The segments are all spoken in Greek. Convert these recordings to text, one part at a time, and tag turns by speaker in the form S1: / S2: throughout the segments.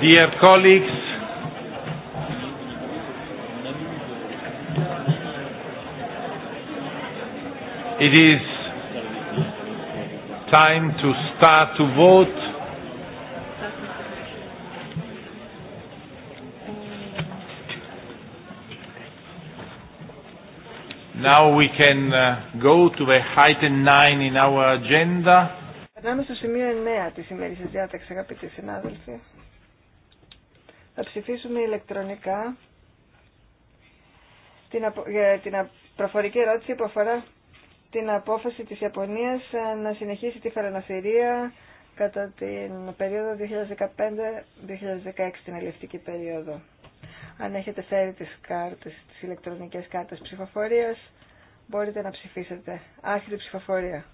S1: Dear colleagues, it is time to start to vote. Now we can go to the item 9 in our agenda.
S2: Περνάμε στο σημείο 9 της ημέρης της διάταξης, αγαπητοί συνάδελφοι. Θα ψηφίσουμε ηλεκτρονικά την, για την προφορική ερώτηση που αφορά την απόφαση της Ιαπωνίας να συνεχίσει τη φαραναθυρία κατά την περίοδο 2015-2016, την ελληνική περίοδο. Αν έχετε φέρει τις κάρτες, τις ηλεκτρονικές κάρτες ψηφοφορίας, μπορείτε να ψηφίσετε. Άχρη ψηφοφορία.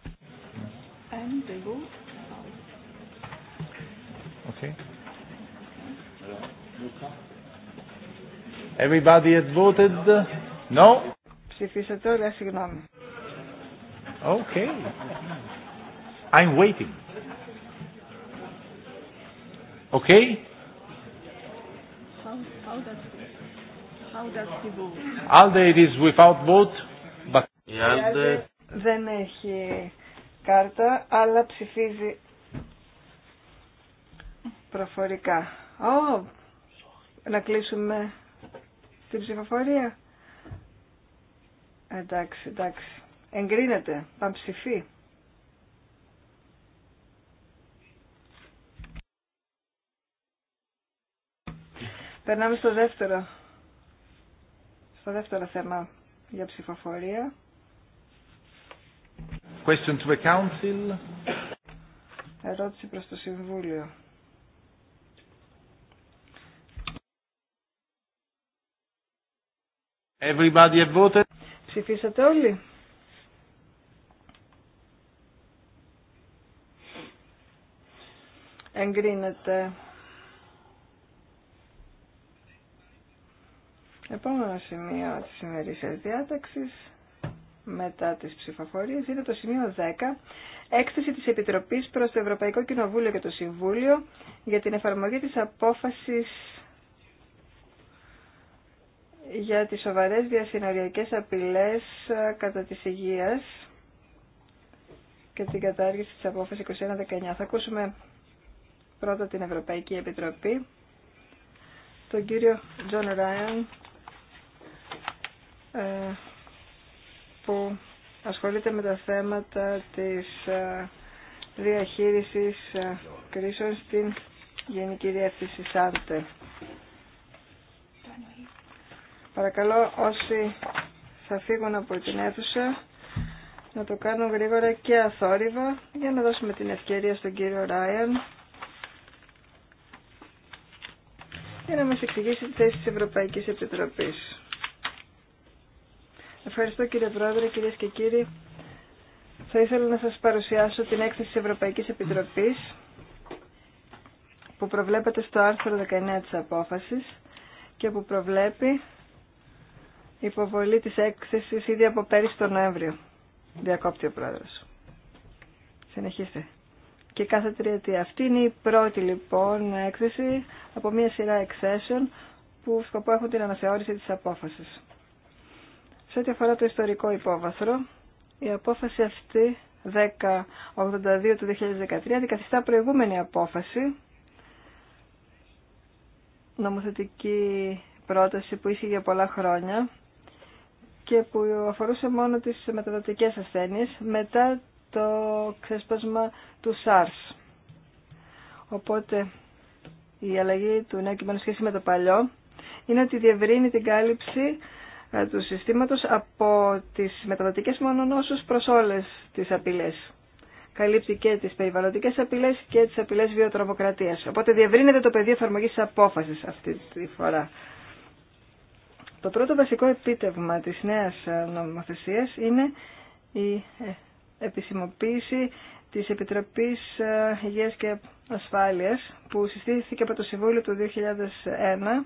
S3: Okay. Everybody has voted. No.
S2: Ψηφίσατε όλα, συγγνώμη.
S3: Okay.
S1: I'm waiting. Okay.
S2: How, how does how does he vote?
S1: Alde it is without vote, but Η
S3: Alde
S2: δεν έχει κάρτα, αλλά ψηφίζει προφορικά. Oh, να κλείσουμε την ψηφοφορία. Εντάξει, εντάξει. Εγκρίνεται. Πανψηφί. Περνάμε στο δεύτερο. Στο δεύτερο θέμα για ψηφοφορία.
S3: Question to the Council.
S2: Ερώτηση προς το Συμβούλιο.
S1: Everybody have voted.
S2: Ψηφίσατε όλοι. Εγκρίνεται. Επόμενο σημείο της σημερινής διάταξης μετά τις ψηφοφορίες είναι το σημείο 10 έκθεση της Επιτροπής προς το Ευρωπαϊκό Κοινοβούλιο και το Συμβούλιο για την εφαρμογή της απόφασης για τις σοβαρές διασυνοριακές απειλές ε, κατά της υγείας και την κατάργηση της απόφασης 2119. Θα ακούσουμε πρώτα την Ευρωπαϊκή Επιτροπή, τον κύριο Τζον Ράιον, ε, που ασχολείται με τα θέματα της ε, διαχείρισης κρίσεων στην Γενική Διεύθυνση ΣΑΝΤΕ. Παρακαλώ όσοι θα φύγουν από την αίθουσα να το κάνουν γρήγορα και αθόρυβα για να δώσουμε την ευκαιρία στον κύριο Ράιαν για να μας εξηγήσει τη θέση της Ευρωπαϊκής Επιτροπής. Ευχαριστώ κύριε Πρόεδρε, κυρίες και κύριοι. Θα ήθελα να σας παρουσιάσω την έκθεση της Ευρωπαϊκής Επιτροπής που προβλέπεται στο άρθρο 19 της απόφασης και που προβλέπει υποβολή της έκθεσης ήδη από πέρυσι τον Νοέμβριο. Διακόπτει ο πρόεδρος. Συνεχίστε. Και κάθε τριετία. Αυτή είναι η πρώτη λοιπόν έκθεση από μια σειρά εξέσεων που σκοπό έχουν την αναθεώρηση της απόφασης. Σε ό,τι αφορά το ιστορικό υπόβαθρο, η απόφαση αυτή 1082 του 2013 αντικαθιστά προηγούμενη απόφαση νομοθετική πρόταση που ίσχυε για πολλά χρόνια και που αφορούσε μόνο τις μεταδοτικές ασθένειες μετά το ξέσπασμα του SARS. Οπότε η αλλαγή του νέου κειμένου σχέση με το παλιό είναι ότι διευρύνει την κάλυψη ε, του συστήματος από τις μεταδοτικές μονονόσους προς όλες τις απειλές. Καλύπτει και τις περιβαλλοντικές απειλές και τις απειλές βιοτρομοκρατίας. Οπότε διευρύνεται το πεδίο εφαρμογής της απόφασης αυτή τη φορά. Το πρώτο βασικό επίτευγμα της νέας νομοθεσίας είναι η ε, επισημοποίηση της Επιτροπής ε, Υγείας και Ασφάλειας που συστήθηκε από το Συμβούλιο του 2001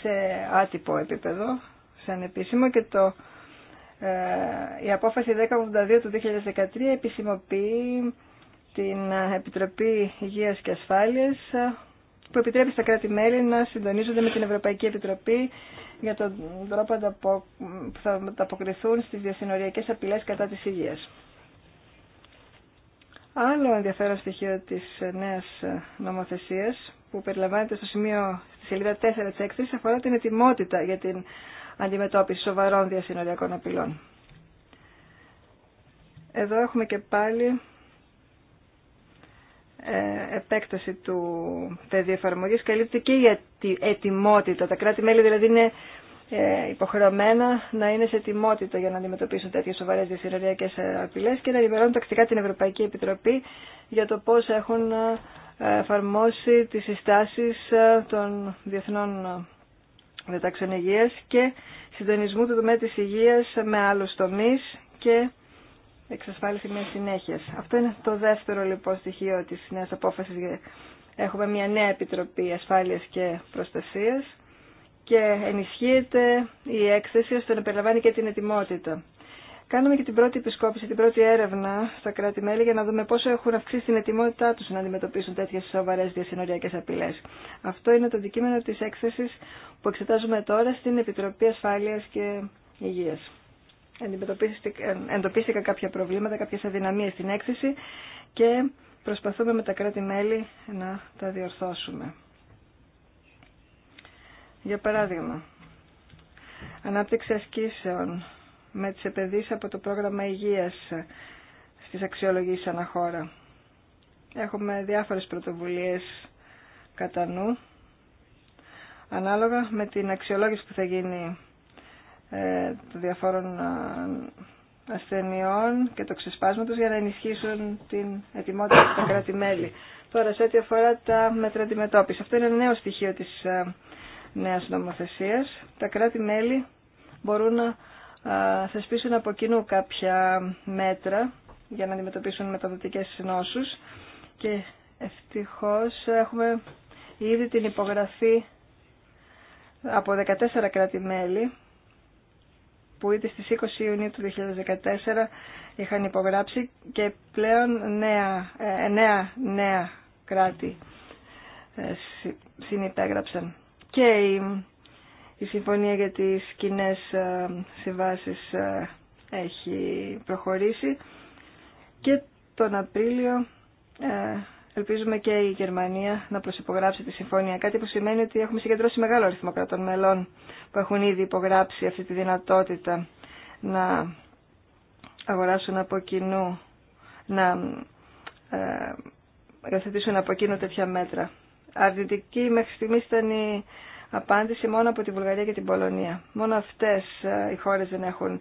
S2: σε άτυπο επίπεδο, σαν επίσημο και το, ε, η απόφαση 1082 του 2013 επισημοποιεί την Επιτροπή Υγείας και Ασφάλειας που επιτρέπει στα κράτη-μέλη να συντονίζονται με την Ευρωπαϊκή Επιτροπή για τον τρόπο που θα ανταποκριθούν στις διασυνοριακές απειλές κατά της υγείας. Άλλο ενδιαφέρον στοιχείο της νέας νομοθεσίας που περιλαμβάνεται στο σημείο στη σελίδα 4 της έκθεσης αφορά την ετοιμότητα για την αντιμετώπιση σοβαρών διασυνοριακών απειλών. Εδώ έχουμε και πάλι ε, επέκταση του πεδίου εφαρμογής καλύπτει και η ετοιμότητα. Τα κράτη-μέλη δηλαδή είναι ε, υποχρεωμένα να είναι σε ετοιμότητα για να αντιμετωπίσουν τέτοιες σοβαρές διασυνοριακές ε, απειλές και να ενημερώνουν τακτικά την Ευρωπαϊκή Επιτροπή για το πώς έχουν εφαρμόσει τις συστάσεις των διεθνών δεταξιών και συντονισμού του τομέα της υγείας με άλλους τομείς και εξασφάλιση μια συνέχεια. Αυτό είναι το δεύτερο λοιπόν στοιχείο της νέας απόφασης. Έχουμε μια νέα Επιτροπή ασφάλεια και προστασία και ενισχύεται η έκθεση ώστε να περιλαμβάνει και την ετοιμότητα. Κάνουμε και την πρώτη επισκόπηση, την πρώτη έρευνα στα κράτη-μέλη για να δούμε πόσο έχουν αυξήσει την ετοιμότητά του να αντιμετωπίσουν τέτοιε σοβαρέ διασυνοριακέ απειλέ. Αυτό είναι το αντικείμενο τη έκθεση που εξετάζουμε τώρα στην Επιτροπή Ασφάλεια και Υγεία εντοπίστηκαν κάποια προβλήματα, κάποιες αδυναμίες στην έκθεση και προσπαθούμε με τα κράτη-μέλη να τα διορθώσουμε. Για παράδειγμα, ανάπτυξη ασκήσεων με τις επενδύσεις από το πρόγραμμα υγείας στις αξιολογήσεις αναχώρα. Έχουμε διάφορες πρωτοβουλίες κατά νου, ανάλογα με την αξιολόγηση που θα γίνει ε, των διαφόρων ε, ασθενειών και το ξεσπάσματος για να ενισχύσουν την ετοιμότητα στα κράτη-μέλη. Τώρα, σε ό,τι αφορά τα μέτρα αντιμετώπιση. Αυτό είναι ένα νέο στοιχείο της ε, νέας νομοθεσίας. Τα κράτη-μέλη μπορούν να θεσπίσουν από κοινού κάποια μέτρα για να αντιμετωπίσουν μεταδοτικές νόσους και ευτυχώς έχουμε ήδη την υπογραφή από 14 κράτη-μέλη που ήδη στις 20 Ιουνίου του 2014 είχαν υπογράψει και πλέον νέα, ε, νέα, νέα κράτη ε, συνυπέγραψαν. Και η, η συμφωνία για τις κοινέ ε, συμβάσεις έχει προχωρήσει και τον Απρίλιο Ελπίζουμε και η Γερμανία να προσυπογράψει τη συμφωνία. Κάτι που σημαίνει ότι έχουμε συγκεντρώσει μεγάλο αριθμό κρατών μελών που έχουν ήδη υπογράψει αυτή τη δυνατότητα να αγοράσουν από κοινού, να ε, υιοθετήσουν από κοινού τέτοια μέτρα. Αρνητική μέχρι στιγμή ήταν η απάντηση μόνο από τη Βουλγαρία και την Πολωνία. Μόνο αυτές ε, οι χώρες δεν έχουν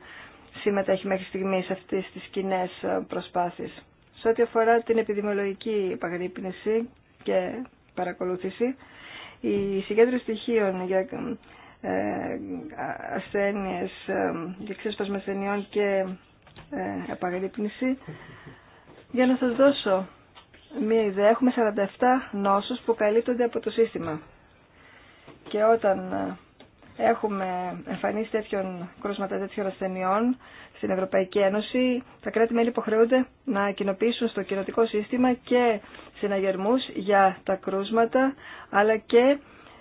S2: συμμετέχει μέχρι στιγμή σε αυτές τις κοινέ ε, προσπάθειες σε ό,τι αφορά την επιδημιολογική επαγρύπνιση και παρακολούθηση, η συγκέντρωση στοιχείων για ε, ασθένειες, ε, για ξέσπασμα ασθενειών και ε, επαγρύπνηση. Για να σας δώσω μία ιδέα, έχουμε 47 νόσους που καλύπτονται από το σύστημα. Και όταν ε, έχουμε εμφανίσει τέτοιων κρούσματα τέτοιων ασθενειών στην Ευρωπαϊκή Ένωση, τα κράτη-μέλη υποχρεούνται να κοινοποιήσουν στο κοινοτικό σύστημα και συναγερμού για τα κρούσματα, αλλά και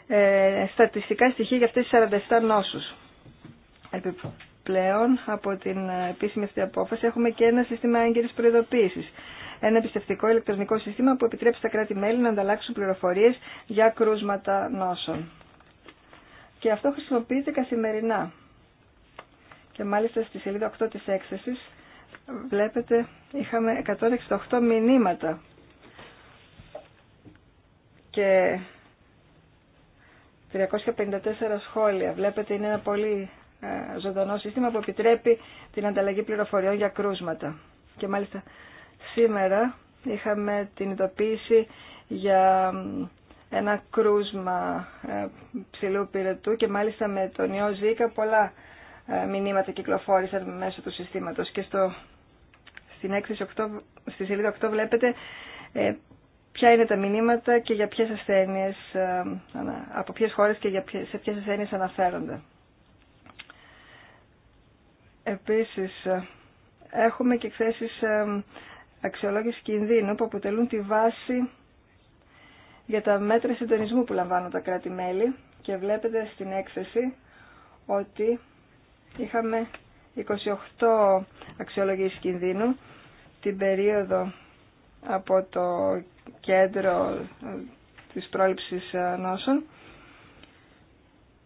S2: ε, στατιστικά στοιχεία για αυτές τις 47 νόσους. Επιπλέον, από την επίσημη αυτή απόφαση, έχουμε και ένα σύστημα έγκαιρης προειδοποίησης. Ένα πιστευτικό ηλεκτρονικό σύστημα που επιτρέπει στα κράτη-μέλη να ανταλλάξουν πληροφορίες για κρούσματα νόσων. Και αυτό χρησιμοποιείται καθημερινά. Και μάλιστα στη σελίδα 8 της έκθεσης βλέπετε είχαμε 168 μηνύματα. Και 354 σχόλια. Βλέπετε είναι ένα πολύ ε, ζωντανό σύστημα που επιτρέπει την ανταλλαγή πληροφοριών για κρούσματα. Και μάλιστα σήμερα είχαμε την ειδοποίηση για ένα κρούσμα ε, ψηλού πυρετού και μάλιστα με τον ιό Ζήκα πολλά ε, μηνύματα κυκλοφόρησαν μέσω του συστήματος και στο, στην 8, στη σελίδα 8 βλέπετε ε, ποια είναι τα μηνύματα και για ποιες ασθένειες, από ποιες χώρες και για ποιες, σε ποιες ασθένειες αναφέρονται. Επίσης, έχουμε και εκθέσεις αξιολόγηση κινδύνου που αποτελούν τη βάση για τα μέτρα συντονισμού που λαμβάνουν τα κράτη-μέλη και βλέπετε στην έκθεση ότι είχαμε 28 αξιολογήσεις κινδύνου την περίοδο από το κέντρο ε, της πρόληψης ε, νόσων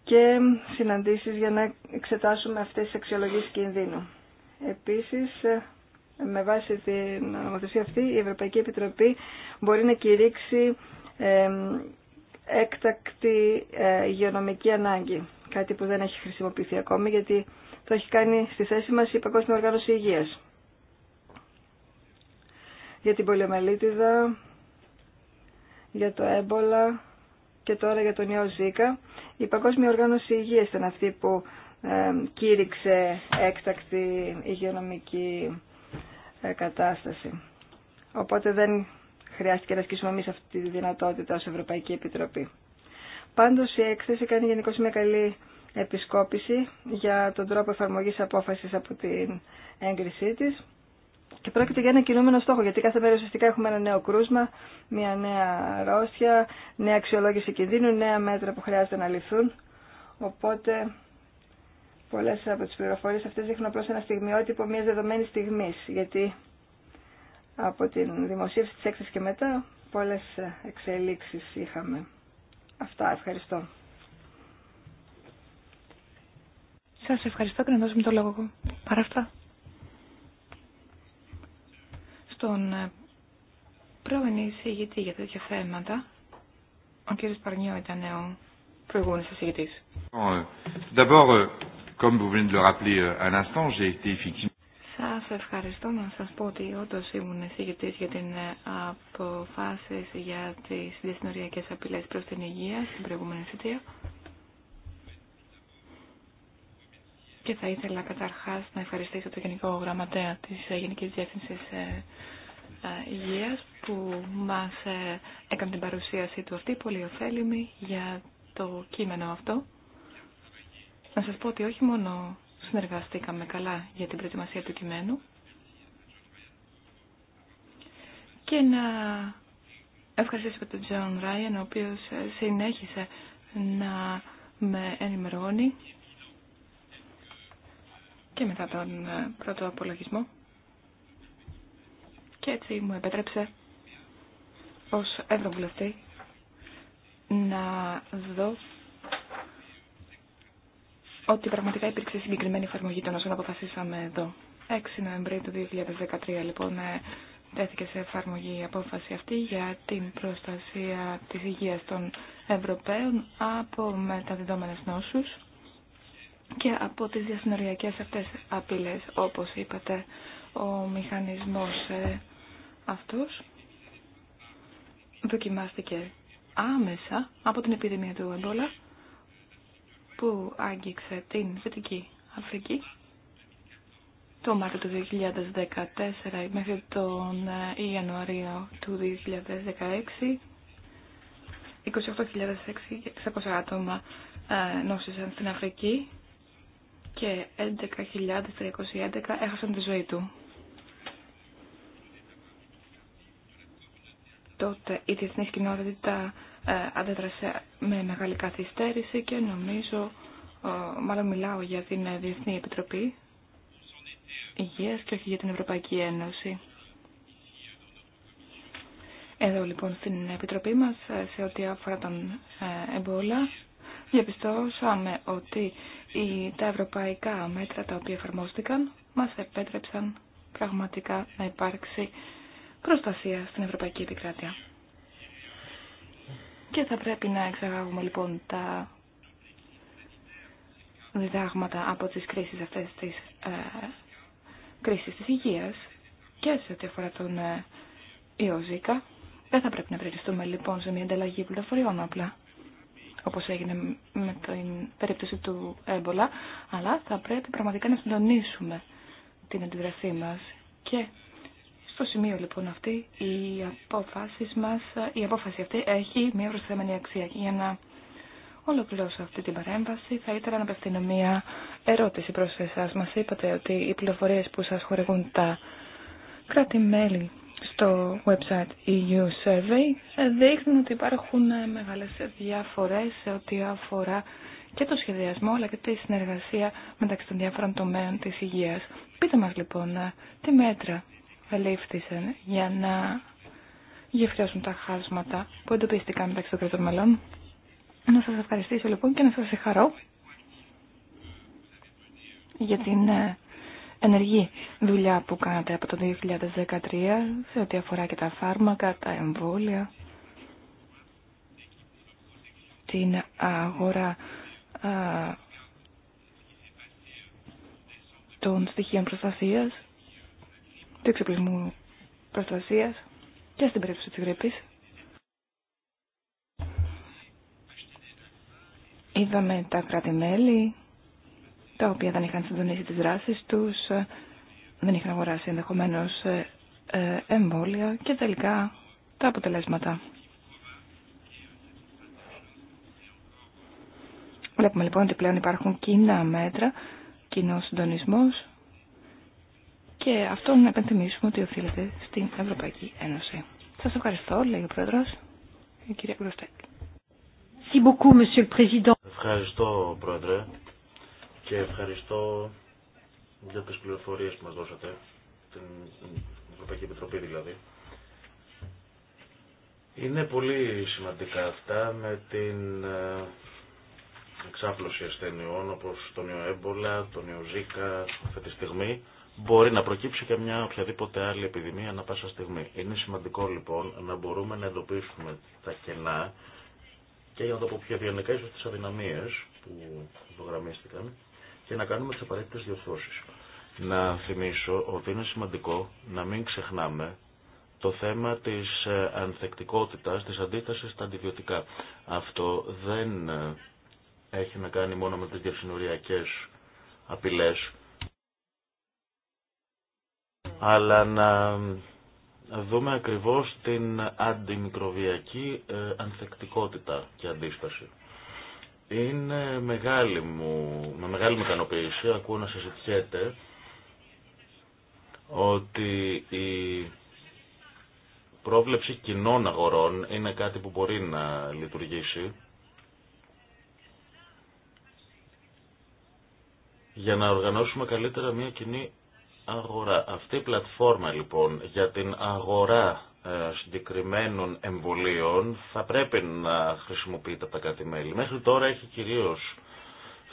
S2: και συναντήσεις για να εξετάσουμε αυτές τις αξιολογήσεις κινδύνου. Επίσης, ε, με βάση την νομοθεσία αυτή, η Ευρωπαϊκή Επιτροπή μπορεί να κηρύξει έκτακτη ε, υγειονομική ανάγκη. Κάτι που δεν έχει χρησιμοποιηθεί ακόμη γιατί το έχει κάνει στη θέση μας η Παγκόσμια Οργάνωση Υγείας. Για την πολιομελίτιδα, για το έμπολα και τώρα για τον ιό Ζήκα. Η Παγκόσμια Οργάνωση Υγείας ήταν αυτή που κήρυξε έκτακτη υγειονομική ε, κατάσταση. Οπότε δεν χρειάστηκε να ασκήσουμε εμεί αυτή τη δυνατότητα ω Ευρωπαϊκή Επιτροπή. Πάντω η έκθεση κάνει γενικώ μια καλή επισκόπηση για τον τρόπο εφαρμογή απόφαση από την έγκρισή τη. και πρόκειται για ένα κινούμενο στόχο, γιατί κάθε μέρα ουσιαστικά έχουμε ένα νέο κρούσμα, μια νέα αρρώστια, νέα αξιολόγηση κινδύνου, νέα μέτρα που χρειάζεται να ληφθούν. Οπότε πολλέ από τι πληροφορίε αυτέ δείχνουν απλώ ένα στιγμιότυπο μια δεδομένη στιγμή, γιατί από την δημοσίευση της έκθεσης και μετά πολλές εξελίξεις είχαμε. Αυτά, ευχαριστώ. Σας
S4: ευχαριστώ και να δώσουμε το λόγο παρά αυτά. Στον ε, πρώην εισηγητή για τέτοια θέματα, ο κ. Παρνιό ήταν ο προηγούμενος εισηγητής.
S3: D'abord, euh, comme vous venez de le rappeler euh, j'ai été
S4: σας ευχαριστώ να σας πω ότι όντως ήμουν εισηγητής για την ε, αποφάσεις για τις διασυνοριακές απειλές προς την υγεία στην προηγούμενη θητεία. Και θα ήθελα καταρχάς να ευχαριστήσω το Γενικό Γραμματέα της ε, Γενικής Διεύθυνσης ε, Υγείας που μας έκανε την παρουσίαση του αυτή πολύ ωφέλιμη για το κείμενο αυτό. Να σας πω ότι όχι μόνο συνεργαστήκαμε καλά για την προετοιμασία του κειμένου και να ευχαριστήσω τον Τζον Ράιεν, ο οποίος ε, συνέχισε να με ενημερώνει και μετά τον ε, πρώτο απολογισμό και έτσι μου επέτρεψε ως Ευρωβουλευτή να δω ότι πραγματικά υπήρξε συγκεκριμένη εφαρμογή των όσων αποφασίσαμε εδώ. 6 Νοεμβρίου του 2013 λοιπόν ε, τέθηκε σε εφαρμογή η απόφαση αυτή για την προστασία της υγείας των Ευρωπαίων από μεταδιδόμενες νόσους και από τις διασυνοριακές αυτές απειλές, όπως είπατε, ο μηχανισμός ε, αυτός δοκιμάστηκε άμεσα από την επιδημία του εμπόλα που άγγιξε την Δυτική Αφρική το Μάρτιο του 2014 μέχρι τον ε, Ιανουαρίο του 2016 28.600 άτομα ε, νόσησαν στην Αφρική και 11.311 έχασαν τη ζωή του. Τότε η διεθνή κοινότητα ε, αντέδρασε με μεγάλη καθυστέρηση και νομίζω, ε, μάλλον μιλάω για την Διεθνή Επιτροπή Υγείας και όχι για την Ευρωπαϊκή Ένωση. Εδώ λοιπόν στην Επιτροπή μας ε, σε ό,τι αφορά τον εμπόλα διαπιστώσαμε ότι η τα ευρωπαϊκά μέτρα τα οποία εφαρμόστηκαν μας επέτρεψαν πραγματικά να υπάρξει προστασία στην Ευρωπαϊκή Επικράτεια. Και θα πρέπει να εξαγάγουμε λοιπόν τα διδάγματα από τις κρίσεις αυτές της ε, κρίσεις της υγείας και σε ό,τι αφορά τον ε, Δεν θα πρέπει να περιοριστούμε λοιπόν σε μια ανταλλαγή πληροφοριών απλά, όπως έγινε με την περίπτωση του έμπολα, αλλά θα πρέπει πραγματικά να συντονίσουμε την αντιδρασή μας και στο σημείο λοιπόν αυτή, η απόφαση μας, η απόφαση αυτή έχει μια προσθέμενη αξία. Για να ολοκληρώσω αυτή την παρέμβαση, θα ήθελα να απευθύνω μια ερώτηση προς εσάς. Μας είπατε ότι οι πληροφορίες που σας χορηγούν τα κράτη-μέλη στο website EU Survey δείχνουν ότι υπάρχουν μεγάλες διαφορές σε ό,τι αφορά και το σχεδιασμό αλλά και τη συνεργασία μεταξύ των διάφορων τομέων της υγείας. Πείτε μας λοιπόν τι μέτρα ελήφθησαν για να γεφυρώσουν τα χάσματα που εντοπίστηκαν μεταξύ των κρατών μελών. Να σας ευχαριστήσω λοιπόν και να σας ευχαρώ
S5: για την ε,
S4: ενεργή δουλειά που κάνατε από το 2013 σε ό,τι αφορά και τα φάρμακα, τα εμβόλια, την αγορά ε, των στοιχείων προστασίας του εξοπλισμού προστασία και στην περίπτωση τη γρήπη. Είδαμε τα κράτη-μέλη, τα οποία δεν είχαν συντονίσει τι δράσει τους, δεν είχαν αγοράσει ενδεχομένω ε, ε, εμβόλια και τελικά τα αποτελέσματα. Βλέπουμε λοιπόν ότι πλέον υπάρχουν κοινά μέτρα, κοινό συντονισμό και αυτό να επενθυμίσουμε ότι οφείλεται στην Ευρωπαϊκή Ένωση. Σας ευχαριστώ, λέει ο Πρόεδρος, η κυρία Γκροστέκ.
S5: Ευχαριστώ, Πρόεδρε, και ευχαριστώ για τις πληροφορίες που μας δώσατε, την Ευρωπαϊκή Επιτροπή δηλαδή. Είναι πολύ σημαντικά αυτά με την ε, εξάπλωση ασθενειών όπως τον Ιωέμπολα, τον Ιωζίκα, αυτή τη στιγμή μπορεί να προκύψει και μια οποιαδήποτε άλλη επιδημία ανά πάσα στιγμή. Είναι σημαντικό λοιπόν να μπορούμε να εντοπίσουμε τα κενά και για να το πω πιο διανοικά ίσως τις αδυναμίες που υπογραμμίστηκαν και να κάνουμε τις απαραίτητες διορθώσεις. Να θυμίσω ότι είναι σημαντικό να μην ξεχνάμε το θέμα της ε, ανθεκτικότητας, της αντίστασης στα αντιβιωτικά. Αυτό δεν ε, έχει να κάνει μόνο με τις διασυνοριακές απειλές, αλλά να δούμε ακριβώς την αντιμικροβιακή ε, ανθεκτικότητα και αντίσταση. Είναι μεγάλη μου, με μεγάλη μου ικανοποίηση, ακούω να συζητιέται ότι η πρόβλεψη κοινών αγορών είναι κάτι που μπορεί να λειτουργήσει για να οργανώσουμε καλύτερα μια κοινή αγορά. Αυτή η πλατφόρμα λοιπόν για την αγορά ε, συγκεκριμένων εμβολίων θα πρέπει να χρησιμοποιείται από τα κάτι μελη Μέχρι τώρα έχει κυρίως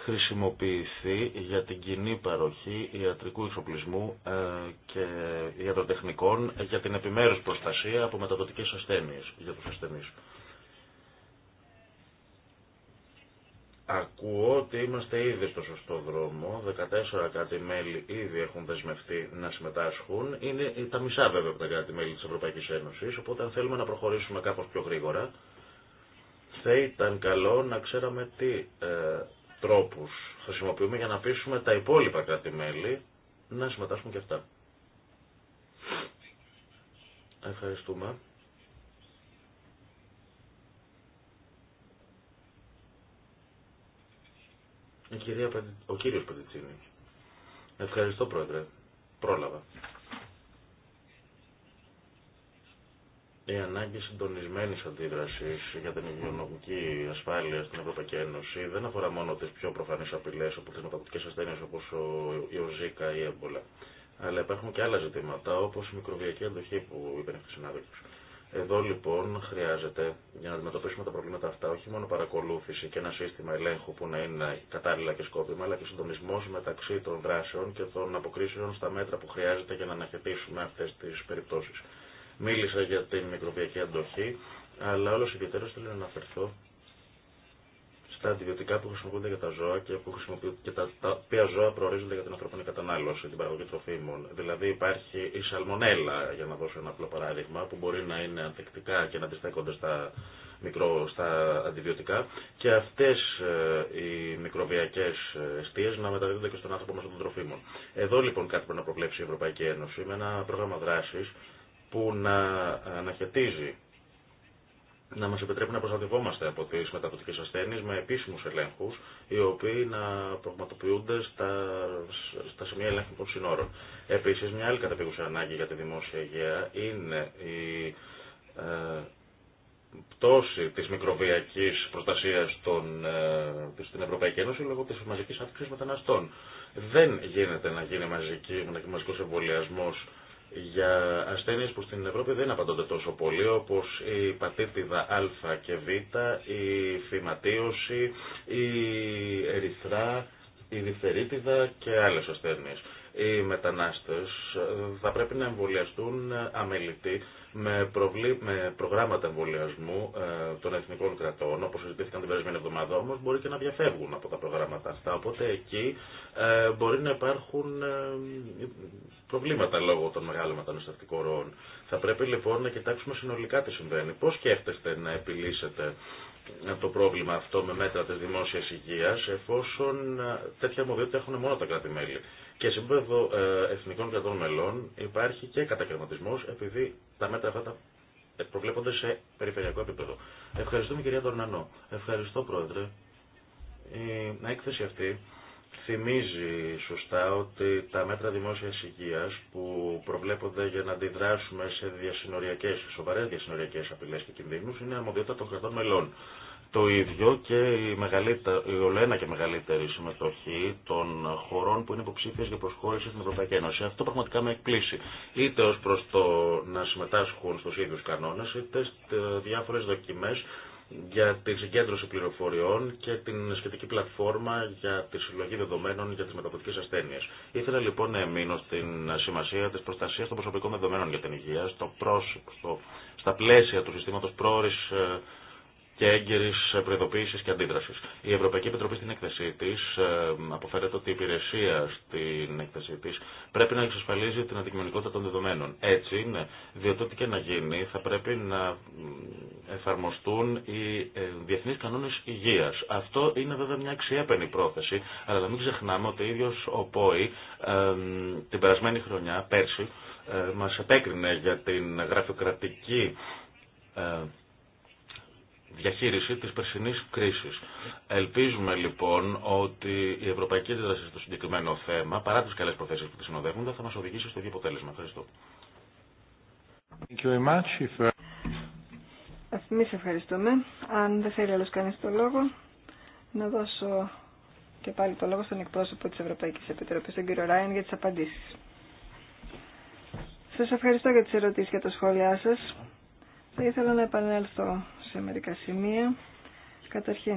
S5: χρησιμοποιηθεί για την κοινή παροχή ιατρικού εξοπλισμού ε, και ιατροτεχνικών για την επιμέρους προστασία από μεταδοτικές ασθένειες για τους ασθενείς. Ακούω ότι είμαστε ήδη στο σωστό δρόμο. 14 κράτη-μέλη ήδη έχουν δεσμευτεί να συμμετάσχουν. Είναι τα μισά βέβαια από τα κράτη-μέλη τη Ευρωπαϊκή Ένωση. Οπότε αν θέλουμε να προχωρήσουμε κάπω πιο γρήγορα, θα ήταν καλό να ξέραμε τι ε, τρόπου χρησιμοποιούμε για να πείσουμε τα υπόλοιπα κράτη-μέλη να συμμετάσχουν και αυτά. Ευχαριστούμε. ο κύριο Πεντητσίνη. Ευχαριστώ πρόεδρε. Πρόλαβα. Η ανάγκη συντονισμένη αντίδραση για την υγειονομική ασφάλεια στην Ευρωπαϊκή Ένωση δεν αφορά μόνο τι πιο προφανεί απειλέ από τι μεταδοτικέ ασθένειε όπω η ΟΖΙΚΑ η έμπολα. Αλλά υπάρχουν και άλλα ζητήματα όπω η μικροβιακή αντοχή που είπε στην συνάδελφο. Εδώ λοιπόν χρειάζεται για να αντιμετωπίσουμε τα προβλήματα αυτά όχι μόνο παρακολούθηση και ένα σύστημα ελέγχου που να είναι κατάλληλα και σκόπιμα, αλλά και συντονισμό μεταξύ των δράσεων και των αποκρίσεων στα μέτρα που χρειάζεται για να αναχαιτήσουμε αυτέ τι περιπτώσει. Μίλησα για την μικροβιακή αντοχή, αλλά όλο ιδιαίτερω θέλω να αναφερθώ τα αντιβιωτικά που χρησιμοποιούνται για τα ζώα και, που και τα, τα οποία ζώα προορίζονται για την ανθρώπινη κατανάλωση, την παραγωγή τροφίμων. Δηλαδή υπάρχει η σαλμονέλα, για να δώσω ένα απλό παράδειγμα, που μπορεί να είναι ανθεκτικά και να αντιστέκονται στα, μικρό, στα αντιβιωτικά και αυτές ε, οι μικροβιακές αιστείες να μεταδίδονται και στον άνθρωπο μέσω των τροφίμων. Εδώ λοιπόν κάτι πρέπει να προβλέψει η Ευρωπαϊκή Ένωση με ένα πρόγραμμα δράσης που να αναχαιτίζει να μας επιτρέπει να προστατευόμαστε από τις μεταδοτικέ ασθένειες με επίσημους ελέγχους, οι οποίοι να πραγματοποιούνται στα, σημεία ελέγχου των συνόρων. Επίσης, μια άλλη καταπήγουσα ανάγκη για τη δημόσια υγεία είναι η ε, πτώση της μικροβιακής προστασίας ε, στην Ευρωπαϊκή Ένωση λόγω της μαζικής αύξησης μεταναστών. Δεν γίνεται να γίνει μαζικός για ασθένειες που στην Ευρώπη δεν απαντώνται τόσο πολύ όπως η πατήτιδα Α και Β, η φυματίωση, η ερυθρά, η διφθερίτιδα και άλλες ασθένειες. Οι μετανάστες θα πρέπει να εμβολιαστούν αμελητή με, προβλή, με προγράμματα εμβολιασμού ε, των εθνικών κρατών, όπως συζητήθηκαν την περασμένη εβδομάδα, όμως μπορεί και να διαφεύγουν από τα προγράμματα αυτά. Οπότε εκεί ε, μπορεί να υπάρχουν ε, προβλήματα λόγω των μεγάλων μεταναστευτικών ροών. Θα πρέπει λοιπόν να κοιτάξουμε συνολικά τι συμβαίνει. Πώς σκέφτεστε να επιλύσετε το πρόβλημα αυτό με μέτρα της δημόσιας υγείας, εφόσον ε, τέτοια αρμοδιότητα έχουν μόνο τα κράτη-μέλη. Και σε επίπεδο εθνικών κρατών μελών υπάρχει και κατακαιρματισμό επειδή τα μέτρα αυτά ε, προβλέπονται σε περιφερειακό επίπεδο. Ευχαριστούμε κυρία Τορνανό. Ευχαριστώ πρόεδρε. Η έκθεση αυτή θυμίζει σωστά ότι τα μέτρα δημόσιας υγείας που προβλέπονται για να αντιδράσουμε σε διασυνοριακές, σοβαρές διασυνοριακές απειλές και κινδύνους είναι αρμοδιότητα των κρατών μελών. Το ίδιο και η, ολένα και μεγαλύτερη συμμετοχή των χωρών που είναι υποψήφιες για προσχώρηση στην Ευρωπαϊκή Ένωση. Αυτό πραγματικά με εκπλήσει. Είτε ως προς το να συμμετάσχουν στους ίδιους κανόνες, είτε στι διάφορε δοκιμέ για τη συγκέντρωση πληροφοριών και την σχετική πλατφόρμα για τη συλλογή δεδομένων για τις μεταδοτικές ασθένειες. Ήθελα λοιπόν να εμείνω στην σημασία της προστασίας των προσωπικών δεδομένων για την υγεία στο, στο, στα πλαίσια του συστήματο πρόορη ε, και έγκαιρη προειδοποίηση και αντίδραση. Η Ευρωπαϊκή Επιτροπή στην έκθεσή τη ε, αποφέρεται ότι η υπηρεσία στην έκθεσή τη πρέπει να εξασφαλίζει την αντικειμενικότητα των δεδομένων. Έτσι είναι, διότι ό,τι και να γίνει θα πρέπει να εφαρμοστούν οι ε, διεθνεί κανόνε υγεία. Αυτό είναι βέβαια μια αξιέπαινη πρόθεση, αλλά να μην ξεχνάμε ότι ο ίδιο ο ΠΟΗ ε, την περασμένη χρονιά, πέρσι, μα επέκρινε για την γραφειοκρατική διαχείριση της περσινής κρίσης. Ελπίζουμε λοιπόν ότι η ευρωπαϊκή αντίδραση στο συγκεκριμένο θέμα, παρά τις καλές προθέσεις που τη συνοδεύουν, θα μας οδηγήσει στο ίδιο αποτέλεσμα. Ευχαριστώ.
S1: Uh,
S2: εμείς ευχαριστούμε. Αν δεν θέλει άλλος κανείς το λόγο, να δώσω και πάλι το λόγο στον εκπρόσωπο της Ευρωπαϊκής Επιτροπής, τον κύριο Ράιν, για τις απαντήσεις. Σας ευχαριστώ για τις ερωτήσεις και τα σχόλιά σας. Θα ήθελα να επανέλθω σε μερικά σημεία. Καταρχήν,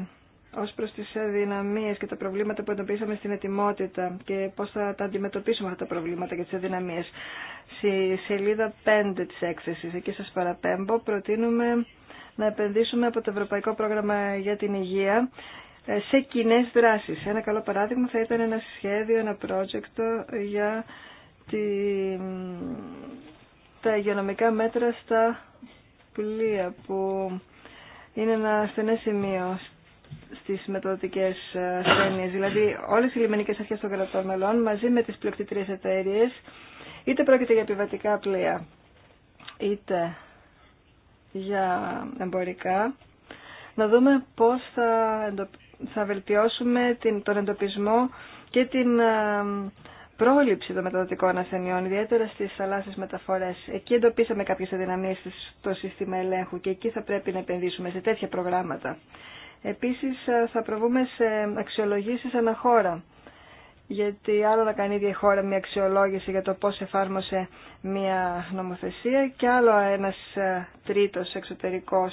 S2: ω προ τι αδυναμίε και τα προβλήματα που εντοπίσαμε στην ετοιμότητα και πώ θα τα αντιμετωπίσουμε αυτά τα προβλήματα και τι αδυναμίε. Στη σελίδα 5 τη έκθεση, εκεί σα παραπέμπω, προτείνουμε να επενδύσουμε από το Ευρωπαϊκό Πρόγραμμα για την Υγεία ε, σε κοινέ δράσει. Ένα καλό παράδειγμα θα ήταν ένα σχέδιο, ένα project για τη... τα υγειονομικά μέτρα στα πλοία που είναι ένα στενέ σημείο στις μεταδοτικέ ε, ασθένειε. Δηλαδή όλες οι λιμενικέ αρχέ των κρατών μελών μαζί με τις πλειοκτήτριε εταιρείε, είτε πρόκειται για επιβατικά πλοία είτε για εμπορικά, να δούμε πώ θα, βελτιώσουμε την, τον εντοπισμό και την ε, πρόληψη των μεταδοτικών ασθενειών, ιδιαίτερα στις θαλάσσιες μεταφορές. Εκεί εντοπίσαμε κάποιες αδυναμίες στο σύστημα ελέγχου και εκεί θα πρέπει να επενδύσουμε σε τέτοια προγράμματα. Επίσης ε, θα προβούμε σε αξιολογήσεις αναχώρα, γιατί άλλο να κάνει η ίδια χώρα μια αξιολόγηση για το πώς εφάρμοσε μια νομοθεσία και άλλο ένα ε, τρίτο εξωτερικό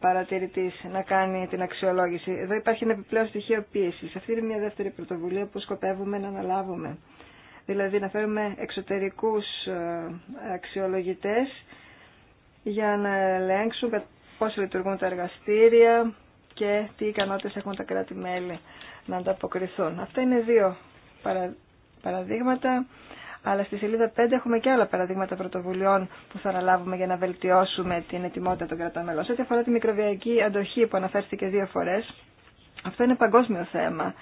S2: παρατηρητή να κάνει την αξιολόγηση. Εδώ υπάρχει ένα επιπλέον στοιχείο πίεση. Αυτή είναι μια δεύτερη πρωτοβουλία που σκοπεύουμε να αναλάβουμε. Δηλαδή να φέρουμε εξωτερικούς αξιολογητές για να ελέγξουν πώ λειτουργούν τα εργαστήρια και τι ικανότητε έχουν τα κράτη-μέλη να ανταποκριθούν. Αυτά είναι δύο παραδείγματα αλλά στη σελίδα 5 έχουμε και άλλα παραδείγματα πρωτοβουλειών που θα αναλάβουμε για να βελτιώσουμε την ετοιμότητα των κρατών μελών. Σε ό,τι αφορά τη μικροβιακή αντοχή που αναφέρθηκε δύο φορέ, αυτό είναι παγκόσμιο θέμα.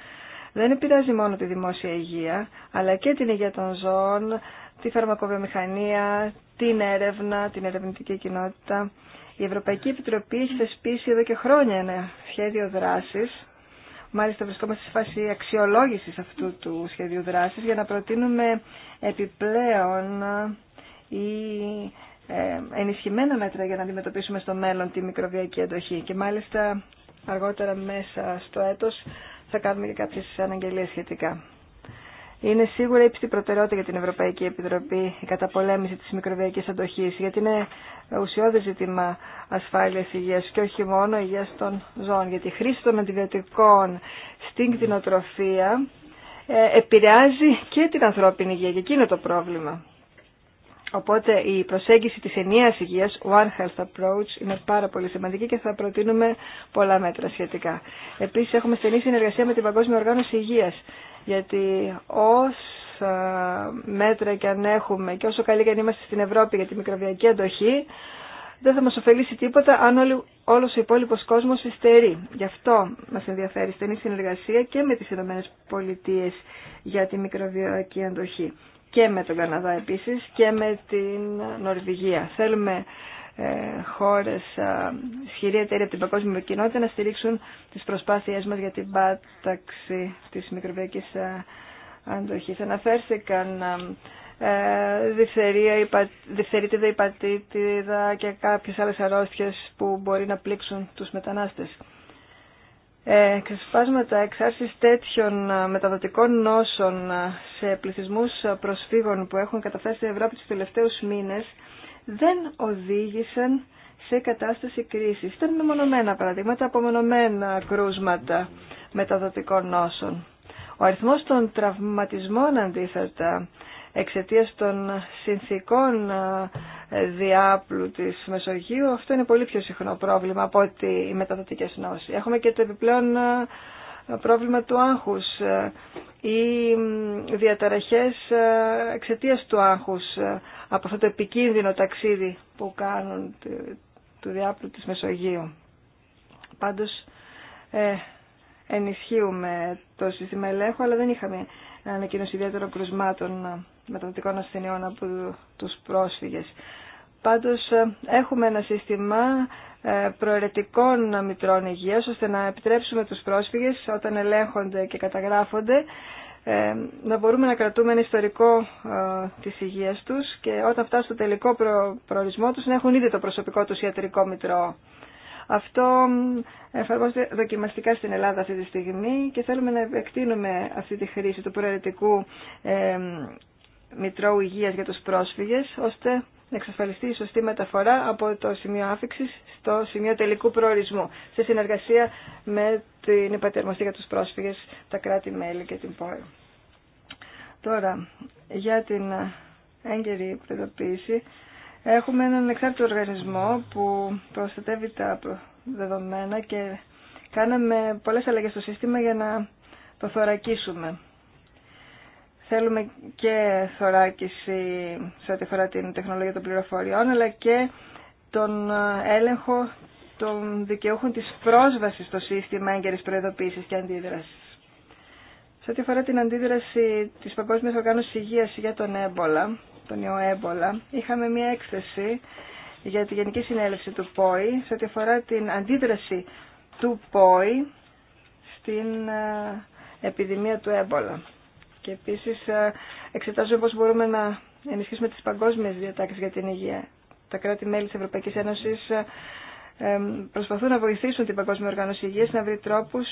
S2: Δεν επηρεάζει μόνο τη δημόσια υγεία, αλλά και την υγεία των ζώων, τη φαρμακοβιομηχανία, την έρευνα, την ερευνητική κοινότητα. Η Ευρωπαϊκή Επιτροπή έχει θεσπίσει εδώ και χρόνια ένα σχέδιο δράση. Μάλιστα βρισκόμαστε στη φάση αξιολόγησης αυτού του σχεδίου δράσης για να προτείνουμε επιπλέον ή ε, ε, ενισχυμένα μέτρα για να αντιμετωπίσουμε στο μέλλον τη μικροβιακή εντοχή. Και μάλιστα αργότερα μέσα στο έτος θα κάνουμε και κάποιες αναγγελίες σχετικά. Είναι σίγουρα ύψη προτεραιότητα για την Ευρωπαϊκή Επιτροπή η καταπολέμηση τη μικροβιακή αντοχής, γιατί είναι ουσιώδη ζήτημα ασφάλεια υγεία και όχι μόνο υγεία των ζώων, γιατί η χρήση των αντιβιωτικών στην κτηνοτροφία ε, επηρεάζει και την ανθρώπινη υγεία και εκεί είναι το πρόβλημα. Οπότε η προσέγγιση της ενιαίας υγείας, One Health Approach, είναι πάρα πολύ σημαντική και θα προτείνουμε πολλά μέτρα σχετικά. Επίσης έχουμε στενή συνεργασία με την Παγκόσμια Οργάνωση Υγείας γιατί όσα μέτρα και αν έχουμε και όσο καλή και αν είμαστε στην Ευρώπη για τη μικροβιακή αντοχή, δεν θα μας ωφελήσει τίποτα αν όλο, όλος ο υπόλοιπος κόσμος υστερεί. Γι' αυτό μας ενδιαφέρει στενή συνεργασία και με τις Ηνωμένες Πολιτείες για τη μικροβιακή αντοχή και με τον Καναδά επίσης και με την Νορβηγία. Θέλουμε ε, χώρες ε, ισχυρή εταιρεία από την παγκόσμια κοινότητα να στηρίξουν τις προσπάθειές μας για την πάταξη της μικροβιακής ε, αντοχής. Αναφέρθηκαν ε, διφθερίτιδα, υπατήτιδα και κάποιες άλλες αρρώστιες που μπορεί να πλήξουν τους μετανάστες. Ε, ξεσπάσματα εξάρσεις τέτοιων μεταδοτικών νόσων σε πληθυσμούς προσφύγων που έχουν καταφέρει στην Ευρώπη του τελευταίους μήνες δεν οδήγησαν σε κατάσταση κρίσης. Ήταν μεμονωμένα παραδείγματα, απομονωμένα κρούσματα μεταδοτικών νόσων. Ο αριθμός των τραυματισμών αντίθετα εξαιτίας των συνθήκων διάπλου της Μεσογείου αυτό είναι πολύ πιο συχνό πρόβλημα από ότι οι μεταδοτικές νόσοι. Έχουμε και το επιπλέον πρόβλημα του άγχους ε, ή διαταραχές ε, εξαιτία του άγχους ε, από αυτό το επικίνδυνο ταξίδι που κάνουν του διάπλου της Μεσογείου. Πάντως ενισχύουμε το σύστημα ελέγχου, αλλά δεν είχαμε ανακοίνωση ιδιαίτερων κρουσμάτων μεταδοτικών ασθενειών από τους πρόσφυγες. Πάντως έχουμε ένα σύστημα ε, προαιρετικών μητρών υγείας, ώστε να επιτρέψουμε τους πρόσφυγες όταν ελέγχονται και καταγράφονται ε, να μπορούμε να κρατούμε ένα ιστορικό ε, της υγείας τους και όταν φτάσουν στο τελικό προορισμό τους να έχουν ήδη το προσωπικό τους ιατρικό μητρό. Αυτό εφαρμόζεται δοκιμαστικά στην Ελλάδα αυτή τη στιγμή και θέλουμε να επεκτείνουμε αυτή τη χρήση του προαιρετικού μητρώου υγείας για τους πρόσφυγες, ώστε να εξασφαλιστεί η σωστή μεταφορά από το σημείο άφηξη στο σημείο τελικού προορισμού, σε συνεργασία με την υπατερμοστή για τους πρόσφυγες, τα κράτη-μέλη και την ΠΟΕ. Τώρα, για την έγκαιρη προειδοποίηση, έχουμε έναν εξάρτητο οργανισμό που προστατεύει τα δεδομένα και κάναμε πολλές αλλαγές στο σύστημα για να το θωρακίσουμε θέλουμε και θωράκιση σε ό,τι αφορά την τεχνολογία των πληροφοριών, αλλά και τον έλεγχο των δικαιούχων της πρόσβασης στο σύστημα έγκαιρης προειδοποίησης και αντίδρασης. Σε ό,τι αφορά την αντίδραση της Παγκόσμιας Οργάνωσης Υγείας για τον έμπολα, τον ιό έμπολα, είχαμε μια έκθεση για τη Γενική Συνέλευση του ΠΟΗ σε ό,τι αφορά την αντίδραση του ΠΟΗ στην ε, επιδημία του έμπολα. Και επίσης ε, εξετάζουμε πώς μπορούμε να ενισχύσουμε τις παγκόσμιες διατάξεις για την υγεία. Τα κράτη-μέλη της Ευρωπαϊκής Ένωσης ε, ε, προσπαθούν να βοηθήσουν την Παγκόσμια Οργάνωση Υγείας να βρει τρόπους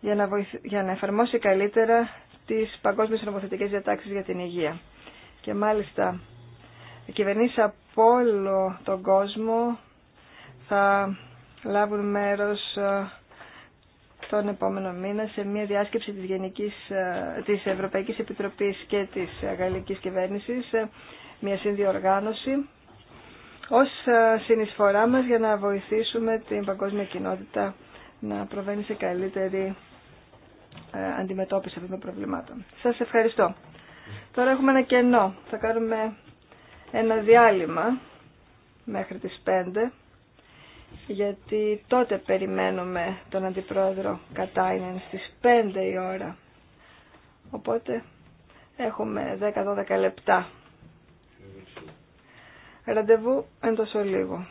S2: για να, για να εφαρμόσει καλύτερα τις παγκόσμιες νομοθετικές διατάξεις για την υγεία. Και μάλιστα οι κυβερνήσεις από όλο τον κόσμο θα λάβουν μέρος τον επόμενο μήνα σε μια διάσκεψη της, Γενικής, ε, της Ευρωπαϊκής Επιτροπής και της ε, Γαλλικής Κυβέρνησης, ε, μια συνδιοργάνωση, ως συνεισφορά μας για να βοηθήσουμε την παγκόσμια κοινότητα να προβαίνει σε καλύτερη αντιμετώπιση αυτών των προβλημάτων. Σας ευχαριστώ. Τώρα έχουμε ένα κενό. Θα κάνουμε ένα διάλειμμα μέχρι τις 5 γιατί τότε περιμένουμε τον Αντιπρόεδρο Κατάινεν στις 5 η ώρα. Οπότε έχουμε 10-12 λεπτά. Ραντεβού εντός ολίγου.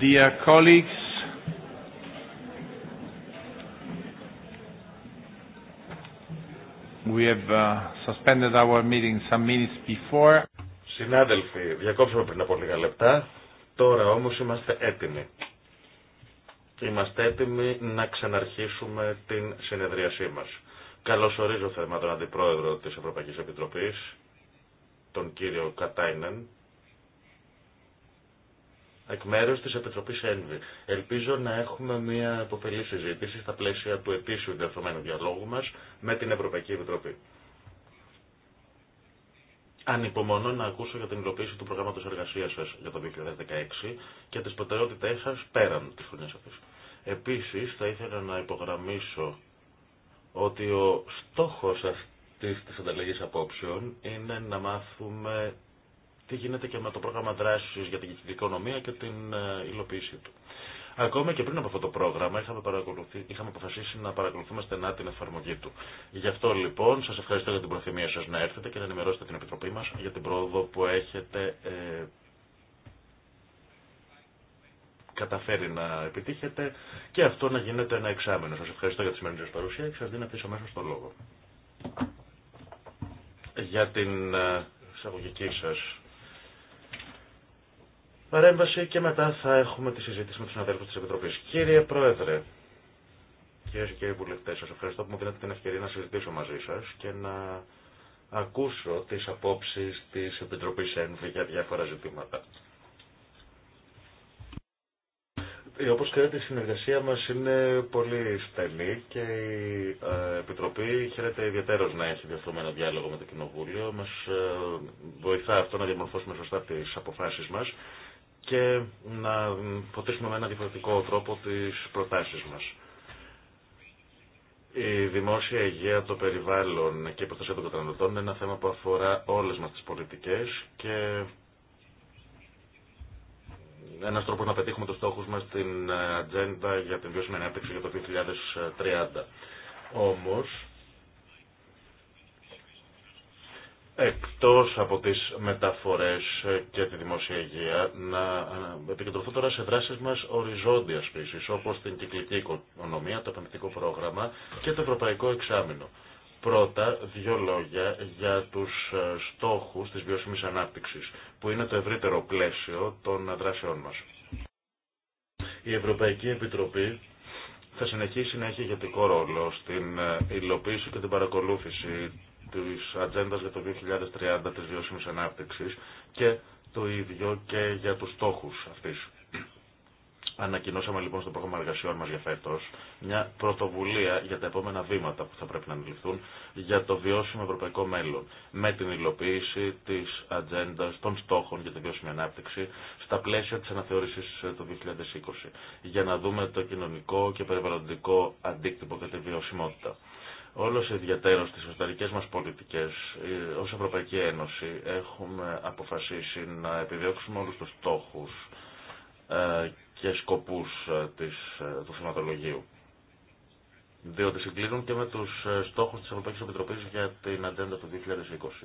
S1: Dear colleagues, we have uh, suspended our meeting some minutes before.
S5: Συνάδελφοι, διακόψαμε πριν από λίγα λεπτά. Τώρα όμως είμαστε έτοιμοι. Είμαστε έτοιμοι να ξαναρχίσουμε την συνεδρίασή μας. Καλωσορίζω θέμα τον Αντιπρόεδρο της Ευρωπαϊκής Επιτροπής, τον κύριο Κατάινεν, εκ μέρου τη Επιτροπή ΕΝΒΗ. Ελπίζω να έχουμε μια υποφελή συζήτηση στα πλαίσια του επίσημου διαρθωμένου διαλόγου μα με την Ευρωπαϊκή Επιτροπή. Ανυπομονώ να ακούσω για την υλοποίηση του προγράμματο εργασία σα για το 2016 και τι προτεραιότητέ σα πέραν τη χρονιά αυτή. Επίση, θα ήθελα να υπογραμμίσω ότι ο στόχο αυτή τη ανταλλαγή απόψεων είναι να μάθουμε τι γίνεται και με το πρόγραμμα δράσης για την οικονομία και την ε, υλοποίησή του. Ακόμα και πριν από αυτό το πρόγραμμα είχαμε, αποφασίσει να παρακολουθούμε στενά την εφαρμογή του. Γι' αυτό λοιπόν σας ευχαριστώ για την προθυμία σας να έρθετε και να ενημερώσετε την Επιτροπή μας για την πρόοδο που έχετε ε, καταφέρει να επιτύχετε και αυτό να γίνεται ένα εξάμενο. Σας ευχαριστώ για τη σημερινή σας παρουσία και σας δίνω πίσω μέσα στο λόγο. Για την ε, εισαγωγική σας παρέμβαση και μετά θα έχουμε τη συζήτηση με τους συναδέλφους τη Επιτροπής. Κύριε Πρόεδρε, κυρίε και κύριοι βουλευτές, σας ευχαριστώ που μου δίνετε την ευκαιρία να συζητήσω μαζί σας και να ακούσω τις απόψει τη Επιτροπής ΕΝΒΗ για διάφορα ζητήματα. Ε, Όπω ξέρετε, η συνεργασία μα είναι πολύ στενή και η ε, Επιτροπή χαίρεται ιδιαίτερω να έχει διαρθρωμένο διάλογο με το Κοινοβούλιο. Μα ε, βοηθά αυτό να διαμορφώσουμε σωστά τι αποφάσει μα και να φωτίσουμε με ένα διαφορετικό τρόπο τις προτάσεις μας. Η δημόσια υγεία, το περιβάλλον και η προστασία των καταναλωτών είναι ένα θέμα που αφορά όλες μας τις πολιτικές και ένας τρόπος να πετύχουμε τους στόχους μας στην ατζέντα για την βιώσιμη ανάπτυξη για το 2030. Όμως, εκτός από τις μεταφορές και τη δημόσια υγεία, να ε, επικεντρωθώ τώρα σε δράσεις μας οριζόντιας φύσης, όπως την κυκλική οικονομία, το επενδυτικό πρόγραμμα και το ευρωπαϊκό εξάμεινο. Πρώτα, δύο λόγια για τους ε, στόχους της βιώσιμης ανάπτυξης, που είναι το ευρύτερο πλαίσιο των δράσεών μας. Η Ευρωπαϊκή Επιτροπή θα συνεχίσει να έχει ηγετικό ρόλο στην ε, υλοποίηση και την παρακολούθηση τη ατζέντα για το 2030 τη βιώσιμη ανάπτυξη και το ίδιο και για του στόχου αυτή. Ανακοινώσαμε λοιπόν στο πρόγραμμα εργασιών μα για φέτο μια πρωτοβουλία για τα επόμενα βήματα που θα πρέπει να αντιληφθούν για το βιώσιμο ευρωπαϊκό μέλλον. Με την υλοποίηση τη ατζέντα των στόχων για τη βιώσιμη ανάπτυξη στα πλαίσια τη αναθεώρηση ε, το 2020. Για να δούμε το κοινωνικό και περιβαλλοντικό αντίκτυπο για τη βιωσιμότητα όλος ιδιαίτερος στις εσωτερικές μας πολιτικές ε, ως Ευρωπαϊκή Ένωση έχουμε αποφασίσει να επιδιώξουμε όλους τους στόχους ε, και σκοπούς ε, της, του θεματολογίου. Διότι συγκλίνουν και με του στόχου τη Ευρωπαϊκή Επιτροπή για την ατζέντα του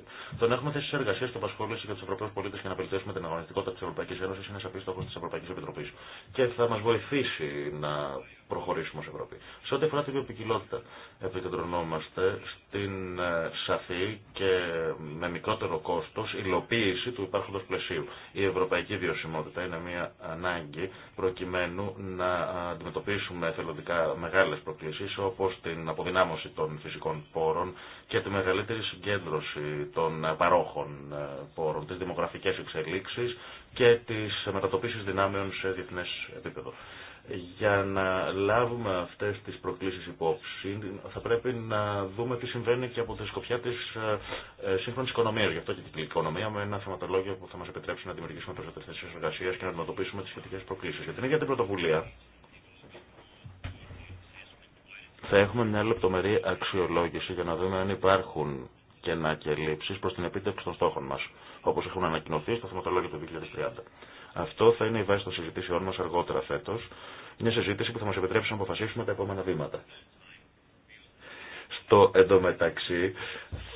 S5: 2020. Τον έχουμε θέσει σε εργασία και απασχόληση για του Ευρωπαίου πολίτε και να βελτιώσουμε την αγωνιστικότητα τη Ευρωπαϊκή Ένωση είναι σαφή στόχο τη Ευρωπαϊκή Επιτροπή. Και θα μα βοηθήσει να προχωρήσουμε ως Ευρώπη. Σε ό,τι αφορά την βιοποικιλότητα, επικεντρωνόμαστε στην ε, σαφή και με μικρότερο κόστος υλοποίηση του υπάρχοντος πλαισίου. Η ευρωπαϊκή βιωσιμότητα είναι μια ανάγκη προκειμένου να αντιμετωπίσουμε εθελοντικά μεγάλες προκλήσεις όπως την αποδυνάμωση των φυσικών πόρων και τη μεγαλύτερη συγκέντρωση των παρόχων ε, πόρων, τις δημογραφικές εξελίξεις και τις μετατοπίσεις δυνάμεων σε διεθνές επίπεδο. Για να λάβουμε αυτές τις προκλήσεις υπόψη θα πρέπει να δούμε τι συμβαίνει και από τη σκοπιά της ε, ε, σύγχρονης οικονομίας. Γι' αυτό και την οικονομία με ένα θεματολόγιο που θα μας επιτρέψει να δημιουργήσουμε περισσότερες θέσεις εργασία και να αντιμετωπίσουμε τις σχετικές προκλήσεις. Για την ίδια την πρωτοβουλία θα έχουμε μια λεπτομερή αξιολόγηση για να δούμε αν υπάρχουν κενά και λήψεις προς την επίτευξη των στόχων μας, όπως έχουν ανακοινωθεί στο θεματολόγιο του 2030. Αυτό θα είναι η βάση των συζητήσεών μα αργότερα φέτο. Μια συζήτηση που θα μα επιτρέψει να αποφασίσουμε τα επόμενα βήματα. Στο εντωμεταξύ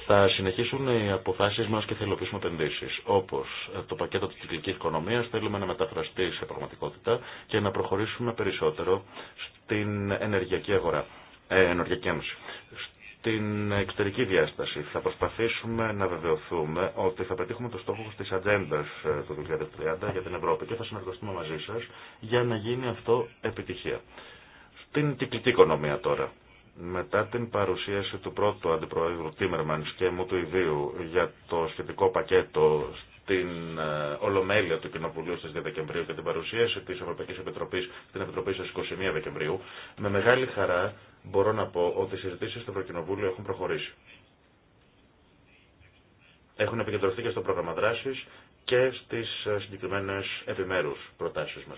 S5: θα συνεχίσουν οι αποφάσεις μας και θα υλοποιήσουμε επενδύσεις. Όπως το πακέτο της κυκλικής οικονομίας θέλουμε να μεταφραστεί σε πραγματικότητα και να προχωρήσουμε περισσότερο στην ενεργειακή αγορά. Ε, ενεργειακή στην εξωτερική διάσταση. Θα προσπαθήσουμε να βεβαιωθούμε ότι θα πετύχουμε το στόχο τη ατζέντα ε, του 2030 για την Ευρώπη και θα συνεργαστούμε μαζί σα για να γίνει αυτό επιτυχία. Στην κυκλική οικονομία τώρα. Μετά την παρουσίαση του πρώτου αντιπροέδρου Τίμερμαν και μου του ιδίου για το σχετικό πακέτο στην ε, ολομέλεια του Κοινοβουλίου στις 2 Δεκεμβρίου και την παρουσίαση της Ευρωπαϊκής Επιτροπής στην Επιτροπή στις 21 Δεκεμβρίου, με μεγάλη χαρά μπορώ να πω ότι οι συζητήσει στο Ευρωκοινοβούλιο έχουν προχωρήσει. Έχουν επικεντρωθεί και στο πρόγραμμα δράση και στι ε, συγκεκριμένε επιμέρου προτάσει μα.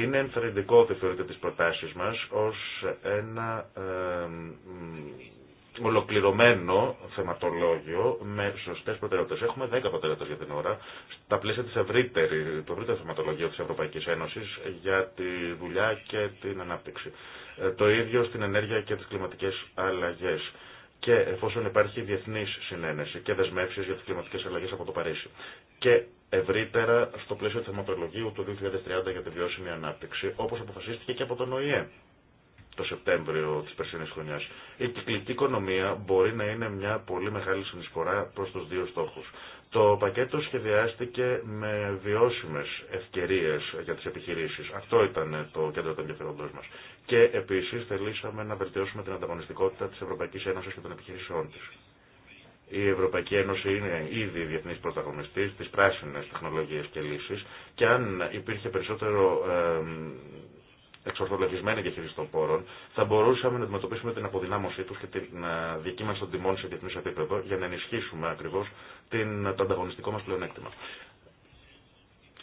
S5: Είναι ενθαρρυντικό ότι θεωρείται τι προτάσει μα ω ένα ε, ολοκληρωμένο θεματολόγιο με σωστέ προτεραιότητε. Έχουμε 10 προτεραιότητε για την ώρα στα πλαίσια τη ευρύτερη, του ευρύτερου θεματολογίου τη Ευρωπαϊκή Ένωση για τη δουλειά και την ανάπτυξη. Ε, το ίδιο στην ενέργεια και τις κλιματικές αλλαγές και εφόσον υπάρχει διεθνή συνένεση και δεσμεύσει για τι κλιματικέ αλλαγέ από το Παρίσι. Και ευρύτερα στο πλαίσιο θεματολογίου του 2030 για τη βιώσιμη ανάπτυξη, όπω αποφασίστηκε και από τον ΟΗΕ το Σεπτέμβριο τη περσινή χρονιά. Η κυκλική οικονομία μπορεί να είναι μια πολύ μεγάλη συνεισφορά προ του δύο στόχου. Το πακέτο σχεδιάστηκε με βιώσιμε ευκαιρίε για τι επιχειρήσει. Αυτό ήταν το κέντρο των ενδιαφέροντό μα. Και επίση θελήσαμε να βελτιώσουμε την ανταγωνιστικότητα τη Ευρωπαϊκή Ένωση και των επιχειρήσεών τη. Η Ευρωπαϊκή Ένωση είναι ήδη διεθνή πρωταγωνιστή στι πράσινε τεχνολογίε και λύσει και αν υπήρχε περισσότερο εξορθολογισμένη διαχείριση των πόρων, θα μπορούσαμε να αντιμετωπίσουμε την αποδυνάμωσή του και την ε, δική μα των τιμών σε διεθνή επίπεδο για να ενισχύσουμε ακριβώ την, το ανταγωνιστικό μας πλεονέκτημα.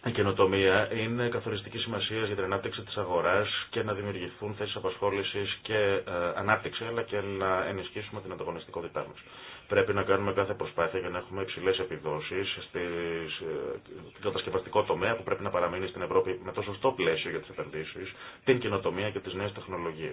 S5: Η καινοτομία είναι καθοριστική σημασία για την ανάπτυξη τη αγορά και να δημιουργηθούν θέσει απασχόληση και ε, ανάπτυξη, αλλά και να ενισχύσουμε την ανταγωνιστικότητά μα. Πρέπει να κάνουμε κάθε προσπάθεια για να έχουμε υψηλέ επιδόσει στην ε, κατασκευαστικό τομέα που πρέπει να παραμείνει στην Ευρώπη με το σωστό πλαίσιο για τι επενδύσει, την καινοτομία και τι νέε τεχνολογίε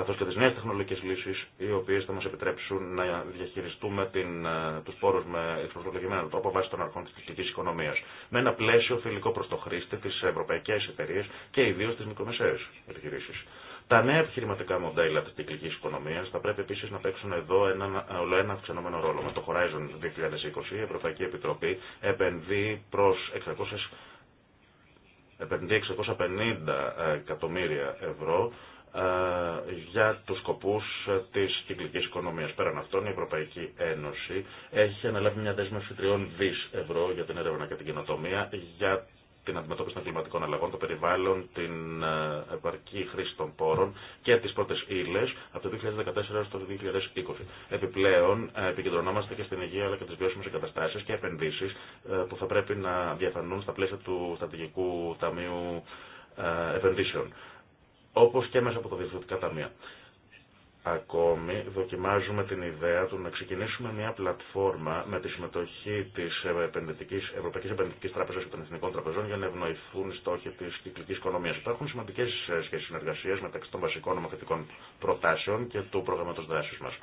S5: καθώς και τις νέες τεχνολογικές λύσεις, οι οποίες θα μας επιτρέψουν να διαχειριστούμε την, ε, τους πόρους με εξορθολογημένο τρόπο βάσει των αρχών της κυκλικής οικονομίας, με ένα πλαίσιο φιλικό προς το χρήστη, τις ευρωπαϊκές εταιρείες και ιδίως τις μικρομεσαίες επιχειρήσεις. Τα νέα επιχειρηματικά μοντέλα της κυκλικής οικονομίας θα πρέπει επίσης να παίξουν εδώ έναν ολοένα αυξανόμενο ρόλο. Με το Horizon 2020 η Ευρωπαϊκή Επιτροπή επενδύει προ 600 650 εκατομμύρια ευρώ ε, για τους σκοπούς της κυκλικής οικονομίας. Πέραν αυτών, η Ευρωπαϊκή Ένωση έχει αναλάβει μια δέσμευση τριών δις ευρώ για την έρευνα και την κοινοτομία για την αντιμετώπιση των κλιματικών αλλαγών, των περιβάλλον, την ε, επαρκή χρήση των πόρων και τις πρώτες ύλες από το 2014 έως το 2020. Επιπλέον, ε, επικεντρωνόμαστε και στην υγεία αλλά και τι βιώσιμες εγκαταστάσεις και επενδύσει που θα πρέπει να διαφανούν στα πλαίσια του Στρατηγικού Ταμείου Επενδύσεων όπως και μέσα από τα διευθυντικά ταμεία. Ακόμη δοκιμάζουμε την ιδέα του να ξεκινήσουμε μια πλατφόρμα με τη συμμετοχή της Επενδυτικής, Ευρωπαϊκής Επενδυτικής Τράπεζας και των Εθνικών Τραπεζών για να ευνοηθούν οι στόχοι της κυκλικής οικονομίας. Υπάρχουν σημαντικές ε, σχέσεις συνεργασίας μεταξύ των βασικών νομοθετικών προτάσεων και του προγραμματος δράσης μας.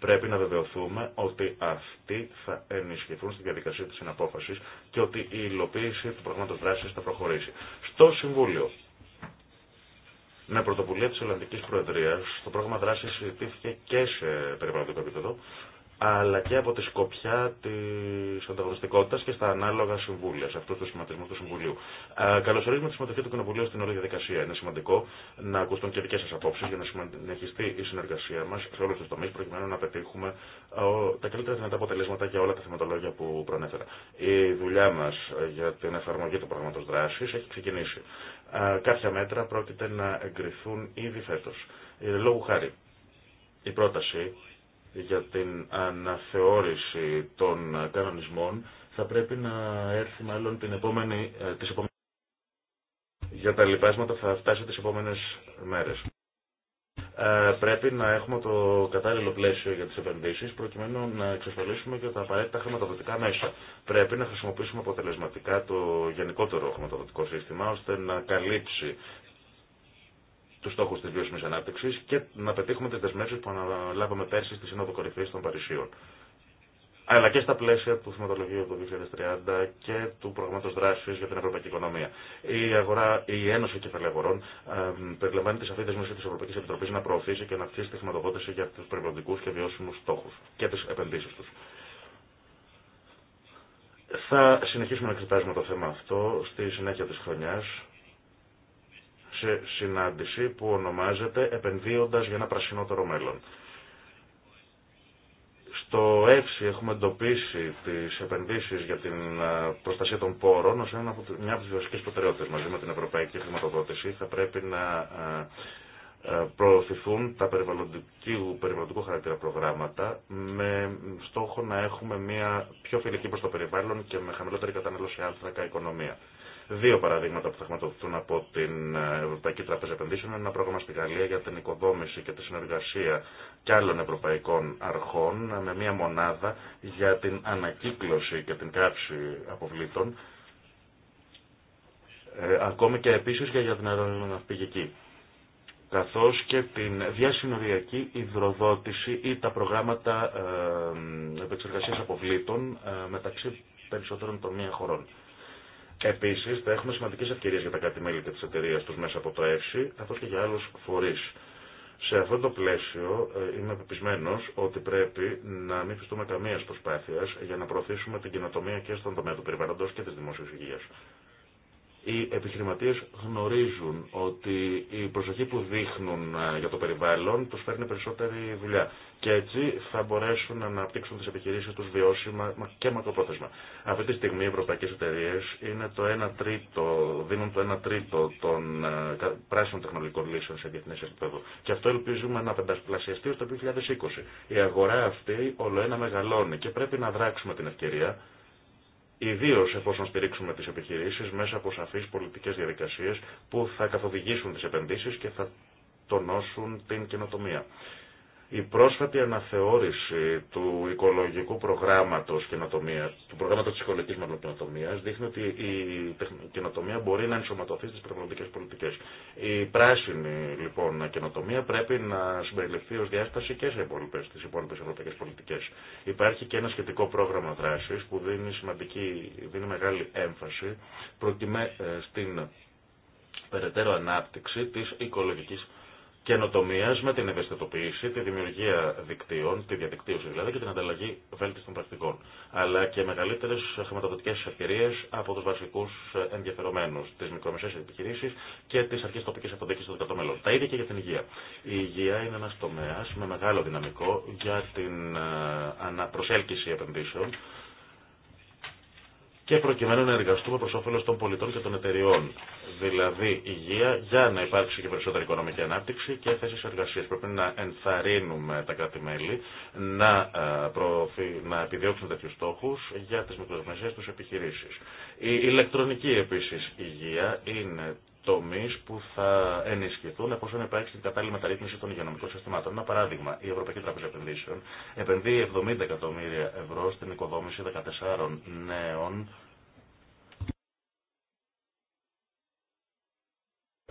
S5: Πρέπει να βεβαιωθούμε ότι αυτοί θα ενισχυθούν στη διαδικασία της συναπόφασης και ότι η υλοποίηση του προγράμματος δράσης θα προχωρήσει. Στο Συμβούλιο με πρωτοβουλία τη Ολλανδική Προεδρία, το πρόγραμμα δράση συζητήθηκε και σε περιβαλλοντικό επίπεδο, αλλά και από τη σκοπιά τη ανταγωνιστικότητα και στα ανάλογα συμβούλια, σε αυτού του σχηματισμού του Συμβουλίου. Καλωσορίζουμε τη συμμετοχή του Κοινοβουλίου στην όλη διαδικασία. Είναι σημαντικό να ακουστούν και δικέ σα απόψει για να συνεχιστεί η συνεργασία μα σε όλου του τομεί, προκειμένου να πετύχουμε τα καλύτερα δυνατά αποτελέσματα για όλα τα θεματολόγια που προανέφερα. Η δουλειά μα για την εφαρμογή του προγράμματο δράση έχει ξεκινήσει κάποια μέτρα πρόκειται να εγκριθούν ήδη φέτος. Ε, λόγου χάρη, η πρόταση για την αναθεώρηση των κανονισμών θα πρέπει να έρθει μάλλον την επόμενη, ε, τις επόμενες, για τα λοιπάσματα θα φτάσει τις επόμενες μέρες. Ε, πρέπει να έχουμε το κατάλληλο πλαίσιο για τι επενδύσει προκειμένου να εξασφαλίσουμε και τα απαραίτητα χρηματοδοτικά μέσα. Πρέπει να χρησιμοποιήσουμε αποτελεσματικά το γενικότερο χρηματοδοτικό σύστημα ώστε να καλύψει του στόχου τη βιώσιμη ανάπτυξη και να πετύχουμε τι δεσμεύσει που αναλάβαμε πέρσι στη Σύνοδο Κορυφή των Παρισίων αλλά και στα πλαίσια του θεματολογίου του 2030 και του προγράμματος δράσης για την ευρωπαϊκή οικονομία. Η, αγορά, η Ένωση Κεφαλαίου Αγορών ε, περιλαμβάνει τη σαφή δεσμεύση της Ευρωπαϊκής Επιτροπής να προωθήσει και να αυξήσει τη χρηματοδότηση για τους περιβαλλοντικούς και βιώσιμους στόχους και τις επενδύσεις τους. Θα συνεχίσουμε να εξετάζουμε το θέμα αυτό στη συνέχεια της χρονιάς σε συνάντηση που ονομάζεται «Επενδύοντας για ένα πρασινότερο μέλλον». Στο ΕΦΣΙ έχουμε εντοπίσει τι επενδύσει για την ε, προστασία των πόρων ω μια από τι βασικέ προτεραιότητε μαζί με την ευρωπαϊκή χρηματοδότηση. Θα πρέπει να ε, ε, προωθηθούν τα περιβαλλοντικού, περιβαλλοντικού χαρακτήρα προγράμματα με στόχο να έχουμε μια πιο φιλική προς το περιβάλλον και με χαμηλότερη κατανάλωση άνθρακα οικονομία. Δύο παραδείγματα που θα χρηματοδοτηθούν από την ε, Ευρωπαϊκή Τράπεζα Επενδύσεων είναι ένα πρόγραμμα στη Γαλλία για την οικοδόμηση και τη συνεργασία και άλλων ευρωπαϊκών αρχών με μία μονάδα για την ανακύκλωση και την κάψη αποβλήτων ε, ακόμη και επίσης για την αεροναυπηγική καθώς και την διασυνοριακή υδροδότηση ή τα προγράμματα ε, επεξεργασίας αποβλήτων μεταξύ περισσότερων των μία χωρών. Επίση, θα έχουμε σημαντικέ ευκαιρίε για τα μέλη και τι εταιρείε του μέσα από το ΕΦΣΥ, καθώ και για άλλου φορεί. Σε αυτό το πλαίσιο ε, είμαι πεπισμένο ότι πρέπει να μην φυστούμε καμία προσπάθεια για να προωθήσουμε την κοινοτομία και στον τομέα του περιβάλλοντο και τη δημόσια υγεία. Οι επιχειρηματίε γνωρίζουν ότι η προσοχή που δείχνουν ε, για το περιβάλλον του φέρνει περισσότερη δουλειά και έτσι θα μπορέσουν να αναπτύξουν τι επιχειρήσει του βιώσιμα και μακροπρόθεσμα. Αυτή τη στιγμή οι ευρωπαϊκέ εταιρείε δίνουν το 1 τρίτο των ε, πράσινων τεχνολογικών λύσεων σε διεθνέ επίπεδο. Και αυτό ελπίζουμε να πεντασπλασιαστεί το 2020. Η αγορά αυτή ολοένα μεγαλώνει και πρέπει να δράξουμε την ευκαιρία Ιδίω εφόσον στηρίξουμε τι επιχειρήσει μέσα από σαφεί πολιτικέ διαδικασίε που θα καθοδηγήσουν τι επενδύσει και θα τονώσουν την καινοτομία. Η πρόσφατη αναθεώρηση του οικολογικού προγράμματος του προγράμματος της οικολογικής δείχνει ότι η καινοτομία μπορεί να ενσωματωθεί στις περιβαλλοντικές πολιτικές. Η πράσινη λοιπόν καινοτομία πρέπει να συμπεριληφθεί ως διάσταση και σε υπόλοιπες, στις υπόλοιπες ευρωπαϊκές πολιτικές. Υπάρχει και ένα σχετικό πρόγραμμα δράσης που δίνει, σημαντική, δίνει μεγάλη έμφαση ε, στην περαιτέρω ανάπτυξη της οικολογικής καινοτομία με την ευαισθητοποίηση, τη δημιουργία δικτύων, τη διαδικτύωση δηλαδή και την ανταλλαγή βέλτιστων πρακτικών. Αλλά και μεγαλύτερε χρηματοδοτικέ ευκαιρίε από του βασικού ενδιαφερομένου, τι μικρομεσαίε επιχειρήσει και τι αρχέ τοπική αποδίκηση των μέλων. Τα ίδια και για την υγεία. Η υγεία είναι ένα τομέα με μεγάλο δυναμικό για την ε, αναπροσέλκυση επενδύσεων και προκειμένου να εργαστούμε προ όφελο των πολιτών και των εταιριών. Δηλαδή υγεία για να υπάρξει και περισσότερη οικονομική ανάπτυξη και θέσει εργασία. Πρέπει να ενθαρρύνουμε τα κράτη-μέλη να, ε, να επιδιώξουν τέτοιου στόχου για τις μικρομεσαίε τους επιχειρήσει. Η ηλεκτρονική επίση υγεία είναι που θα ενισχυθούν εφόσον υπάρξει την κατάλληλη μεταρρύθμιση των υγειονομικών συστημάτων. Ένα παράδειγμα, η Ευρωπαϊκή Τράπεζα Επενδύσεων επενδύει 70 εκατομμύρια ευρώ στην οικοδόμηση 14 νέων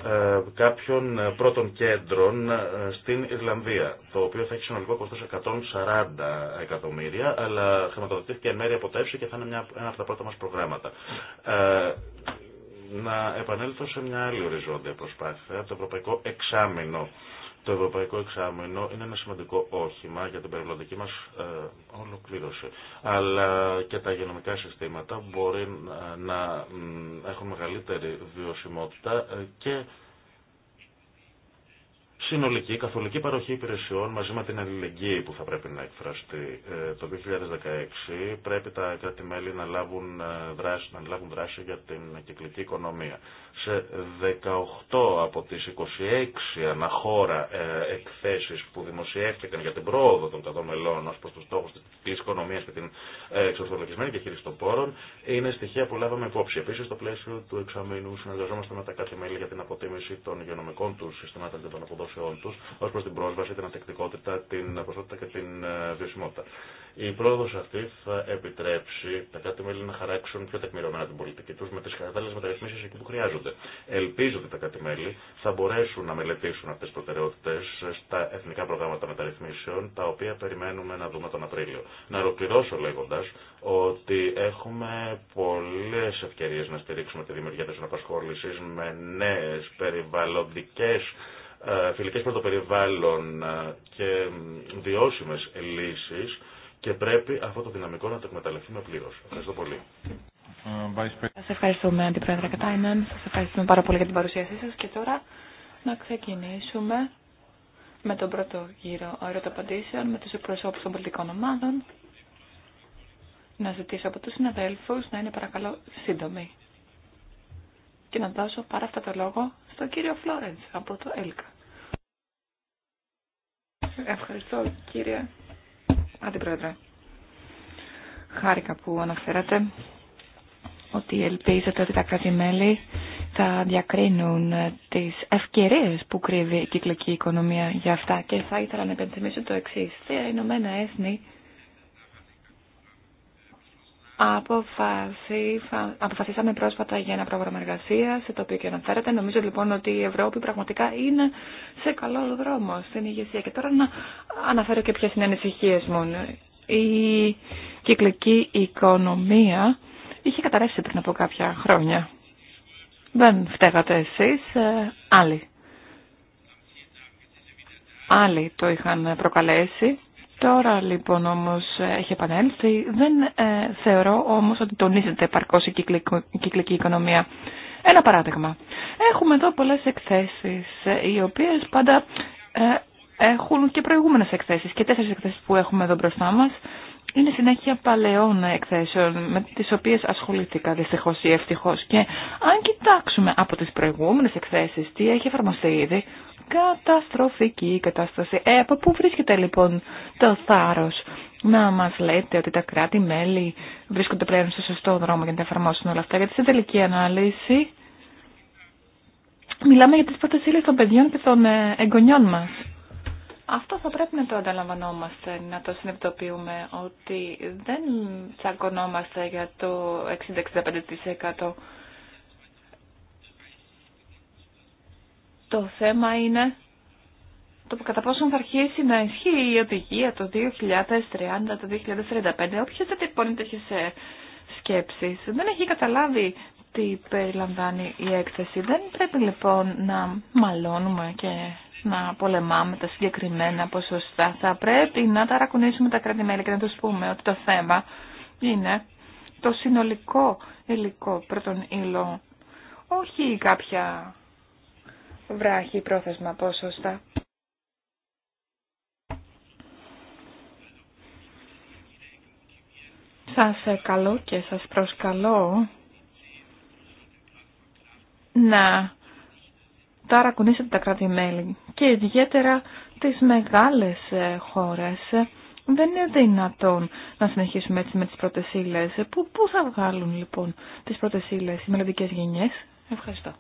S5: ε, κάποιων πρώτων κέντρων ε, στην Ιρλανδία, το οποίο θα έχει συνολικό κόστος 140 εκατομμύρια, αλλά χρηματοδοτήθηκε εν μέρει από τα και θα είναι μια, ένα από τα πρώτα μας προγράμματα. Ε, να επανέλθω σε μια άλλη οριζόντια προσπάθεια, το Ευρωπαϊκό Εξάμεινο. Το Ευρωπαϊκό Εξάμεινο είναι ένα σημαντικό όχημα για την περιβαλλοντική μας ε, ολοκλήρωση. Αλλά και τα υγειονομικά συστήματα μπορεί ε, να έχουν μεγαλύτερη βιωσιμότητα ε, και συνολική καθολική παροχή υπηρεσιών μαζί με την αλληλεγγύη που θα πρέπει να εκφραστεί ε, το 2016 πρέπει τα κράτη-μέλη να, λάβουν ε, δράση, να λάβουν δράση για την κυκλική οικονομία. Σε 18 από τις 26 αναχώρα ε, εκθέσεις που δημοσιεύτηκαν για την πρόοδο των κατομελών ως προς τους στόχους της οικονομίας και την εξορθολογισμένη διαχείριση των πόρων είναι στοιχεία που λάβαμε υπόψη. Επίσης στο πλαίσιο του εξαμήνου συνεργαζόμαστε με τα κράτη-μέλη για την αποτίμηση των υγειονομικών του συστημάτων και των αποδόσεων του ω προ την πρόσβαση, την αντεκτικότητα, την ποσότητα και την ε, βιωσιμότητα. Η πρόοδο αυτή θα επιτρέψει τα κράτη-μέλη να χαράξουν πιο τεκμηρωμένα την πολιτική του με τι κατάλληλε μεταρρυθμίσει εκεί που χρειάζονται. Ελπίζω ότι τα κράτη-μέλη θα μπορέσουν να μελετήσουν αυτέ τι προτεραιότητε στα εθνικά προγράμματα μεταρρυθμίσεων, τα οποία περιμένουμε να δούμε τον Απρίλιο. Να ολοκληρώσω λέγοντα ότι έχουμε πολλέ ευκαιρίε να στηρίξουμε τη δημιουργία τη απασχόληση με νέε περιβαλλοντικέ ε, φιλικές πρωτοπεριβάλλον περιβάλλον και βιώσιμες λύσεις και πρέπει αυτό το δυναμικό να το εκμεταλλευτούμε πλήρως. Ευχαριστώ πολύ.
S1: Ε, σας
S4: ευχαριστούμε Αντιπρόεδρε Κατάινεν, σας ευχαριστούμε πάρα πολύ για την παρουσίασή σας και τώρα να ξεκινήσουμε με τον πρώτο γύρο ερωταπαντήσεων με τους εκπροσώπους των πολιτικών ομάδων. Να ζητήσω από τους συναδέλφους να είναι παρακαλώ σύντομοι και να δώσω πάρα αυτά το λόγο το κύριο Φλόρεντς από το ΕΛΚΑ. Ευχαριστώ κύριε Αντιπρόεδρε. Χάρηκα που αναφέρατε ότι ελπίζετε ότι τα κράτη-μέλη θα διακρίνουν τις ευκαιρίες που κρύβει η κυκλική οικονομία για αυτά και θα ήθελα να επενθυμίσω το εξής. Στην Ηνωμένα Έθνη αποφασίσαμε πρόσφατα για ένα πρόγραμμα εργασία σε το οποίο και αναφέρατε. Νομίζω λοιπόν ότι η Ευρώπη πραγματικά είναι σε καλό δρόμο στην ηγεσία. Και τώρα να αναφέρω και ποιε είναι οι ανησυχίε μου. Η κυκλική οικονομία είχε καταρρεύσει πριν από κάποια χρόνια. Δεν φταίγατε εσείς, ε, άλλοι. Άλλοι το είχαν προκαλέσει Τώρα λοιπόν όμως ε, έχει επανέλθει. Δεν ε, θεωρώ όμως ότι τονίζεται επαρκώς η κυκλική, οικονομία. Ένα παράδειγμα. Έχουμε εδώ πολλές εκθέσεις ε, οι οποίες πάντα ε, έχουν και προηγούμενες εκθέσεις και τέσσερις εκθέσεις που έχουμε εδώ μπροστά μας είναι συνέχεια παλαιών εκθέσεων με τις οποίες ασχολήθηκα δυστυχώ ή ευτυχώ. και αν κοιτάξουμε από τις προηγούμενες εκθέσεις τι έχει εφαρμοστεί ήδη καταστροφική κατάσταση. Ε, από πού βρίσκεται λοιπόν το θάρρος να μας λέτε ότι τα κράτη-μέλη βρίσκονται πλέον στο σωστό δρόμο για να τα εφαρμόσουν όλα αυτά. Γιατί στην τελική ανάλυση μιλάμε για τις πρώτες των παιδιών και των ε, εγγονιών μας. Αυτό θα πρέπει να το ανταλαμβανόμαστε, να το συνειδητοποιούμε, ότι δεν τσακωνόμαστε για το 60-65% Το θέμα είναι το κατά πόσο θα αρχίσει να ισχύει η οδηγία το 2030, το 2035. όποιο δεν τυπώνει σε σκέψει. δεν έχει καταλάβει τι περιλαμβάνει η έκθεση. Δεν πρέπει λοιπόν να μαλώνουμε και να πολεμάμε τα συγκεκριμένα ποσοστά. Θα πρέπει να ταρακουνήσουμε τα κράτη-μέλη και να τους πούμε ότι το θέμα είναι το συνολικό υλικό πρώτων υλών. Όχι κάποια Βράχει πρόθεσμα στα. Σας καλώ και σας προσκαλώ να ταρακουνήσετε τα κράτη-μέλη και ιδιαίτερα τις μεγάλες ε, χώρες. Δεν είναι δυνατόν να συνεχίσουμε έτσι με τις πρώτες ύλες. Πού, πού θα βγάλουν λοιπόν τις πρώτες ύλες οι μελλοντικές γενιές. Ευχαριστώ.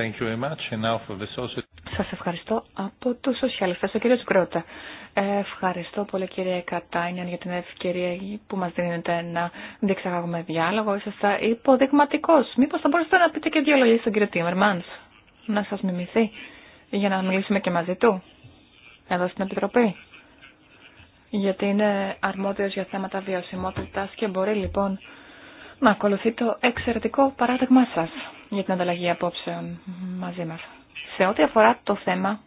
S1: Thank you very much. And now for the social...
S4: Σας ευχαριστώ από του Σοσιαλιστέ, ο κύριο Κρότα. Ε, ευχαριστώ πολύ κύριε Κατάνιαν για την ευκαιρία που μας δίνετε να διεξαγάγουμε διάλογο. Είσαστε υποδειγματικός. Μήπως θα μπορούσατε να πείτε και δύο λόγια στον κύριο Τίμερμανς, να σα μιμηθεί, για να μιλήσουμε και μαζί του, εδώ στην Επιτροπή. Γιατί είναι αρμόδιο για θέματα βιώσιμότητα και μπορεί λοιπόν να ακολουθεί το εξαιρετικό παράδειγμά σας για την ανταλλαγή απόψεων μαζί μας. Σε ό,τι αφορά το θέμα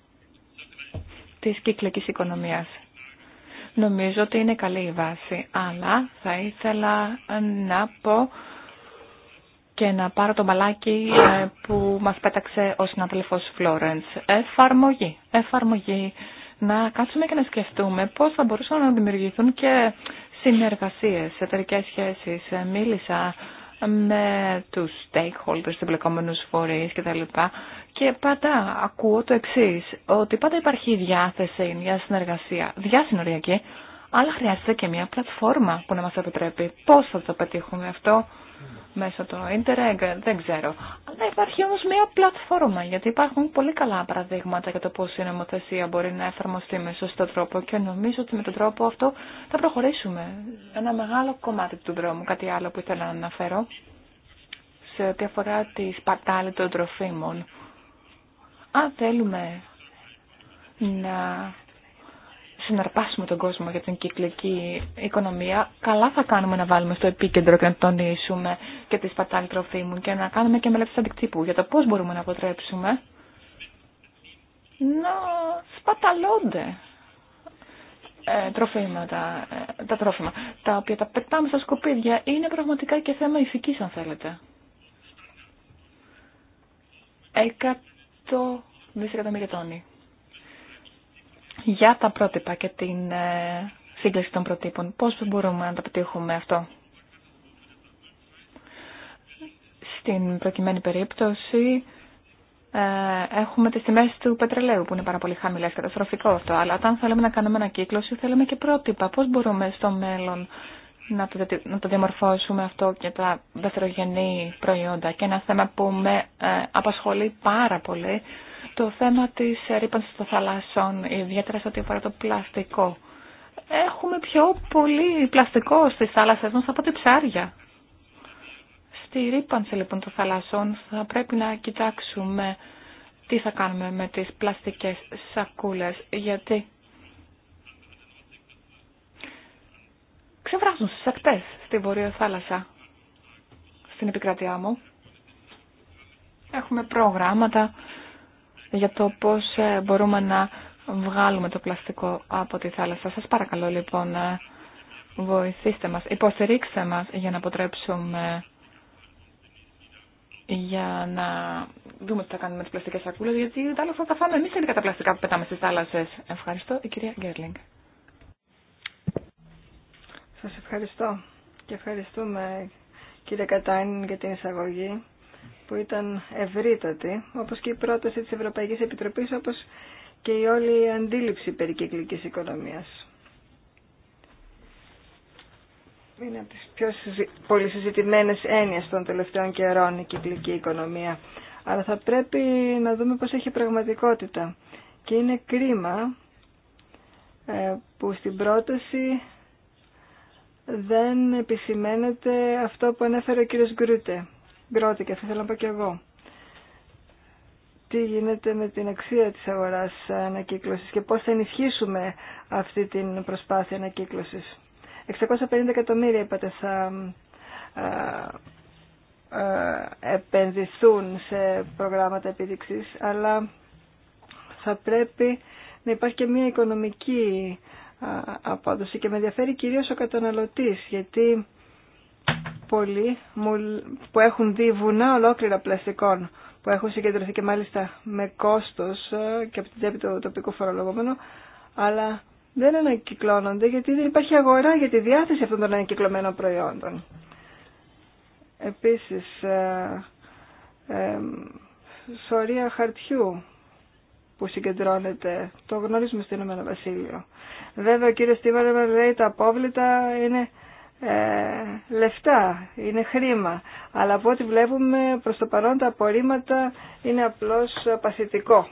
S4: της κυκλικής οικονομίας. Νομίζω ότι είναι καλή η βάση, αλλά θα ήθελα να πω και να πάρω το μπαλάκι ε, που μας πέταξε ο συνάδελφος Φλόρεντς. Εφαρμογή, εφαρμογή. Να κάτσουμε και να σκεφτούμε πώς θα μπορούσαν να δημιουργηθούν και συνεργασίες, εταιρικέ σχέσεις. Ε, μίλησα με τους stakeholders, εμπλεκόμενους φορείς κτλ. Και πάντα ακούω το εξή ότι πάντα υπάρχει διάθεση για συνεργασία, διασυνοριακή, αλλά χρειάζεται και μια πλατφόρμα που να μας επιτρέπει. Πώς θα το πετύχουμε αυτό, μέσω το Ιντερεγ, δεν ξέρω. Αλλά υπάρχει όμως μια πλατφόρμα, γιατί υπάρχουν πολύ καλά παραδείγματα για το πώς η νομοθεσία μπορεί να εφαρμοστεί με σωστό τρόπο και νομίζω ότι με τον τρόπο αυτό θα προχωρήσουμε ένα μεγάλο κομμάτι του δρόμου. Κάτι άλλο που ήθελα να αναφέρω σε ό,τι αφορά τη σπατάλη των τροφίμων. Αν θέλουμε να συναρπάσουμε τον κόσμο για την κυκλική οικονομία, καλά θα κάνουμε να βάλουμε στο επίκεντρο και να τονίσουμε και τη σπατάλη τροφίμων και να κάνουμε και μελέτες αντικτύπου για το πώς μπορούμε να αποτρέψουμε να σπαταλώνται ε, τροφήματα, ε, τα τρόφιμα, τα οποία τα πετάμε στα σκοπίδια, είναι πραγματικά και θέμα ηθικής αν θέλετε. Εκατό δισεκατομμύρια τόνοι για τα πρότυπα και την ε, σύγκληση των προτύπων. Πώς μπορούμε να τα πετύχουμε αυτό. Στην προκειμένη περίπτωση ε, έχουμε τις τιμές του πετρελαίου που είναι πάρα πολύ χαμηλές, καταστροφικό αυτό. Αλλά όταν θέλουμε να κάνουμε ανακύκλωση θέλουμε και πρότυπα. Πώς μπορούμε στο μέλλον να το, να το διαμορφώσουμε αυτό και τα δευτερογενή προϊόντα. Και ένα θέμα που με ε, απασχολεί πάρα πολύ το θέμα της ρήπανσης των θαλασσών, ιδιαίτερα σε ό,τι αφορά το πλαστικό. Έχουμε πιο πολύ πλαστικό στις θάλασσες μας από τη ψάρια. Στη ρήπανση λοιπόν των θαλασσών θα πρέπει να κοιτάξουμε τι θα κάνουμε με τις πλαστικές σακούλες, γιατί ξεβράζουν στις ακτές στη Βορείο Θάλασσα, στην επικρατειά μου. Έχουμε προγράμματα για το πώς ε, μπορούμε να βγάλουμε το πλαστικό από τη θάλασσα. Σας παρακαλώ λοιπόν ε, βοηθήστε μας, υποστηρίξτε μας για να αποτρέψουμε για να δούμε τι θα κάνουμε με τις πλαστικές σακούλες, γιατί τα άλλα θα τα φάμε εμείς είναι τα πλαστικά που πετάμε στις θάλασσες. Ευχαριστώ, η κυρία Γκέρλινγκ.
S2: Σας ευχαριστώ και ευχαριστούμε κύριε Κατάνιν για την εισαγωγή που ήταν ευρύτατη, όπως και η πρόταση της Ευρωπαϊκής Επιτροπής, όπως και η όλη η αντίληψη περί κυκλικής οικονομίας. Είναι από τις πιο πολύ συζητημένες έννοιες των τελευταίων καιρών η κυκλική οικονομία. Αλλά θα πρέπει να δούμε πώς έχει πραγματικότητα. Και είναι κρίμα ε, που στην πρόταση δεν επισημαίνεται αυτό που ανέφερε ο κύριος Γκρούτε, Γκρότη και θα ήθελα να πω και εγώ. Τι γίνεται με την αξία της αγοράς ανακύκλωσης και πώς θα ενισχύσουμε αυτή την προσπάθεια ανακύκλωσης. 650 εκατομμύρια είπατε θα επενδυθούν σε προγράμματα επίδειξης, αλλά θα πρέπει να υπάρχει και μια οικονομική απόδοση και με ενδιαφέρει κυρίως ο καταναλωτής, γιατί πολλοί που έχουν δει βουνά ολόκληρα πλαστικών που έχουν συγκεντρωθεί και μάλιστα με κόστος ε, και από την τσέπη του τοπικού αλλά δεν ανακυκλώνονται γιατί δεν υπάρχει αγορά για τη διάθεση αυτών των ανακυκλωμένων προϊόντων. Επίσης, ε, ε, σωρία χαρτιού που συγκεντρώνεται, το γνωρίζουμε στην Ηνωμένο Βασίλειο. Βέβαια ο κύριος λέει τα απόβλητα είναι ε, λεφτά, είναι χρήμα. Αλλά από ό,τι βλέπουμε προς το παρόν τα απορρίμματα είναι απλώς παθητικό.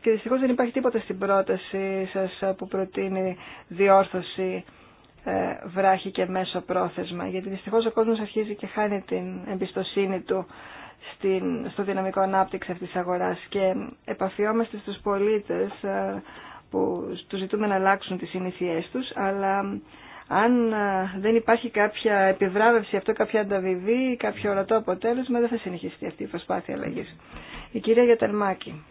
S2: Και δυστυχώς δεν υπάρχει τίποτα στην πρόταση σας που προτείνει διόρθωση ε, βράχη και μέσο πρόθεσμα. Γιατί δυστυχώς ο κόσμος αρχίζει και χάνει την εμπιστοσύνη του στην, στο δυναμικό ανάπτυξη αυτής της αγοράς και επαφιόμαστε στους πολίτες ε, που τους ζητούμε να αλλάξουν τις συνήθειές τους, αλλά αν ε, δεν υπάρχει κάποια επιβράβευση, αυτό κάποια ανταβιβή, κάποιο ορατό αποτέλεσμα, δεν θα συνεχιστεί αυτή η προσπάθεια αλλαγή. Η κυρία Γιαταρμάκη.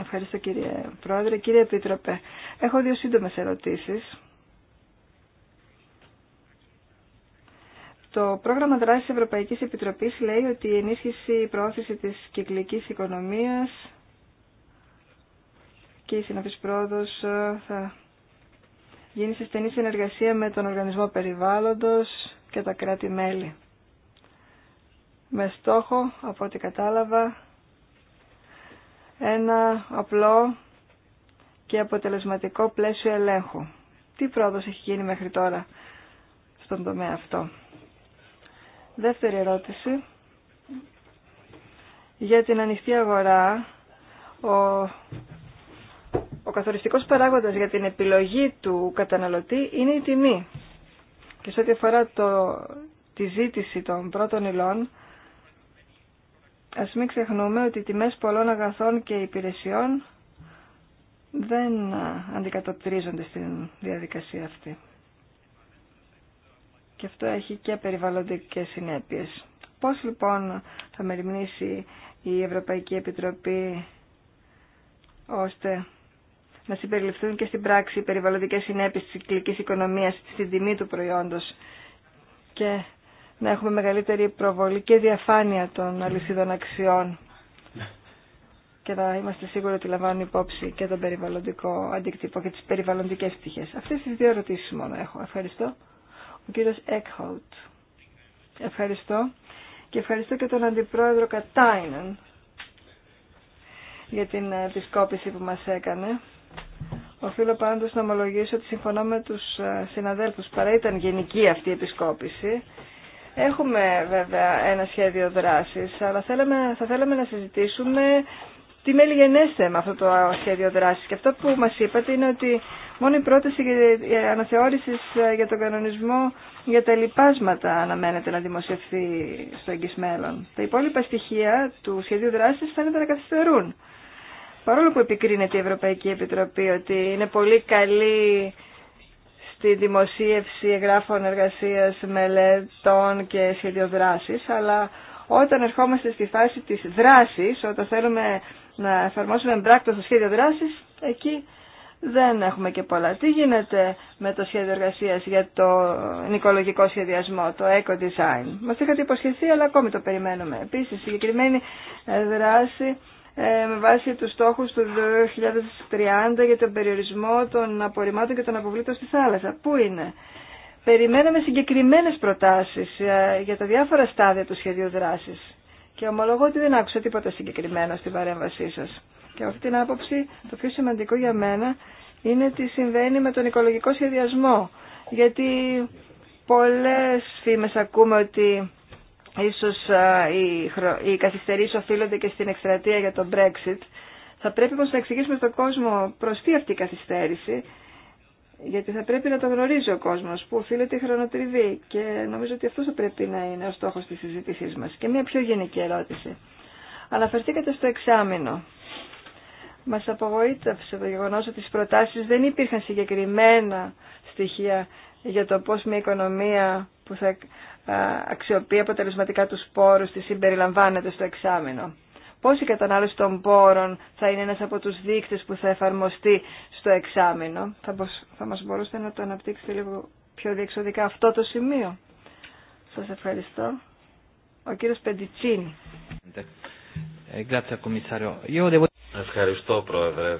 S2: Ευχαριστώ κύριε Πρόεδρε. Κύριε Επίτροπε, έχω δύο σύντομες ερωτήσεις. Το πρόγραμμα δράσης Ευρωπαϊκής Επιτροπής λέει ότι η ενίσχυση η προώθηση της κυκλικής οικονομίας και η συναφής πρόοδος ε, θα γίνει σε στενή συνεργασία με τον Οργανισμό Περιβάλλοντος και τα κράτη-μέλη. Με στόχο, από ό,τι κατάλαβα, ένα απλό και αποτελεσματικό πλαίσιο ελέγχου. Τι πρόοδος έχει γίνει μέχρι τώρα στον τομέα αυτό. Δεύτερη ερώτηση. Για την ανοιχτή αγορά, ο καθοριστικός παράγοντας για την επιλογή του καταναλωτή είναι η τιμή. Και σε ό,τι αφορά το, τη ζήτηση των πρώτων υλών, ας μην ξεχνούμε ότι οι τιμές πολλών αγαθών και υπηρεσιών δεν αντικατοπτρίζονται στην διαδικασία αυτή. Και αυτό έχει και περιβαλλοντικές συνέπειες. Πώς λοιπόν θα μεριμνήσει η Ευρωπαϊκή Επιτροπή ώστε να συμπεριληφθούν και στην πράξη οι περιβαλλοντικές συνέπειες της κυκλικής οικονομίας στην τιμή του προϊόντος και να έχουμε μεγαλύτερη προβολή και διαφάνεια των αλυσίδων αξιών και να είμαστε σίγουροι ότι λαμβάνουν υπόψη και τον περιβαλλοντικό αντίκτυπο και τις περιβαλλοντικές πτυχές. Αυτές τις δύο ερωτήσεις μόνο έχω. Ευχαριστώ. Ο κύριος Έκχολτ. Ευχαριστώ. Και ευχαριστώ και τον Αντιπρόεδρο Κατάινεν για την επισκόπηση που μας έκανε. Οφείλω πάντως να ομολογήσω ότι συμφωνώ με τους ε, συναδέλφους, παρά ήταν γενική αυτή η επισκόπηση. Έχουμε βέβαια ένα σχέδιο δράσης, αλλά θέλαμε, θα θέλαμε να συζητήσουμε τι γενέστε με αυτό το σχέδιο δράσης. Και αυτό που μας είπατε είναι ότι μόνο η πρόταση αναθεώρηση ε, για τον κανονισμό για τα λοιπάσματα αναμένεται να δημοσιευθεί στο εγγυσ Τα υπόλοιπα στοιχεία του σχεδίου δράσης φαίνεται να καθυστερούν. Παρόλο που επικρίνεται η Ευρωπαϊκή Επιτροπή ότι είναι πολύ καλή στη δημοσίευση εγγράφων εργασίας, μελετών και σχεδιοδράσεις, αλλά όταν ερχόμαστε στη φάση της δράσης, όταν θέλουμε να εφαρμόσουμε εμπράκτο στο σχέδιο δράσης, εκεί δεν έχουμε και πολλά. Τι γίνεται με το σχέδιο εργασίας για το οικολογικό σχεδιασμό, το eco design. Μας είχατε υποσχεθεί, αλλά ακόμη το περιμένουμε. Επίσης, συγκεκριμένη δράση ε, με βάση τους στόχου του 2030 για τον περιορισμό των απορριμμάτων και των αποβλήτων στη θάλασσα. Πού είναι. Περιμέναμε συγκεκριμένες προτάσεις ε, για τα διάφορα στάδια του σχεδίου δράσης και ομολογώ ότι δεν άκουσα τίποτα συγκεκριμένο στην παρέμβασή σας. Και αυτή την άποψη το πιο σημαντικό για μένα είναι τι συμβαίνει με τον οικολογικό σχεδιασμό. Γιατί πολλές φήμες ακούμε ότι ίσως οι καθυστερήσεις οφείλονται και στην εκστρατεία για το Brexit. Θα πρέπει όμως να εξηγήσουμε στον κόσμο προς τι αυτή η καθυστέρηση, γιατί θα πρέπει να το γνωρίζει ο κόσμος που οφείλεται η χρονοτριβή και νομίζω ότι αυτό θα πρέπει να είναι ο στόχος της συζήτησής μας. Και μια πιο γενική ερώτηση. Αναφερθήκατε στο εξάμεινο. Μας απογοήτευσε το γεγονός ότι στις προτάσεις δεν υπήρχαν συγκεκριμένα στοιχεία για το πώς μια οικονομία που θα αξιοποιεί αποτελεσματικά τους πόρους τη συμπεριλαμβάνεται στο εξάμεινο. Πώς η κατανάλωση των πόρων θα είναι ένας από τους δείκτες που θα εφαρμοστεί στο εξάμεινο. Θα, θα μας μπορούσατε να το αναπτύξετε λίγο πιο διεξοδικά αυτό το σημείο. Σας ευχαριστώ. Ο κύριος Πεντιτσίνη.
S5: Ευχαριστώ Πρόεδρε.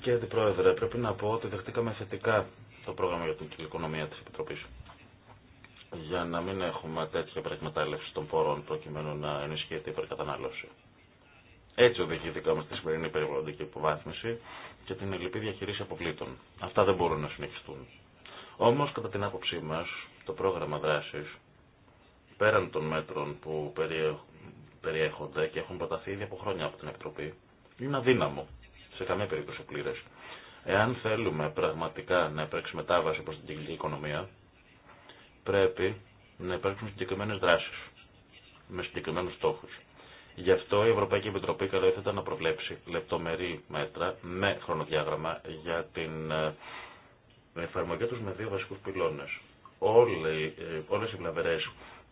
S5: Κύριε Πρόεδρε, πρέπει να πω ότι δεχτήκαμε θετικά το πρόγραμμα για την οικονομία της Επιτροπής για να μην έχουμε τέτοια υπερεκμετάλλευση των πόρων προκειμένου να ενισχύεται η υπερκατανάλωση. Έτσι οδηγήθηκαμε στη σημερινή περιβαλλοντική υποβάθμιση και την ελληπή διαχείριση αποβλήτων. Αυτά δεν μπορούν να συνεχιστούν. Όμως, κατά την άποψή μας, το πρόγραμμα δράσης πέραν των μέτρων που περιέχονται και έχουν προταθεί ήδη από χρόνια από την Επιτροπή, είναι αδύναμο. Σε καμία περίπτωση πλήρε. Εάν θέλουμε πραγματικά να υπάρξει την κοινωνική οικονομία, πρέπει να υπάρχουν συγκεκριμένε δράσει με συγκεκριμένου στόχου. Γι' αυτό η Ευρωπαϊκή Επιτροπή καλό να προβλέψει λεπτομερή μέτρα με χρονοδιάγραμμα για την ε, εφαρμογή του με δύο βασικού πυλώνε. Ε, Όλε οι βλαβερέ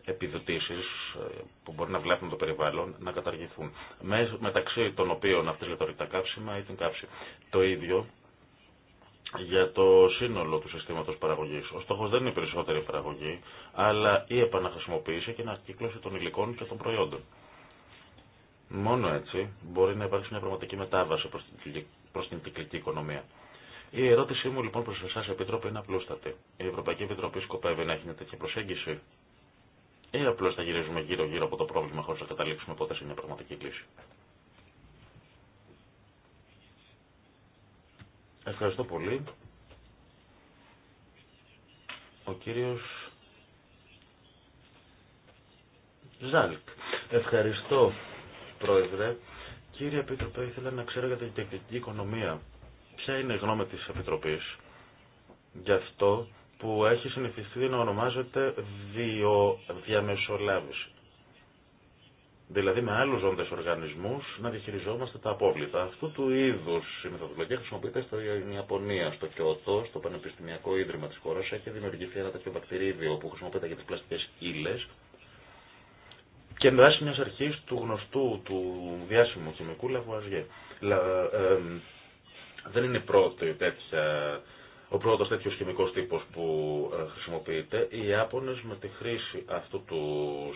S5: επιδοτήσει ε, που μπορεί να βλέπουν το περιβάλλον να καταργηθούν. μεταξύ των οποίων αυτέ για το ρητά καύσιμα ή την καύση. Το ίδιο για το σύνολο του συστήματος παραγωγής. Ο στόχος δεν είναι η περισσότερη παραγωγή, αλλά η επαναχρησιμοποίηση και η ανακύκλωση των υλικών και των προϊόντων. Μόνο έτσι μπορεί να υπάρξει μια πραγματική μετάβαση προς την κυκλική οικονομία. Η ερώτησή μου λοιπόν προς εσάς, Επίτροπε, είναι απλούστατη. Η Ευρωπαϊκή Επιτροπή σκοπεύει να έχει μια τέτοια προσέγγιση ή απλώς θα γυρίζουμε γύρω-γύρω από το πρόβλημα χωρίς να καταλήξουμε πότε είναι η πραγματική χωρις να καταληξουμε ποτε σε μια πραγματικη λυση Ευχαριστώ πολύ. Ο κύριος Ζάλκ. Ευχαριστώ, Πρόεδρε. Κύριε Επίτροπε, ήθελα να ξέρω για την τεχνική οικονομία. Ποια είναι η γνώμη της Επιτροπής για αυτό που έχει συνηθιστεί να ονομάζεται διαμεσολάβηση δηλαδή με άλλους ζώντες οργανισμούς να διαχειριζόμαστε τα απόβλητα. Αυτού του είδους η μεθοδολογία χρησιμοποιείται στην Ιαπωνία, στο Κιώτο, στο Πανεπιστημιακό Ίδρυμα τη χώρα. Έχει δημιουργηθεί ένα τέτοιο βακτηρίδιο που χρησιμοποιείται για τις πλαστικές ύλε. Και εντάσσει μια αρχή του γνωστού, του διάσημου χημικού Λαβουαζιέ. δεν είναι η πρώτη τέτοια ο πρώτος τέτοιος χημικός τύπος που ε, χρησιμοποιείται, οι Ιάπωνες με τη χρήση αυτού του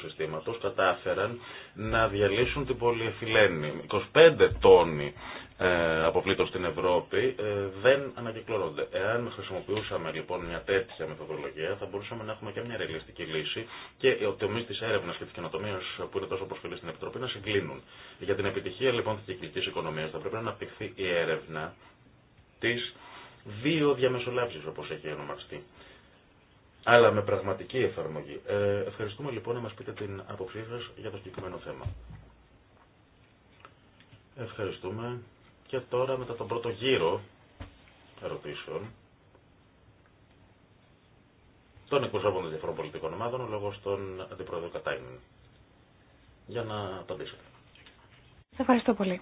S5: συστήματος κατάφεραν να διαλύσουν την πολυεφιλένη. 25 τόνοι ε, στην Ευρώπη ε, δεν ανακυκλώνονται. Εάν χρησιμοποιούσαμε λοιπόν μια τέτοια μεθοδολογία θα μπορούσαμε να έχουμε και μια ρεαλιστική λύση και ο τομείς τη έρευνα και τη καινοτομίας που είναι τόσο προσφυλή στην Επιτροπή να συγκλίνουν. Για την επιτυχία λοιπόν της κυκλικής οικονομία θα πρέπει να αναπτυχθεί η έρευνα της δύο διαμεσολάβσεις όπως έχει ονομαστεί. Αλλά με πραγματική εφαρμογή. Ε, ευχαριστούμε λοιπόν να μας πείτε την άποψή σα για το συγκεκριμένο θέμα. Ευχαριστούμε. Και τώρα μετά τον πρώτο γύρο ερωτήσεων των εκπροσώπων των διαφορών πολιτικών ομάδων, λόγω των αντιπρόεδρων Για να απαντήσετε. Σας
S4: ευχαριστώ πολύ.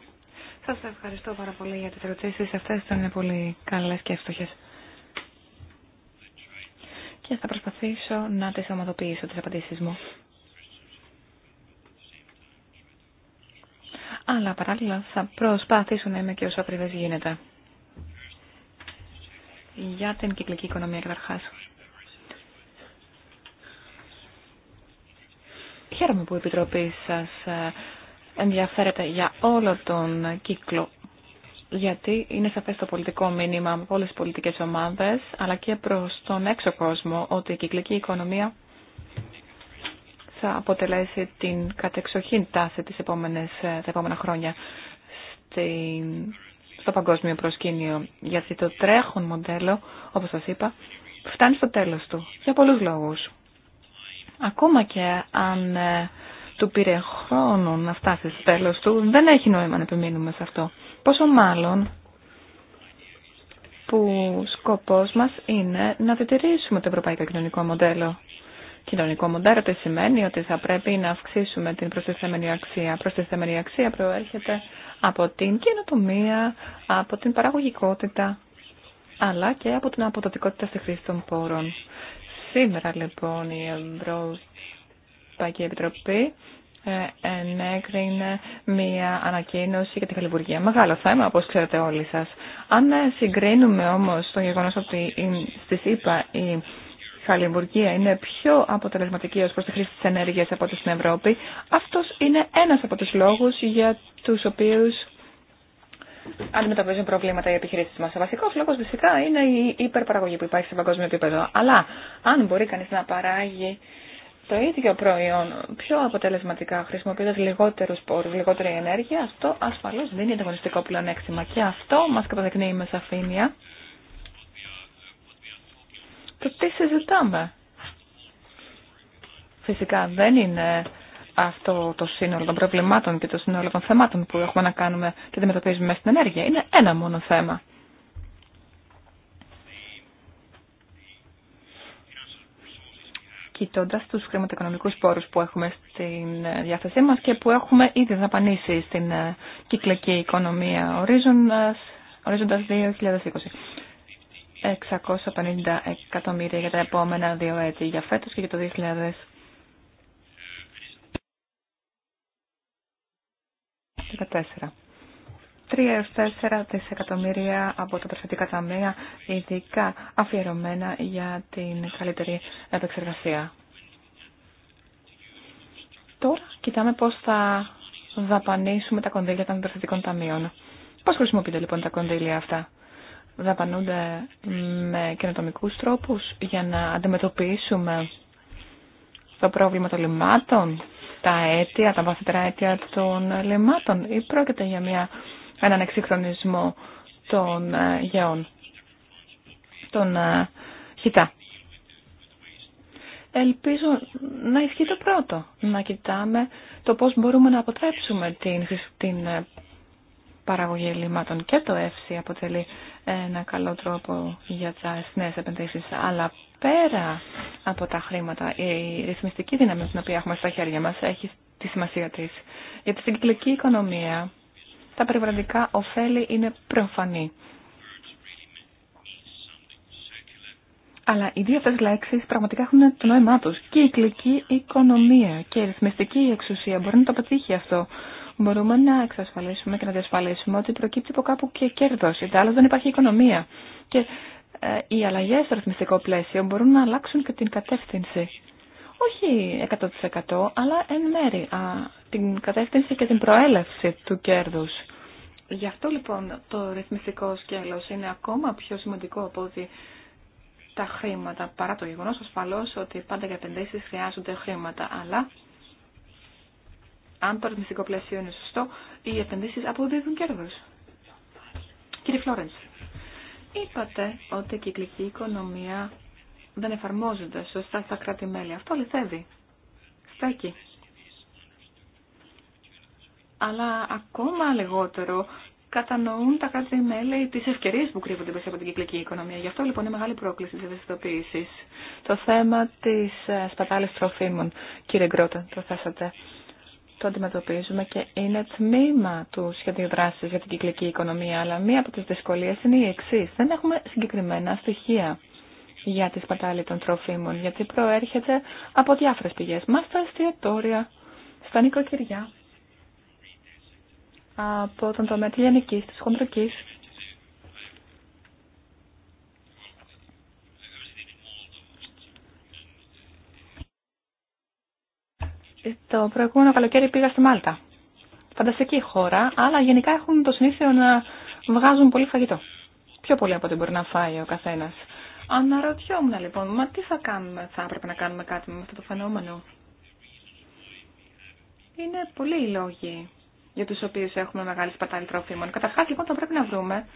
S4: Σας ευχαριστώ πάρα πολύ για τις ερωτήσεις. Αυτές ήταν πολύ καλές και εύστοχες. Και θα προσπαθήσω να τις ομαδοποιήσω τις απαντήσεις μου. Αλλά παράλληλα θα προσπαθήσω να είμαι και όσο ακριβές γίνεται. Για την κυκλική οικονομία καταρχάς. Χαίρομαι που η Επιτροπή σας ενδιαφέρεται για όλο τον κύκλο γιατί είναι σαφές το πολιτικό μήνυμα από όλες τις πολιτικές ομάδες, αλλά και προς τον έξω κόσμο, ότι η κυκλική οικονομία θα αποτελέσει την κατεξοχήν τάση τις επόμενες, τα επόμενα χρόνια στο παγκόσμιο προσκήνιο. Γιατί το τρέχον μοντέλο, όπως σα είπα, φτάνει στο τέλος του, για πολλούς λόγους. Ακόμα και αν ε, του πήρε χρόνο να φτάσει στο τέλος του. Δεν έχει νόημα να το μείνουμε σε αυτό. Πόσο μάλλον που σκοπός μας είναι να διατηρήσουμε το ευρωπαϊκό κοινωνικό μοντέλο. Κοινωνικό μοντέλο τι σημαίνει ότι θα πρέπει να αυξήσουμε την προσθεσμένη αξία. Προστιθέμενη αξία προέρχεται από την καινοτομία, από την παραγωγικότητα, αλλά και από την αποδοτικότητα στη χρήση των πόρων. Σήμερα λοιπόν η Ευρώπη Ευρωπαϊκή Επιτροπή ε, ενέκρινε μία ανακοίνωση για τη Χαλιβουργία. Μεγάλο θέμα, όπως ξέρετε όλοι σας. Αν ε, συγκρίνουμε όμως το γεγονός ότι στη ΣΥΠΑ η Χαλιβουργία είναι πιο αποτελεσματική ως προς τη χρήση της ενέργειας από ό,τι στην Ευρώπη, αυτός είναι ένας από τους λόγους για τους οποίους αντιμετωπίζουν προβλήματα οι επιχειρήσει μα. Ο βασικό λόγο φυσικά είναι η υπερπαραγωγή που υπάρχει σε παγκόσμιο επίπεδο. Αλλά αν μπορεί κανεί να παράγει το ίδιο προϊόν πιο αποτελεσματικά χρησιμοποιώντας λιγότερους πόρους, λιγότερη ενέργεια, αυτό ασφαλώς δίνει ανταγωνιστικό πλεονέκτημα. Και αυτό μας καταδεικνύει με σαφήνεια το τι συζητάμε. Φυσικά δεν είναι αυτό το σύνολο των προβλημάτων και το σύνολο των θεμάτων που έχουμε να κάνουμε και αντιμετωπίζουμε στην ενέργεια. Είναι ένα μόνο θέμα. κοιτώντα του χρηματοοικονομικού πόρου που έχουμε στην ε, διάθεσή μα και που έχουμε ήδη δαπανίσει στην ε, κυκλική οικονομία ορίζοντα 2020. 650 εκατομμύρια για τα επόμενα δύο έτη για φέτος και για το 2014. 3-4 δισεκατομμύρια από τα τροφιτικά ταμεία ειδικά αφιερωμένα για την καλύτερη επεξεργασία. Τώρα κοιτάμε πώς θα δαπανίσουμε τα κονδύλια των τροφιτικών ταμείων. Πώς χρησιμοποιούνται λοιπόν τα κονδύλια αυτά. Δαπανούνται με καινοτομικού τρόπους για να αντιμετωπίσουμε το πρόβλημα των λιμάτων, τα αίτια, τα βαθύτερα αίτια των λιμάτων ή πρόκειται για μια έναν εξυγχρονισμό των ε, γεών, των ε, χιτά. Ελπίζω να ισχύει το πρώτο, να κοιτάμε το πώς μπορούμε να αποτρέψουμε την, την ε, παραγωγή ελλημάτων και το ΕΦΣΙ αποτελεί ένα καλό τρόπο για τις νέες επενδύσεις. Αλλά πέρα από τα χρήματα, η ρυθμιστική δύναμη την οποία έχουμε στα χέρια μας έχει τη σημασία της. Για τη κυκλική οικονομία τα περιβαλλοντικά ωφέλη είναι προφανή. Αλλά οι δύο αυτές λέξεις πραγματικά έχουν το νόημά τους. Κυκλική οικονομία και η ρυθμιστική εξουσία μπορεί να το πετύχει αυτό. Μπορούμε να εξασφαλίσουμε και να διασφαλίσουμε ότι προκύπτει από κάπου και κέρδος. άλλο δεν υπάρχει οικονομία. Και ε, οι αλλαγές στο ρυθμιστικό πλαίσιο μπορούν να αλλάξουν και την κατεύθυνση όχι 100% αλλά εν μέρη α, την κατεύθυνση και την προέλευση του κέρδους. Γι' αυτό λοιπόν το ρυθμιστικό σκέλος είναι ακόμα πιο σημαντικό από ότι τα χρήματα, παρά το γεγονός ασφαλώς ότι πάντα για επενδύσει χρειάζονται χρήματα, αλλά αν το ρυθμιστικό πλαίσιο είναι σωστό, οι επενδύσει αποδίδουν κέρδος. Κύριε Φλόρενς, είπατε ότι η κυκλική οικονομία δεν εφαρμόζονται σωστά στα κράτη-μέλη. Αυτό αληθεύει. Στέκει. Αλλά ακόμα λιγότερο κατανοούν τα κράτη-μέλη τι ευκαιρίε που κρύβονται πριν από την κυκλική οικονομία. Γι' αυτό λοιπόν είναι μεγάλη πρόκληση τη ευαισθητοποίηση. Το θέμα τη ε, σπατάλη τροφίμων, κύριε Γκρότε, το θέσατε. Το αντιμετωπίζουμε και είναι τμήμα του σχεδίου δράση για την κυκλική οικονομία. Αλλά μία από τι δυσκολίε είναι η εξή. Δεν έχουμε συγκεκριμένα στοιχεία για τη σπατάλη των τροφίμων, γιατί προέρχεται από διάφορες πηγές. Μας τα εστιατόρια, στα νοικοκυριά, από τον τομέα της λιανικής, της χοντρικής. Το προηγούμενο καλοκαίρι πήγα στη Μάλτα. Φανταστική χώρα, αλλά γενικά έχουν το συνήθειο να βγάζουν πολύ φαγητό. Πιο πολύ από ό,τι μπορεί να φάει ο καθένας. Αναρωτιόμουν λοιπόν, μα τι θα κάνουμε, θα έπρεπε να κάνουμε κάτι με αυτό το φαινόμενο. Είναι πολλοί οι λόγοι για τους οποίους έχουμε μεγάλη σπατάλη τροφίμων. Καταρχάς λοιπόν θα πρέπει να βρούμε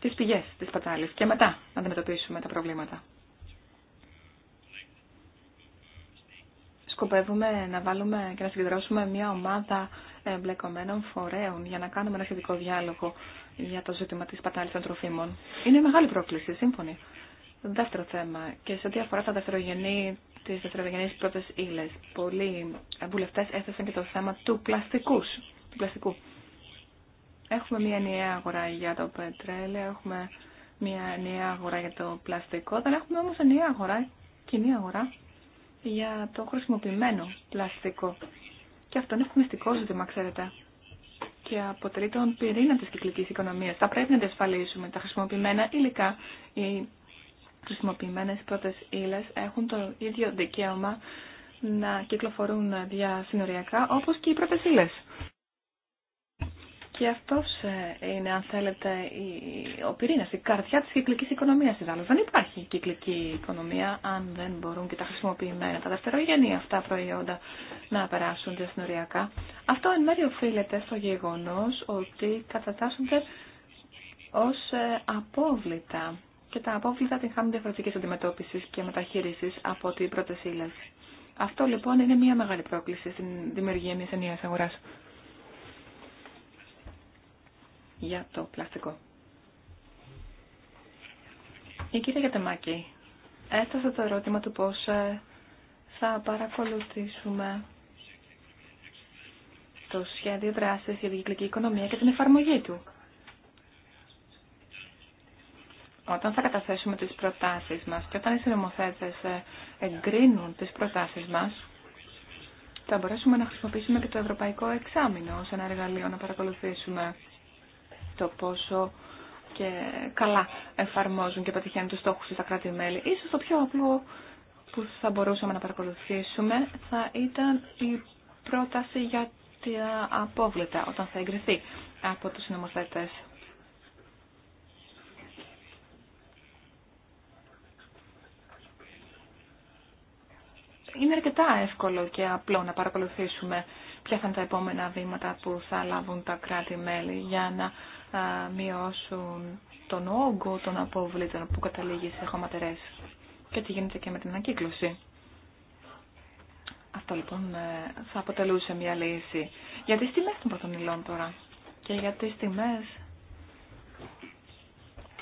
S4: τις πηγές της σπατάλης και μετά να αντιμετωπίσουμε τα προβλήματα. σκοπεύουμε να βάλουμε και να συγκεντρώσουμε μια ομάδα εμπλεκομένων φορέων για να κάνουμε ένα σχετικό διάλογο για το ζήτημα τη πατάλης των τροφίμων. Είναι μεγάλη πρόκληση, σύμφωνοι. Δεύτερο θέμα και σε ό,τι αφορά τα δευτερογενή, τις δευτερογενείς πρώτες ύλες. Πολλοί βουλευτέ έθεσαν και το θέμα του, πλαστικού του πλαστικού. Έχουμε μια ενιαία αγορά για το πετρέλαιο, έχουμε μια ενιαία αγορά για το πλαστικό, δεν έχουμε όμως ενιαία αγορά, κοινή αγορά για το χρησιμοποιημένο πλαστικό. Και αυτό είναι μυστικό ζήτημα, ξέρετε και αποτελεί τον πυρήνα της κυκλικής οικονομίας. Θα πρέπει να διασφαλίσουμε τα χρησιμοποιημένα υλικά, οι χρησιμοποιημένες πρώτες ύλες έχουν το ίδιο δικαίωμα να κυκλοφορούν διασυνοριακά όπως και οι πρώτες ύλες. Και αυτό ε, είναι, αν θέλετε, ο πυρήνα, η καρδιά τη κυκλική οικονομία Δεν υπάρχει κυκλική οικονομία αν δεν μπορούν και τα χρησιμοποιημένα, τα δευτερογενή αυτά προϊόντα να περάσουν διασυνοριακά. Αυτό εν μέρει οφείλεται στο γεγονό ότι κατατάσσονται ω ε, απόβλητα. Και τα απόβλητα την χάνουν διαφορετική αντιμετώπιση και μεταχείριση από την πρώτε ύλε. Αυτό λοιπόν είναι μια μεγάλη πρόκληση στην δημιουργία μια ενιαία αγορά για το πλαστικό. Η κυρία Γιατεμάκη έθεσε το ερώτημα του πώς ε, θα παρακολουθήσουμε το σχέδιο δράσης για την κυκλική οικονομία και την εφαρμογή του. Όταν θα καταθέσουμε τις προτάσεις μας και όταν οι συνομοθέτες ε, εγκρίνουν τις προτάσεις μας, θα μπορέσουμε να χρησιμοποιήσουμε και το ευρωπαϊκό εξάμεινο ως ένα εργαλείο να παρακολουθήσουμε το πόσο και καλά εφαρμόζουν και πετυχαίνουν τους στόχους στα κράτη-μέλη. Ίσως το πιο απλό που θα μπορούσαμε να παρακολουθήσουμε θα ήταν η πρόταση για τα απόβλητα όταν θα εγκριθεί από τους νομοθετές. Είναι αρκετά εύκολο και απλό να παρακολουθήσουμε ποια θα είναι τα επόμενα βήματα που θα λάβουν τα κράτη-μέλη για να μειώσουν τον όγκο των αποβλήτων που καταλήγει σε χωματερές και τι γίνεται και με την ανακύκλωση. Αυτό λοιπόν ε, θα αποτελούσε μια λύση για τις τιμές των πρώτων υλών τώρα και για τις τιμές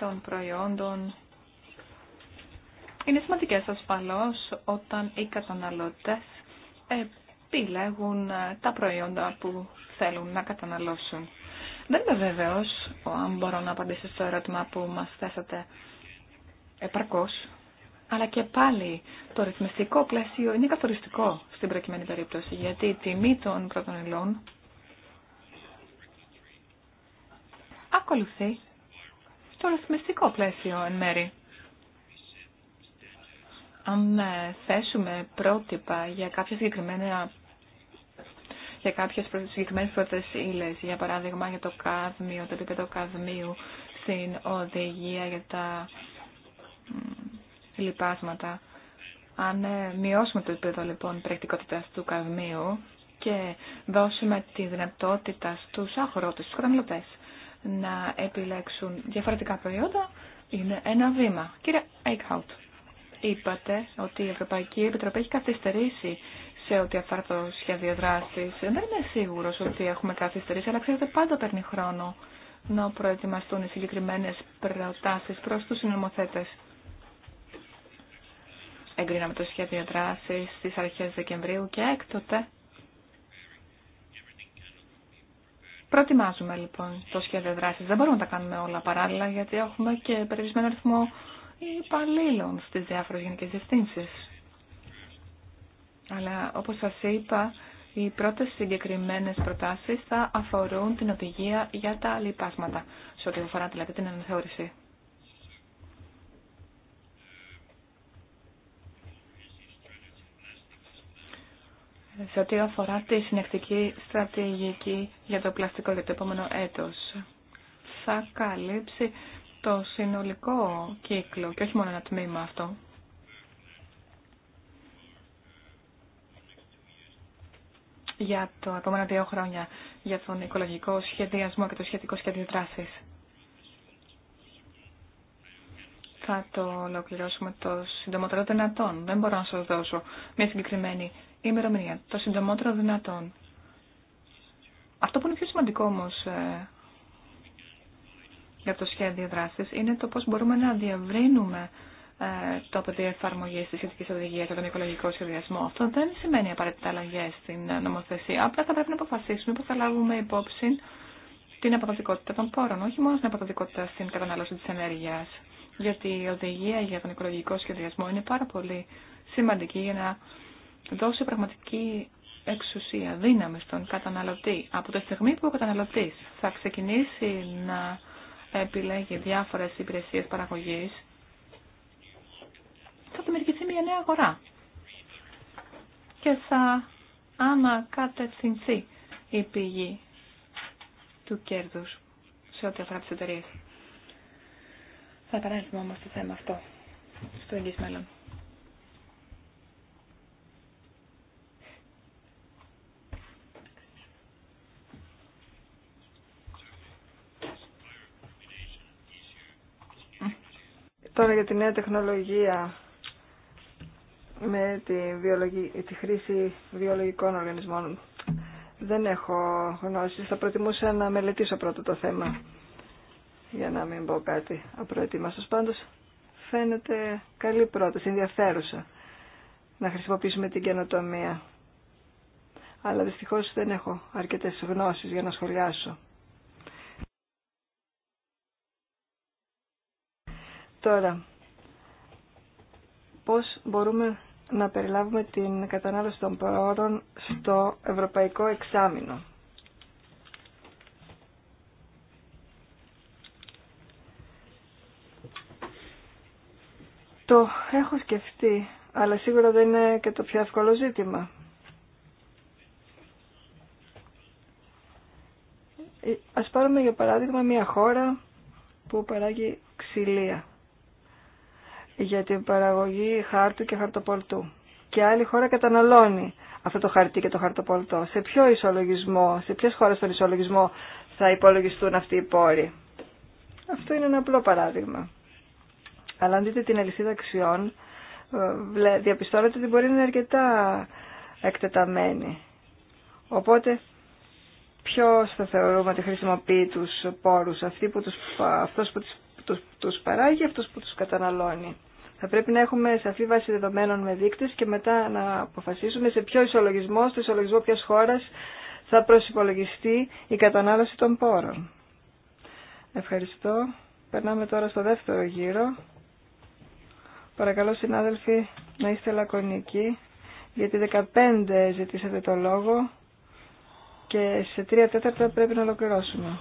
S4: των προϊόντων. Είναι σημαντικές ασφαλώς όταν οι καταναλωτές επιλέγουν ε, τα προϊόντα που θέλουν να καταναλώσουν. Δεν είμαι βεβαίω αν μπορώ να απαντήσω στο ερώτημα που μα θέσατε επαρκώ, Αλλά και πάλι το ρυθμιστικό πλαίσιο είναι καθοριστικό στην προκειμένη περίπτωση, γιατί η τιμή των πρώτων υλών ακολουθεί το ρυθμιστικό πλαίσιο εν μέρη. Αν ε, θέσουμε πρότυπα για κάποια συγκεκριμένα για κάποιε συγκεκριμένε πρώτε ύλε. Για παράδειγμα, για το καδμίο, το επίπεδο καδμίου στην οδηγία για τα λοιπάσματα. Αν ε, μειώσουμε το επίπεδο λοιπόν πρακτικότητα του καδμίου και δώσουμε τη δυνατότητα στου αγρότες, στου καταναλωτέ, να επιλέξουν διαφορετικά προϊόντα, είναι ένα βήμα. Κύριε Eichhout, είπατε ότι η Ευρωπαϊκή Επιτροπή έχει καθυστερήσει σε ό,τι αφορά το σχέδιο δράση. Δεν είμαι σίγουρο ότι έχουμε καθυστερήσει, αλλά ξέρετε πάντα παίρνει χρόνο να προετοιμαστούν οι συγκεκριμένε προτάσει προ του συνομοθέτε. Εγκρίναμε το σχέδιο δράση στι αρχέ Δεκεμβρίου και έκτοτε. Προετοιμάζουμε λοιπόν το σχέδιο δράση. Δεν μπορούμε να τα κάνουμε όλα παράλληλα, γιατί έχουμε και περιορισμένο αριθμό υπαλλήλων στι διάφορε γενικέ διευθύνσει. Αλλά όπως σας είπα, οι πρώτες συγκεκριμένες προτάσεις θα αφορούν την οδηγία για τα λοιπάσματα, σε ό,τι αφορά δηλαδή την αναθεώρηση. σε ό,τι αφορά τη συνεκτική στρατηγική για το πλαστικό για το επόμενο έτος. Θα καλύψει το συνολικό κύκλο και όχι μόνο ένα τμήμα αυτό. για τα επόμενα δύο χρόνια για τον οικολογικό σχεδιασμό και το σχετικό σχέδιο δράση. Θα το ολοκληρώσουμε το συντομότερο δυνατόν. Δεν μπορώ να σα δώσω μια συγκεκριμένη ημερομηνία. Το συντομότερο δυνατόν. Αυτό που είναι πιο σημαντικό όμω ε, για το σχέδιο δράση είναι το πώ μπορούμε να διαβρύνουμε... Ε, το πεδίο εφαρμογή τη σχετική οδηγία για τον οικολογικό σχεδιασμό. Αυτό δεν σημαίνει απαραίτητα αλλαγέ στην νομοθεσία. Απλά θα πρέπει να αποφασίσουμε πώ θα λάβουμε υπόψη την αποδοτικότητα των πόρων, όχι μόνο την αποδοτικότητα στην κατανάλωση τη ενέργεια. Γιατί η οδηγία για τον οικολογικό σχεδιασμό είναι πάρα πολύ σημαντική για να δώσει πραγματική εξουσία, δύναμη στον καταναλωτή. Από τη στιγμή που ο καταναλωτή θα ξεκινήσει να επιλέγει διάφορε υπηρεσίε παραγωγή, και νέα αγορά. Και θα ανακατευθυνθεί η πηγή του κέρδους σε ό,τι αφορά τις εταιρείες. Θα επανέλθουμε όμως το θέμα αυτό στο εγγύς μέλλον.
S2: Τώρα για τη νέα τεχνολογία με τη, βιολογική, τη χρήση βιολογικών οργανισμών. Δεν έχω γνώσει. Θα προτιμούσα να μελετήσω πρώτα το θέμα για να μην πω κάτι απροετοίμαστος. Πάντως φαίνεται καλή πρόταση, ενδιαφέρουσα να χρησιμοποιήσουμε την καινοτομία. Αλλά δυστυχώς δεν έχω αρκετές γνώσεις για να σχολιάσω. Τώρα, πώς μπορούμε να περιλάβουμε την κατανάλωση των προώρων στο ευρωπαϊκό εξάμεινο. Το έχω σκεφτεί, αλλά σίγουρα δεν είναι και το πιο εύκολο ζήτημα. Ε, ας πάρουμε για παράδειγμα μια χώρα που παράγει ξυλία για την παραγωγή χάρτου και χαρτοπολτού. Και άλλη χώρα καταναλώνει αυτό το χαρτί και το χαρτοπολτό. Σε ποιο ισολογισμό, σε ποιες χώρες στον ισολογισμό θα υπολογιστούν αυτοί οι πόροι. Αυτό είναι ένα απλό παράδειγμα. Αλλά αν δείτε την αλυσίδα αξιών, ε, διαπιστώνετε ότι μπορεί να είναι αρκετά εκτεταμένη. Οπότε, ποιο θα θεωρούμε ότι χρησιμοποιεί τους πόρους, αυτοί που τους, αυτός που τους, τους, παράγει, αυτός που τους καταναλώνει. Θα πρέπει να έχουμε σαφή βάση δεδομένων με δείκτες και μετά να αποφασίσουμε σε ποιο ισολογισμό, στο ισολογισμό ποιας χώρας θα προσυπολογιστεί η κατανάλωση των πόρων. Ευχαριστώ. Περνάμε τώρα στο δεύτερο γύρο. Παρακαλώ συνάδελφοι να είστε λακωνικοί γιατί 15 ζητήσατε το λόγο και σε 3 τέταρτα πρέπει να ολοκληρώσουμε.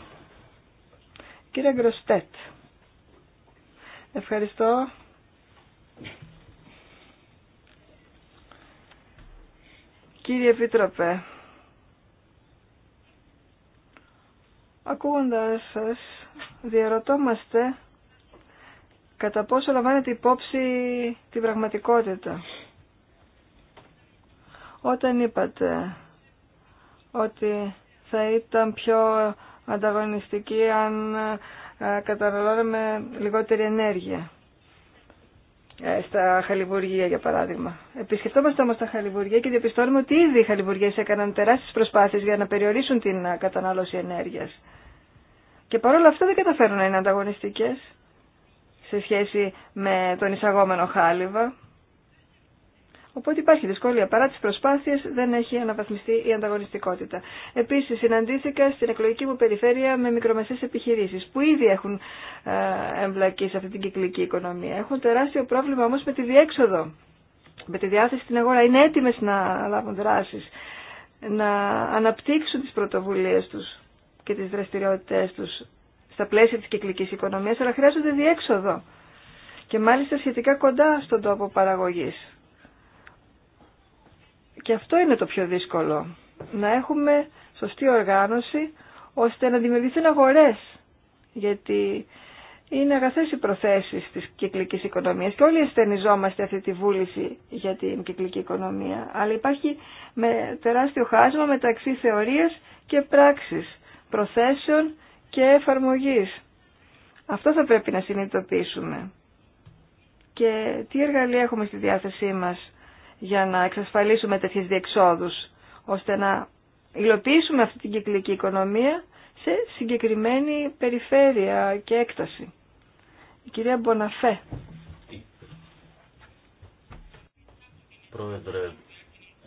S2: Κύριε Γκροστέτ, ευχαριστώ Κύριε Επίτροπε, ακούγοντας σας, διαρωτόμαστε κατά πόσο λαμβάνετε υπόψη την πραγματικότητα. Όταν είπατε ότι θα ήταν πιο ανταγωνιστική αν ε, καταναλώναμε λιγότερη ενέργεια. Ε, στα χαλιβουργία για παράδειγμα. Επισκεφτόμαστε όμως τα χαλιβουργία και διαπιστώνουμε ότι ήδη οι χαλιβουργίες έκαναν τεράστιες προσπάθειες για να περιορίσουν την ε, κατανάλωση ενέργειας. Και παρόλα αυτά δεν καταφέρουν να είναι ανταγωνιστικές σε σχέση με τον εισαγόμενο χάλιβα. Οπότε υπάρχει δυσκολία. Παρά τις προσπάθειες δεν έχει αναβαθμιστεί η ανταγωνιστικότητα. Επίσης συναντήθηκα στην εκλογική μου περιφέρεια με μικρομεσαίες επιχειρήσεις που ήδη έχουν ε, εμπλακεί σε αυτή την κυκλική οικονομία. Έχουν τεράστιο πρόβλημα όμως με τη διέξοδο, με τη διάθεση στην αγορά. Είναι έτοιμες να λάβουν δράσεις, να αναπτύξουν τις πρωτοβουλίες τους και τις δραστηριότητές τους στα πλαίσια της κυκλικής οικονομίας, αλλά χρειάζονται διέξοδο και μάλιστα σχετικά κοντά στον τόπο παραγωγής. Και αυτό είναι το πιο δύσκολο. Να έχουμε σωστή οργάνωση ώστε να δημιουργηθούν αγορές. Γιατί είναι αγαθές οι προθέσεις της κυκλικής οικονομίας και όλοι αισθενιζόμαστε αυτή τη βούληση για την κυκλική οικονομία. Αλλά υπάρχει με τεράστιο χάσμα μεταξύ θεωρίας και πράξης, προθέσεων και εφαρμογής. Αυτό θα πρέπει να συνειδητοποιήσουμε. Και τι εργαλεία έχουμε στη διάθεσή μας για να εξασφαλίσουμε τέτοιες διεξόδους, ώστε να υλοποιήσουμε αυτή την κυκλική οικονομία σε συγκεκριμένη περιφέρεια και έκταση. Η κυρία Μποναφέ.
S5: Πρόεδρε,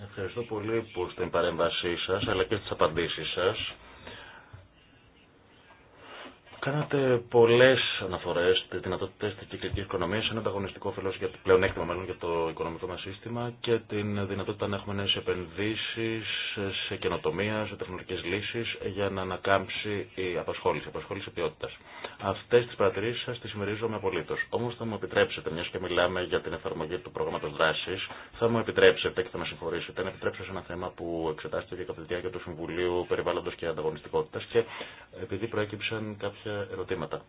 S5: ευχαριστώ πολύ που στην παρέμβασή σας αλλά και στις απαντήσεις σας Κάνατε πολλέ αναφορέ στι δυνατότητε τη κυκλική οικονομία, ένα ανταγωνιστικό φέλο για το πλεονέκτημα μάλλον για το οικονομικό μα σύστημα και την δυνατότητα να έχουμε νέε επενδύσει σε καινοτομία, σε τεχνολογικέ λύσει για να ανακάμψει η απασχόληση, η απασχόληση ποιότητα. Αυτέ τι παρατηρήσει σα τι συμμερίζομαι απολύτω. Όμω θα μου επιτρέψετε, μια και μιλάμε για την εφαρμογή του προγράμματο δράση, θα μου επιτρέψετε και θα με συγχωρήσετε να επιτρέψω σε ένα θέμα που εξετάστηκε κατά τη διάρκεια του Συμβουλίου Περιβάλλοντο και Ανταγωνιστικότητα και επειδή προέκυψαν κάποια ερωτήματα.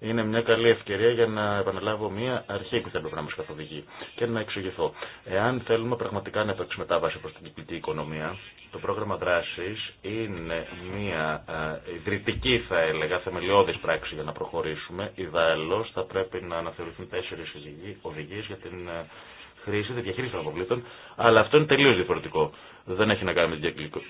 S5: Είναι μια καλή ευκαιρία για να επαναλάβω μια αρχή που θέλω να μα καθοδηγεί και να εξηγηθώ. Εάν θέλουμε πραγματικά να υπάρξει μετάβαση προ την κοινωνική οικονομία, το πρόγραμμα δράση είναι μια ιδρυτική, θα έλεγα, θεμελιώδη πράξη για να προχωρήσουμε. Ιδάλω θα πρέπει να αναθεωρηθούν τέσσερι οδηγίε για την χρήση, τη διαχείριση των αποβλήτων, αλλά αυτό είναι τελείω διαφορετικό δεν έχει να κάνει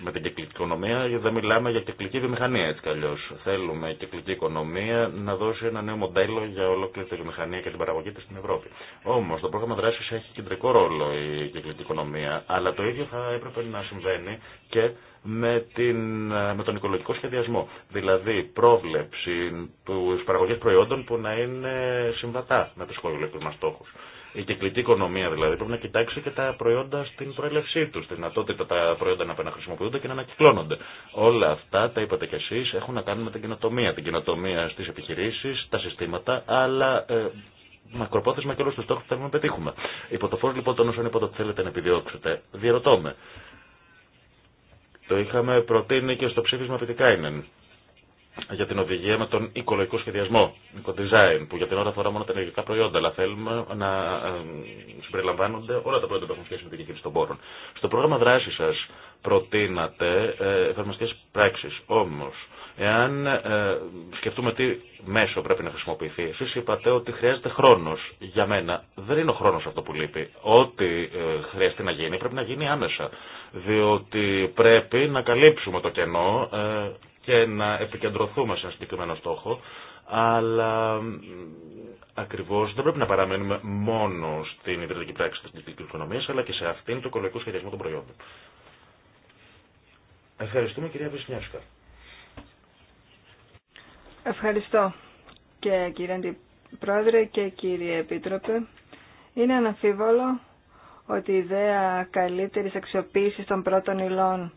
S5: με την κυκλική οικονομία, γιατί δεν μιλάμε για κυκλική βιομηχανία έτσι κι Θέλουμε η κυκλική οικονομία να δώσει ένα νέο μοντέλο για ολόκληρη τη βιομηχανία και την παραγωγή τη στην Ευρώπη. Όμω το πρόγραμμα δράση έχει κεντρικό ρόλο η κυκλική οικονομία, αλλά το ίδιο θα έπρεπε να συμβαίνει και με, την, με τον οικολογικό σχεδιασμό. Δηλαδή πρόβλεψη του παραγωγή προϊόντων που να είναι συμβατά με του οικολογικού μα στόχου. Η κυκλική οικονομία δηλαδή πρέπει να κοιτάξει και τα προϊόντα στην προέλευσή του, τη δυνατότητα τα προϊόντα να επαναχρησιμοποιούνται και να ανακυκλώνονται. Όλα αυτά, τα είπατε κι εσεί, έχουν να κάνουν με την κοινοτομία. Την κοινοτομία στι επιχειρήσει, τα συστήματα, αλλά ε, μακροπρόθεσμα και όλου του στόχου που θέλουμε να πετύχουμε. Υπό το φω λοιπόν των όσων είπατε ότι θέλετε να επιδιώξετε, διαρωτώ με. Το είχαμε προτείνει και στο ψήφισμα Πιτικάινεν για την οδηγία με τον οικολογικό σχεδιασμό, eco-design, που για την ώρα αφορά μόνο τα ενεργειακά προϊόντα, αλλά θέλουμε να συμπεριλαμβάνονται όλα τα προϊόντα που έχουν σχέση με την κίνηση των πόρων. Στο πρόγραμμα δράση σα προτείνατε ε, εφαρμοστικέ πράξει. Όμω, εάν ε, σκεφτούμε τι μέσο πρέπει να χρησιμοποιηθεί, εσεί είπατε ότι χρειάζεται χρόνο. Για μένα δεν είναι ο χρόνο αυτό που λείπει. Ό,τι ε, χρειαστεί να γίνει πρέπει να γίνει άμεσα. Διότι πρέπει να καλύψουμε το κενό και να επικεντρωθούμε σε ένα συγκεκριμένο στόχο, αλλά ακριβώ δεν πρέπει να παραμένουμε μόνο στην ιδρυτική πράξη τη πολιτική οικονομία, αλλά και σε αυτήν του οικολογικού σχεδιασμού των προϊόντων. Ευχαριστούμε κυρία Βυσνιάσκα.
S2: Ευχαριστώ και κύριε Αντιπρόεδρε και κύριε Επίτροπε. Είναι αναμφίβολο ότι η ιδέα καλύτερης αξιοποίησης των πρώτων υλών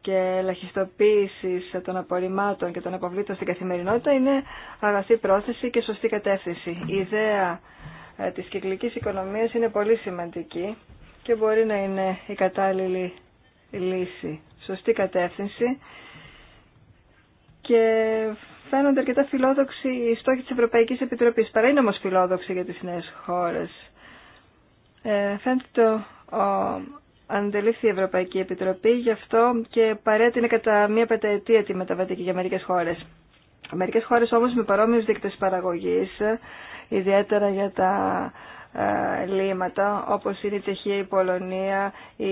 S2: και ελαχιστοποίηση των απορριμμάτων και των αποβλήτων στην καθημερινότητα είναι αγαθή πρόθεση και σωστή κατεύθυνση. Η ιδέα ε, της κυκλικής οικονομίας είναι πολύ σημαντική και μπορεί να είναι η κατάλληλη λύση. Σωστή κατεύθυνση και φαίνονται αρκετά φιλόδοξοι οι στόχοι της Ευρωπαϊκής Επιτροπής. Παρά είναι όμως φιλόδοξοι για τις νέες χώρες. Ε, φαίνεται το, αντελήφθη η Ευρωπαϊκή Επιτροπή, γι' αυτό και παρέτεινε κατά μία πενταετία τη μεταβατική για μερικές χώρες. Μερικές χώρες όμως με παρόμοιους δείκτες παραγωγής, ιδιαίτερα για τα ε, λίματα, όπως είναι η Τσεχία, η Πολωνία, η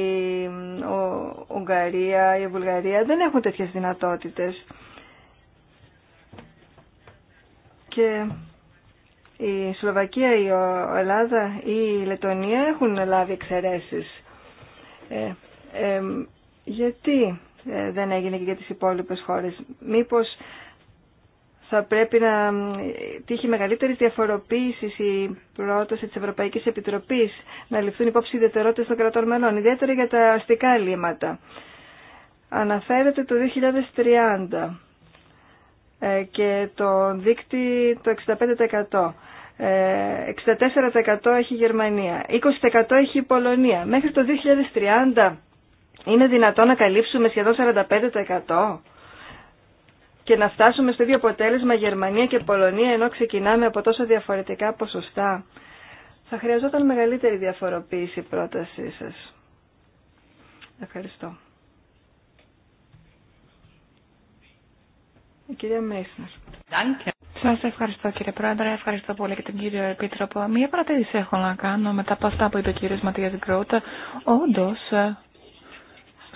S2: Ουγγαρία, η Βουλγαρία, δεν έχουν τέτοιες δυνατότητες. Και η Σλοβακία, η Ελλάδα ή η Λετωνία έχουν λάβει εξαιρέσεις. Ε, γιατί ε, δεν έγινε και για τις υπόλοιπες χώρες. Μήπως θα πρέπει να τύχει μεγαλύτερη διαφοροποίηση η πρόταση της Ευρωπαϊκής Επιτροπής να ληφθούν υπόψη οι ιδιαιτερότητες των κρατών μελών, ιδιαίτερα για τα αστικά λύματα. Αναφέρεται το 2030 ε, και το δίκτυ το 65%. 64% ε, έχει η Γερμανία, 20% έχει η Πολωνία. Μέχρι το 2030 είναι δυνατό να καλύψουμε σχεδόν 45% και να φτάσουμε στο ίδιο αποτέλεσμα Γερμανία και Πολωνία ενώ ξεκινάμε από τόσο διαφορετικά ποσοστά. Θα χρειαζόταν μεγαλύτερη διαφοροποίηση πρότασή σας. Ευχαριστώ. Η κυρία Μέισνερ.
S4: Σας ευχαριστώ κύριε Πρόεδρε, ευχαριστώ πολύ και τον κύριο Επίτροπο. Μία παρατήρηση έχω να κάνω μετά από αυτά που είπε ο κύριο Ματία Γκρότ. όντω,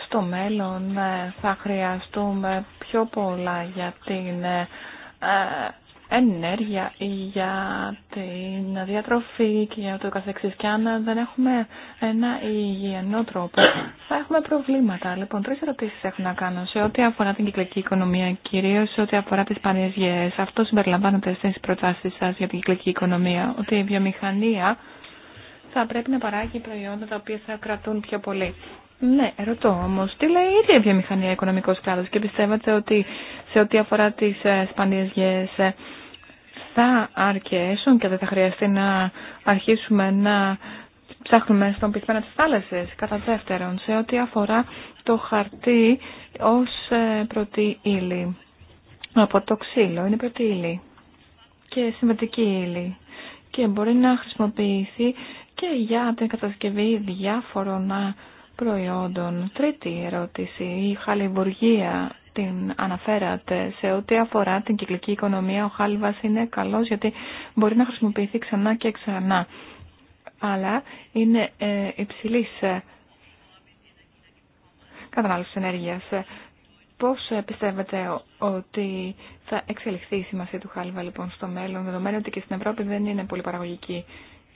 S4: στο μέλλον ε, θα χρειαστούμε πιο πολλά για την ε, ενέργεια για την διατροφή και για το καθεξής. Και αν δεν έχουμε ένα υγιεινό τρόπο, θα έχουμε προβλήματα. Λοιπόν, τρεις ερωτήσεις έχω να κάνω σε ό,τι αφορά την κυκλική οικονομία, κυρίως σε ό,τι αφορά τις πανίες Αυτό συμπεριλαμβάνεται στις προτάσεις σας για την κυκλική οικονομία, ότι η βιομηχανία θα πρέπει να παράγει προϊόντα τα οποία θα κρατούν πιο πολύ. Ναι, ρωτώ όμω, τι λέει η ίδια η βιομηχανία οικονομικό κράτο και πιστεύετε ότι σε ό,τι αφορά τι ε, σπανίε γέε θα αρκέσουν και δεν θα χρειαστεί να αρχίσουμε να ψάχνουμε στον πυθμένα της θάλασσης. Κατά δεύτερον, σε ό,τι αφορά το χαρτί ως ε, πρώτη ύλη. Από το ξύλο είναι πρώτη ύλη και συμβατική ύλη και μπορεί να χρησιμοποιηθεί και για την κατασκευή διάφορων προϊόντων. Τρίτη ερώτηση, η χαλιβουργία την αναφέρατε σε ό,τι αφορά την κυκλική οικονομία, ο χάλιβας είναι καλός γιατί μπορεί να χρησιμοποιηθεί ξανά και ξανά. Αλλά είναι ε, υψηλής ε, κατανάλωσης ενέργειας. Πώς ε, πιστεύετε ότι θα εξελιχθεί η σημασία του χάλιβα λοιπόν στο μέλλον, δεδομένου ότι και στην Ευρώπη δεν είναι πολύ παραγωγική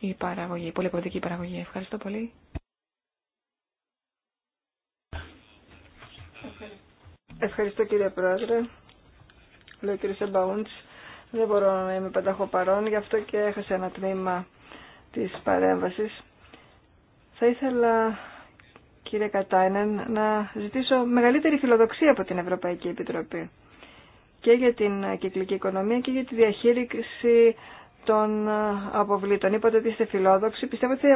S4: η παραγωγή, πολύ παραγωγή. Ευχαριστώ πολύ.
S2: Ευχαριστώ κύριε Πρόεδρε. Λέω κύριε Σεμπαούντς. Δεν μπορώ να είμαι πεντάχο παρόν, γι' αυτό και έχασα ένα τμήμα της παρέμβασης. Θα ήθελα, κύριε Κατάινεν, να ζητήσω μεγαλύτερη φιλοδοξία από την Ευρωπαϊκή Επιτροπή και για την κυκλική οικονομία και για τη διαχείριση των αποβλήτων. Είπατε ότι είστε φιλόδοξοι. Πιστεύω ότι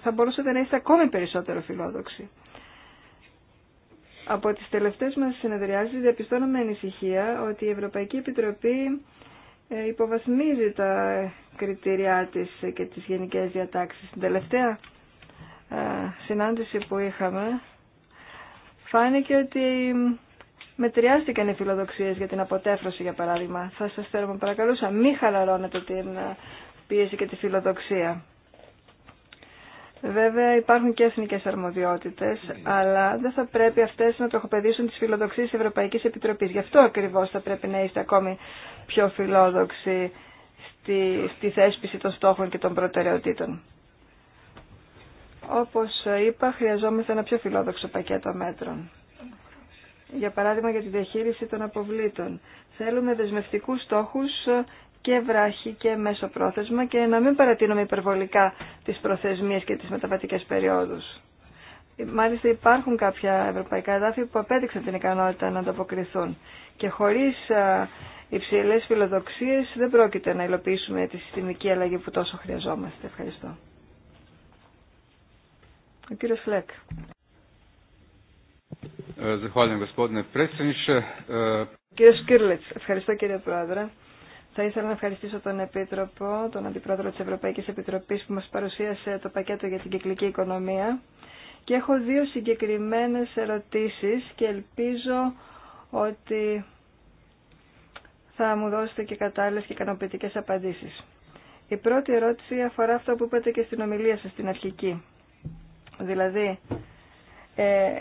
S2: θα μπορούσατε να είστε ακόμη περισσότερο φιλόδοξοι. Από τις τελευταίες μας συνεδριάσεις διαπιστώνουμε με ανησυχία ότι η Ευρωπαϊκή Επιτροπή ε, υποβαθμίζει τα κριτήριά της και τις γενικές διατάξεις. Στην τελευταία ε, συνάντηση που είχαμε φάνηκε ότι μετριάστηκαν οι φιλοδοξίες για την αποτέφρωση για παράδειγμα. Θα σας θέλω παρακαλούσα μη χαλαρώνετε την ε, πίεση και τη φιλοδοξία. Βέβαια υπάρχουν και εθνικέ αρμοδιότητε, ναι. αλλά δεν θα πρέπει αυτέ να τροχοπεδίσουν τι φιλοδοξίε τη Ευρωπαϊκή Επιτροπή. Γι' αυτό ακριβώ θα πρέπει να είστε ακόμη πιο φιλόδοξοι στη, στη θέσπιση των στόχων και των προτεραιοτήτων. Όπω είπα, χρειαζόμαστε ένα πιο φιλόδοξο πακέτο μέτρων. Για παράδειγμα, για τη διαχείριση των αποβλήτων. Θέλουμε δεσμευτικού στόχου και βράχη και μέσο πρόθεσμα και να μην παρατείνουμε υπερβολικά τις προθεσμίες και τις μεταβατικές περιόδους. Μάλιστα υπάρχουν κάποια ευρωπαϊκά εδάφη που απέδειξαν την ικανότητα να ανταποκριθούν και χωρίς υψηλές φιλοδοξίες δεν πρόκειται να υλοποιήσουμε τη συστημική αλλαγή που τόσο χρειαζόμαστε. Ευχαριστώ. Ο κύριος Φλέκ.
S1: Ε, ε,
S2: κύριε Σκύρλετς, ευχαριστώ κύριε Πρόεδρε. Θα ήθελα να ευχαριστήσω τον Επίτροπο, τον Αντιπρόεδρο της Ευρωπαϊκής Επιτροπής που μας παρουσίασε το πακέτο για την κυκλική οικονομία και έχω δύο συγκεκριμένες ερωτήσεις και ελπίζω ότι θα μου δώσετε και κατάλληλες και ικανοποιητικέ απαντήσεις. Η πρώτη ερώτηση αφορά αυτό που είπατε και στην ομιλία σας στην αρχική. Δηλαδή, ε,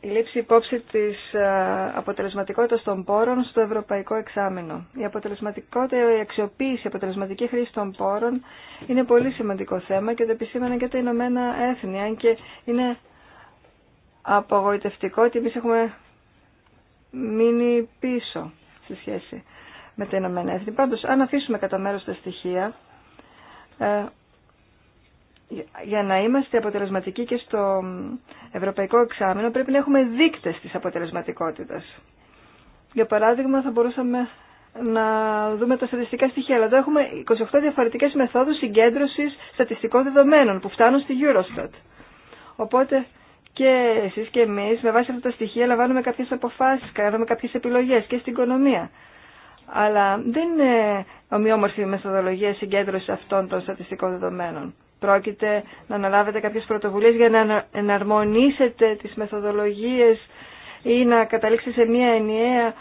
S2: η λήψη υπόψη της ε, αποτελεσματικότητας των πόρων στο ευρωπαϊκό εξάμεινο. Η αποτελεσματικότητα, η αξιοποίηση, η αποτελεσματική χρήση των πόρων είναι πολύ σημαντικό θέμα και το επισήμαναν και τα Ηνωμένα Έθνη, αν και είναι απογοητευτικό ότι εμείς έχουμε μείνει πίσω σε σχέση με τα Ηνωμένα Έθνη. Πάντως, αν αφήσουμε κατά μέρο τα στοιχεία, ε, για να είμαστε αποτελεσματικοί και στο ευρωπαϊκό εξάμεινο πρέπει να έχουμε δείκτες της αποτελεσματικότητας. Για παράδειγμα θα μπορούσαμε να δούμε τα στατιστικά στοιχεία, αλλά εδώ έχουμε 28 διαφορετικές μεθόδους συγκέντρωσης στατιστικών δεδομένων που φτάνουν στη Eurostat. Οπότε και εσείς και εμείς με βάση αυτά τα στοιχεία λαμβάνουμε κάποιες αποφάσεις, κάνουμε κάποιες επιλογές και στην οικονομία. Αλλά δεν είναι ομοιόμορφη η μεθοδολογία συγκέντρωση αυτών των στατιστικών δεδομένων πρόκειται να αναλάβετε κάποιες πρωτοβουλίες για να εναρμονίσετε τις μεθοδολογίες ή να καταλήξετε σε μια ενιαία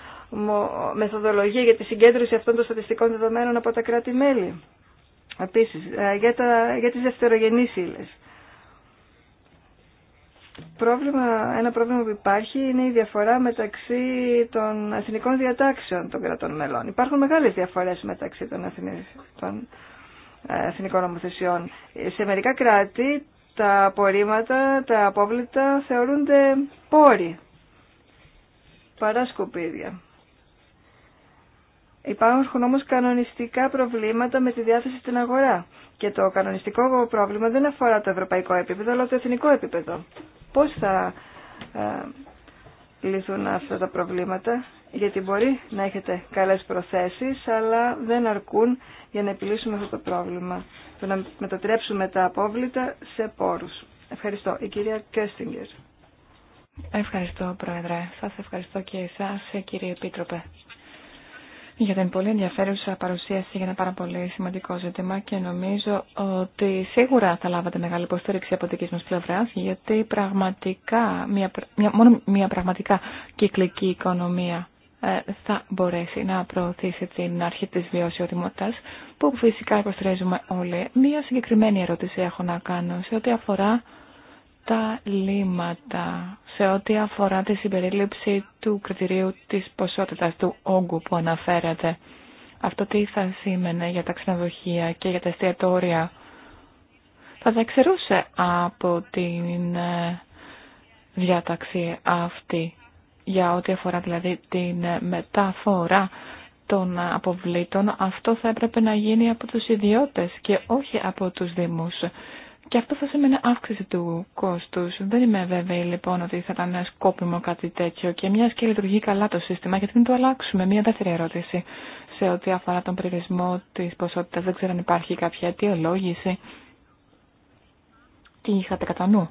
S2: μεθοδολογία για τη συγκέντρωση αυτών των στατιστικών δεδομένων από τα κράτη-μέλη. Επίσης, ε, για, τα, για τις δευτερογενείς ύλες. Πρόβλημα, ένα πρόβλημα που υπάρχει είναι η διαφορά μεταξύ των εθνικών διατάξεων των κρατών μελών. Υπάρχουν μεγάλες διαφορές μεταξύ των, εθνικών, εθνικών νομοθεσιών. Σε μερικά κράτη τα απορρίμματα, τα απόβλητα θεωρούνται πόροι παρά σκουπίδια. Υπάρχουν όμως κανονιστικά προβλήματα με τη διάθεση στην αγορά και το κανονιστικό πρόβλημα δεν αφορά το ευρωπαϊκό επίπεδο αλλά το εθνικό επίπεδο. Πώς θα ε, λυθούν αυτά τα προβλήματα, γιατί μπορεί να έχετε καλές προθέσεις, αλλά δεν αρκούν για να επιλύσουμε αυτό το πρόβλημα, το να μετατρέψουμε τα απόβλητα σε πόρους. Ευχαριστώ. Η κυρία Κέστιγκερ. Ευχαριστώ,
S4: Πρόεδρε. Σας ευχαριστώ και εσάς, κύριε Επίτροπε για την πολύ ενδιαφέρουσα παρουσίαση για ένα πάρα πολύ σημαντικό ζήτημα και νομίζω ότι σίγουρα θα λάβατε μεγάλη υποστήριξη από δική μας πλευρά γιατί πραγματικά, μόνο μια πραγματικά κυκλική οικονομία ε, θα μπορέσει να προωθήσει την αρχή της βιωσιοτιμότητας που φυσικά υποστηρίζουμε όλοι. Μία συγκεκριμένη ερώτηση έχω να κάνω σε ό,τι αφορά τα λήματα σε ό,τι αφορά τη συμπερίληψη του κριτηρίου της ποσότητας του όγκου που αναφέρεται. Αυτό τι θα σήμαινε για τα ξενοδοχεία και για τα εστιατόρια. Θα τα από την ε, διάταξη αυτή για ό,τι αφορά δηλαδή την ε, μεταφορά των αποβλήτων. Αυτό θα έπρεπε να γίνει από τους ιδιώτες και όχι από τους δήμους. Και αυτό θα σημαίνει αύξηση του κόστου. Δεν είμαι βέβαιη λοιπόν ότι θα ήταν σκόπιμο κάτι τέτοιο. Και μια και λειτουργεί καλά το σύστημα, γιατί δεν το αλλάξουμε. Μια δεύτερη ερώτηση σε ό,τι αφορά τον περιορισμό τη ποσότητα. Δεν ξέρω αν υπάρχει κάποια αιτιολόγηση. Τι είχατε κατά νου.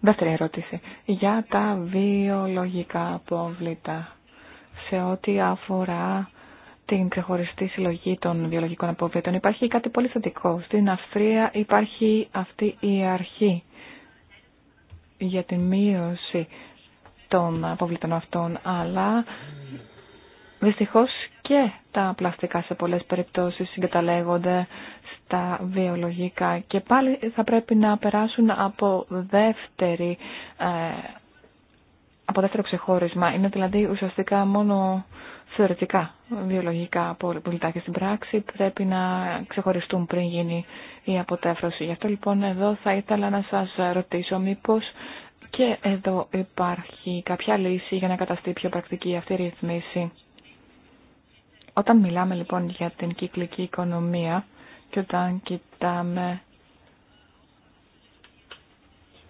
S4: Δεύτερη ερώτηση. Για τα βιολογικά απόβλητα. Σε ό,τι αφορά την ξεχωριστή συλλογή των βιολογικών αποβλήτων. Υπάρχει κάτι πολύ θετικό. Στην Αυστρία υπάρχει αυτή η αρχή για τη μείωση των αποβλήτων αυτών, αλλά δυστυχώς και τα πλαστικά σε πολλές περιπτώσεις συγκαταλέγονται στα βιολογικά και πάλι θα πρέπει να περάσουν από ε, από δεύτερο ξεχώρισμα. Είναι δηλαδή ουσιαστικά μόνο θεωρητικά βιολογικά πολιτά και στην πράξη πρέπει να ξεχωριστούν πριν γίνει η αποτέφρωση. Γι' αυτό λοιπόν εδώ θα ήθελα να σας ρωτήσω μήπως και εδώ υπάρχει κάποια λύση για να καταστεί πιο πρακτική αυτή η ρυθμίση. Όταν μιλάμε λοιπόν για την κυκλική οικονομία και όταν κοιτάμε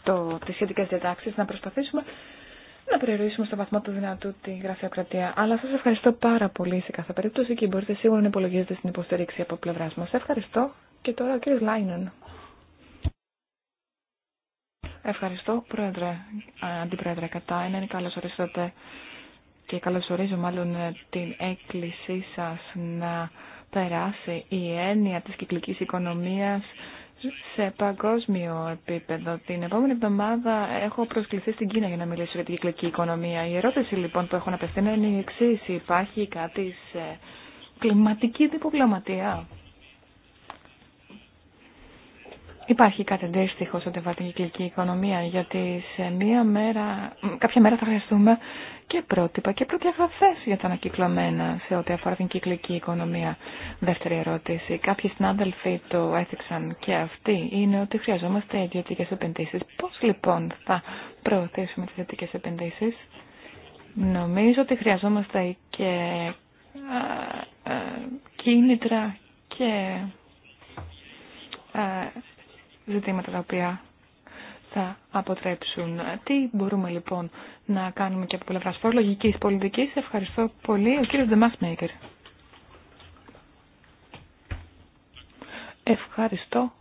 S4: το, τις σχετικές διατάξεις να προσπαθήσουμε να περιορίσουμε στο βαθμό του δυνατού τη γραφειοκρατία. Αλλά σα ευχαριστώ πάρα πολύ σε κάθε περίπτωση και μπορείτε σίγουρα να υπολογίζετε στην υποστήριξη από πλευρά μα. Ευχαριστώ και τώρα ο κ. Λάινεν. Ευχαριστώ, Πρόεδρε, Αντιπρόεδρε Κατά. Είναι ορίσατε και καλώς ορίζω μάλλον την έκκλησή σας να περάσει η έννοια της κυκλικής οικονομίας σε παγκόσμιο επίπεδο. Την επόμενη εβδομάδα έχω προσκληθεί στην Κίνα για να μιλήσω για την κυκλική οικονομία. Η ερώτηση λοιπόν που έχω να απευθύνω είναι η εξή. Υπάρχει κάτι σε κλιματική διπλωματία. Υπάρχει κάτι αντίστοιχο σε ό,τι την κυκλική οικονομία, γιατί σε μία μέρα, κάποια μέρα θα χρειαστούμε και πρότυπα και προδιαγραφέ για τα ανακυκλωμένα σε ό,τι αφορά την κυκλική οικονομία. Δεύτερη ερώτηση. Κάποιοι συνάδελφοι το έθιξαν και αυτοί είναι ότι χρειαζόμαστε ιδιωτικέ επενδύσει. Πώ λοιπόν θα προωθήσουμε τι ιδιωτικέ επενδύσει, Νομίζω ότι χρειαζόμαστε και κίνητρα και ζητήματα τα οποία θα αποτρέψουν. Τι μπορούμε λοιπόν να κάνουμε και από πλευρά φορολογική πολιτική. Ευχαριστώ πολύ. Ο κύριο Ντεμάσμέικερ. Ευχαριστώ.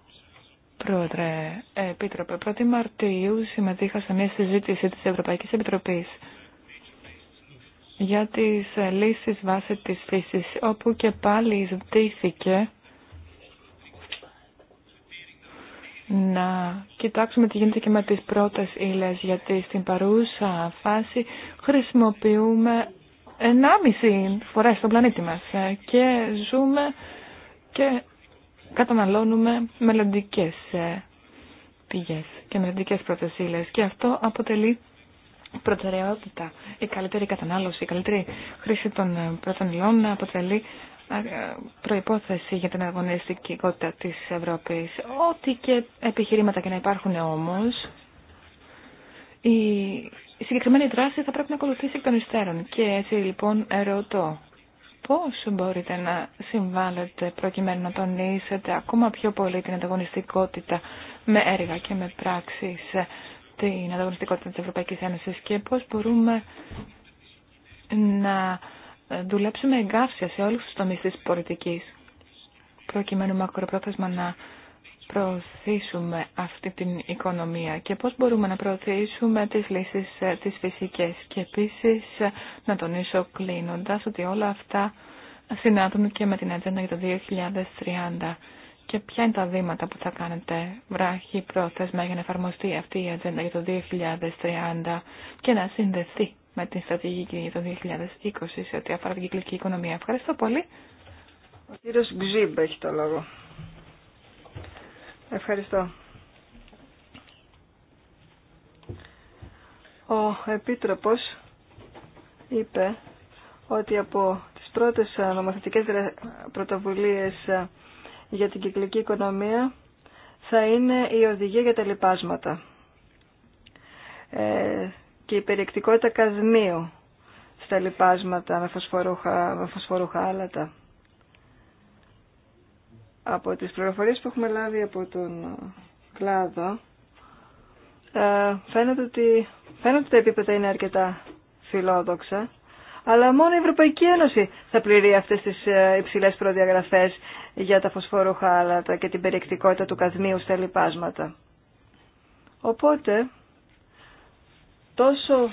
S4: Πρόεδρε, Επίτροπε, 1η Μαρτίου συμμετείχα σε μια συζήτηση της Ευρωπαϊκής Επιτροπής για τις λύσεις βάσει της φύσης, όπου και πάλι ζητήθηκε να κοιτάξουμε τι γίνεται και με τις πρώτες ύλες, γιατί στην παρούσα φάση χρησιμοποιούμε 1,5 φορές στον πλανήτη μας ε, και ζούμε και καταναλώνουμε μελλοντικέ ε, πηγές και μελλοντικέ πρώτες ύλες. και αυτό αποτελεί προτεραιότητα. Η καλύτερη κατανάλωση, η καλύτερη χρήση των ε, πρώτων υλών αποτελεί προϋπόθεση για την αγωνιστικότητα της Ευρώπης. Ό,τι και επιχειρήματα και να υπάρχουν όμως, η συγκεκριμένη δράση θα πρέπει να ακολουθήσει εκ των υστέρων. Και έτσι λοιπόν ερωτώ, πώς μπορείτε να συμβάλλετε προκειμένου να τονίσετε ακόμα πιο πολύ την ανταγωνιστικότητα με έργα και με πράξεις την ανταγωνιστικότητα της Ευρωπαϊκής Ένωσης και πώς μπορούμε να ε, δουλέψουμε εγκάυσια σε όλους τους τομείς της πολιτικής, προκειμένου μακροπρόθεσμα να προωθήσουμε αυτή την οικονομία και πώς μπορούμε να προωθήσουμε τις λύσεις ε, τις φυσικές. Και επίσης ε, να τονίσω κλείνοντας ότι όλα αυτά συνάδουν και με την ατζέντα για το 2030. Και ποια είναι τα βήματα που θα κάνετε βράχη πρόθεσμα για να εφαρμοστεί αυτή η ατζέντα για το 2030 και να συνδεθεί με την στρατηγική για το 2020 σε ό,τι αφορά την κυκλική οικονομία. Ευχαριστώ πολύ.
S2: Ο κύριο Γκζίμπ έχει το λόγο. Ευχαριστώ. Ο Επίτροπος είπε ότι από τις πρώτες νομοθετικές πρωτοβουλίες για την κυκλική οικονομία θα είναι η οδηγία για τα λοιπάσματα. Ε, και η περιεκτικότητα καδμίου στα λοιπάσματα με φωσφορούχα, με άλατα. Από τις πληροφορίες που έχουμε λάβει από τον κλάδο, ε, φαίνεται ότι, φαίνεται ότι τα επίπεδα είναι αρκετά φιλόδοξα, αλλά μόνο η Ευρωπαϊκή Ένωση θα πληρεί αυτές τις ε, υψηλές προδιαγραφές για τα φωσφορούχα άλατα και την περιεκτικότητα του καδμίου στα λοιπάσματα. Οπότε, τόσο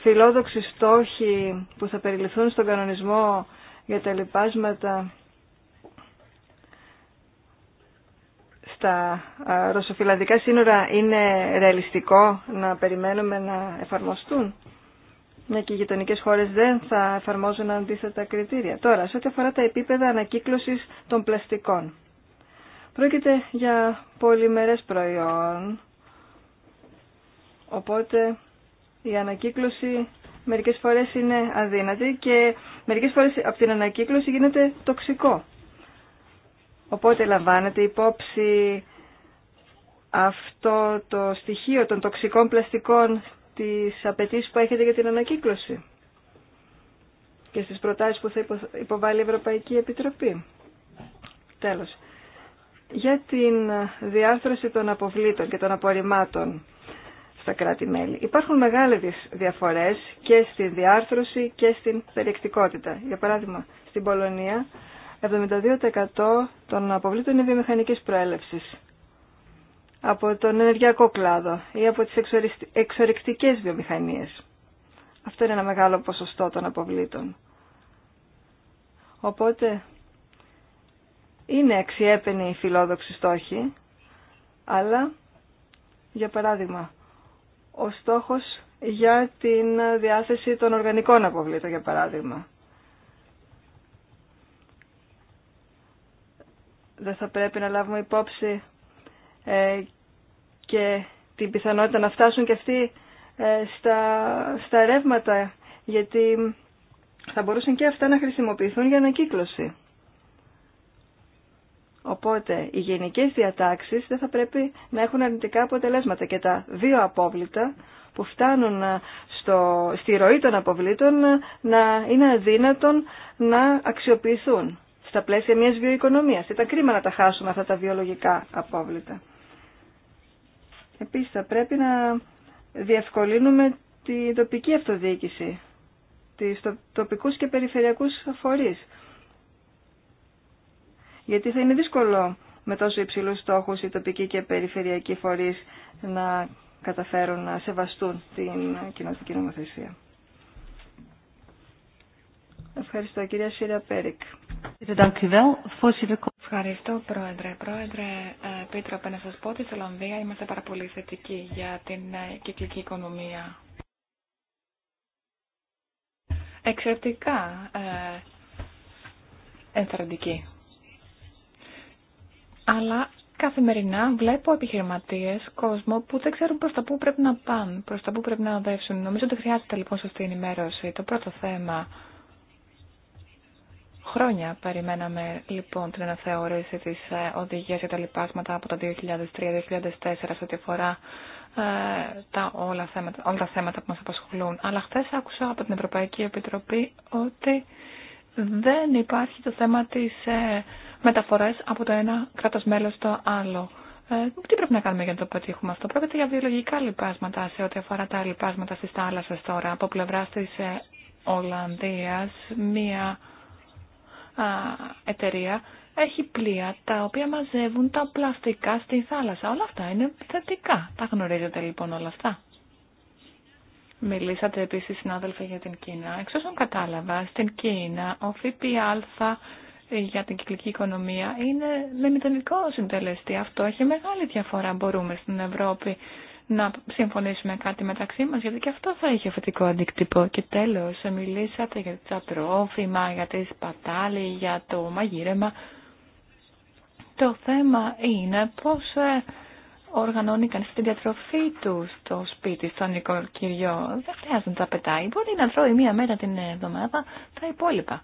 S2: φιλόδοξοι στόχοι που θα περιληφθούν στον κανονισμό για τα λοιπάσματα στα ρωσοφιλανδικά σύνορα είναι ρεαλιστικό να περιμένουμε να εφαρμοστούν. Μια και οι γειτονικέ χώρε δεν θα εφαρμόζουν αντίθετα κριτήρια. Τώρα, σε ό,τι αφορά τα επίπεδα ανακύκλωση των πλαστικών. Πρόκειται για πολυμερές προϊόν, οπότε η ανακύκλωση μερικές φορές είναι αδύνατη και μερικές φορές από την ανακύκλωση γίνεται τοξικό. Οπότε λαμβάνετε υπόψη αυτό το στοιχείο των τοξικών πλαστικών τις απαιτήσει που έχετε για την ανακύκλωση και στις προτάσεις που θα υποβάλει η Ευρωπαϊκή Επιτροπή. Τέλος. Για την διάρθρωση των αποβλήτων και των απορριμμάτων στα κράτη-μέλη. Υπάρχουν μεγάλες διαφορές και στη διάρθρωση και στην περιεκτικότητα. Για παράδειγμα, στην Πολωνία 72% των αποβλήτων είναι βιομηχανικής προέλευσης από τον ενεργειακό κλάδο ή από τις εξορυκτικές βιομηχανίες. Αυτό είναι ένα μεγάλο ποσοστό των αποβλήτων. Οπότε είναι αξιέπαινοι οι φιλόδοξοι στόχοι, αλλά για παράδειγμα ο στόχος για την διάθεση των οργανικών αποβλήτων, για παράδειγμα. Δεν θα πρέπει να λάβουμε υπόψη ε, και την πιθανότητα να φτάσουν και αυτοί ε, στα, στα ρεύματα, γιατί θα μπορούσαν και αυτά να χρησιμοποιηθούν για ανακύκλωση. Οπότε οι γενικές διατάξεις δεν θα πρέπει να έχουν αρνητικά αποτελέσματα και τα δύο απόβλητα που φτάνουν ε, στο, στη ροή των αποβλήτων ε, να είναι αδύνατον να αξιοποιηθούν στα πλαίσια μιας βιοοικονομίας. Ήταν κρίμα να τα χάσουμε αυτά τα βιολογικά απόβλητα. Επίσης θα πρέπει να διευκολύνουμε την τοπική αυτοδιοίκηση, τις τοπικούς και περιφερειακούς φορείς γιατί θα είναι δύσκολο με τόσο υψηλού στόχου οι τοπικοί και περιφερειακοί φορεί να καταφέρουν να σεβαστούν την κοινωνική νομοθεσία. Ευχαριστώ κυρία Σύρια Πέρικ.
S4: Ευχαριστώ πρόεδρε. Πρόεδρε ε, Πίτροπε, να σας πω ότι στη Ολλανδία είμαστε πάρα πολύ θετικοί για την ε, κυκλική οικονομία. Εξαιρετικά ε, ενθαρρυντικοί αλλά καθημερινά βλέπω επιχειρηματίε κόσμο που δεν ξέρουν προ τα πού πρέπει να πάνε, προς τα πού πρέπει να οδεύσουν. Νομίζω ότι χρειάζεται λοιπόν σωστή ενημέρωση. Το πρώτο θέμα. Χρόνια περιμέναμε λοιπόν την αναθεώρηση τη ε, οδηγία για τα λοιπάσματα από το 2003-2004 σε ό,τι αφορά ε, τα όλα, θέματα, όλα τα θέματα που μα απασχολούν. Αλλά χθε άκουσα από την Ευρωπαϊκή Επιτροπή ότι δεν υπάρχει το θέμα της ε, μεταφορές από το ένα κράτος μέλος στο άλλο. Ε, τι πρέπει να κάνουμε για να το πετύχουμε αυτό. Πρόκειται για βιολογικά λοιπάσματα σε ό,τι αφορά τα λοιπάσματα στις θάλασσες τώρα. Από πλευρά της ε, Ολλανδίας, μία α, εταιρεία έχει πλοία τα οποία μαζεύουν τα πλαστικά στη θάλασσα. Όλα αυτά είναι θετικά. Τα γνωρίζετε λοιπόν όλα αυτά. Μιλήσατε επίσης συνάδελφε για την Κίνα. Εξ όσων κατάλαβα, στην Κίνα ο ΦΠΑ για την κυκλική οικονομία είναι με μηδενικό συντελεστή. Αυτό έχει μεγάλη διαφορά. Μπορούμε στην Ευρώπη να συμφωνήσουμε κάτι μεταξύ μας, γιατί και αυτό θα έχει θετικό αντίκτυπο. Και τέλος, μιλήσατε για τα τρόφιμα, για τη σπατάλη, για το μαγείρεμα. Το θέμα είναι πώς ε, οργανώνει κανείς τη διατροφή του στο σπίτι, στο νοικοκυριό. Δεν χρειάζεται να τα πετάει. Μπορεί να τρώει μία μέρα την εβδομάδα τα υπόλοιπα.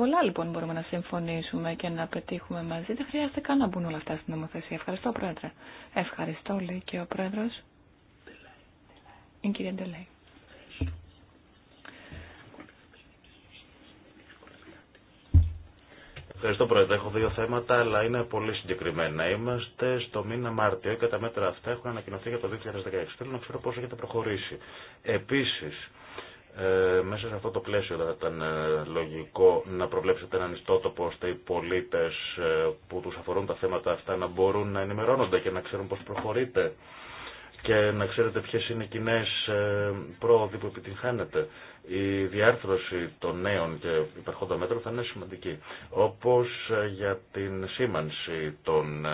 S4: Πολλά λοιπόν μπορούμε να συμφωνήσουμε και να πετύχουμε μαζί. Δεν χρειάζεται καν να μπουν όλα αυτά στην νομοθεσία. Ευχαριστώ, Πρόεδρε. Ευχαριστώ, λέει και ο Πρόεδρο. Η κυρία Ντελέη.
S5: Ευχαριστώ, Πρόεδρε. Έχω δύο θέματα, αλλά είναι πολύ συγκεκριμένα. Είμαστε στο μήνα Μάρτιο και τα μέτρα αυτά έχουν ανακοινωθεί για το 2016. Θέλω να ξέρω πώ έχετε προχωρήσει. Επίση, ε, μέσα σε αυτό το πλαίσιο θα ήταν ε, λογικό να προβλέψετε έναν ιστότοπο ώστε οι πολίτες ε, που τους αφορούν τα θέματα αυτά να μπορούν να ενημερώνονται και να ξέρουν πώς προχωρείτε και να ξέρετε ποιε είναι οι κοινέ ε, πρόοδοι που επιτυγχάνεται. Η διάρθρωση των νέων και υπερχόντων μέτρων θα είναι σημαντική. Όπως ε, για την σήμανση των ε,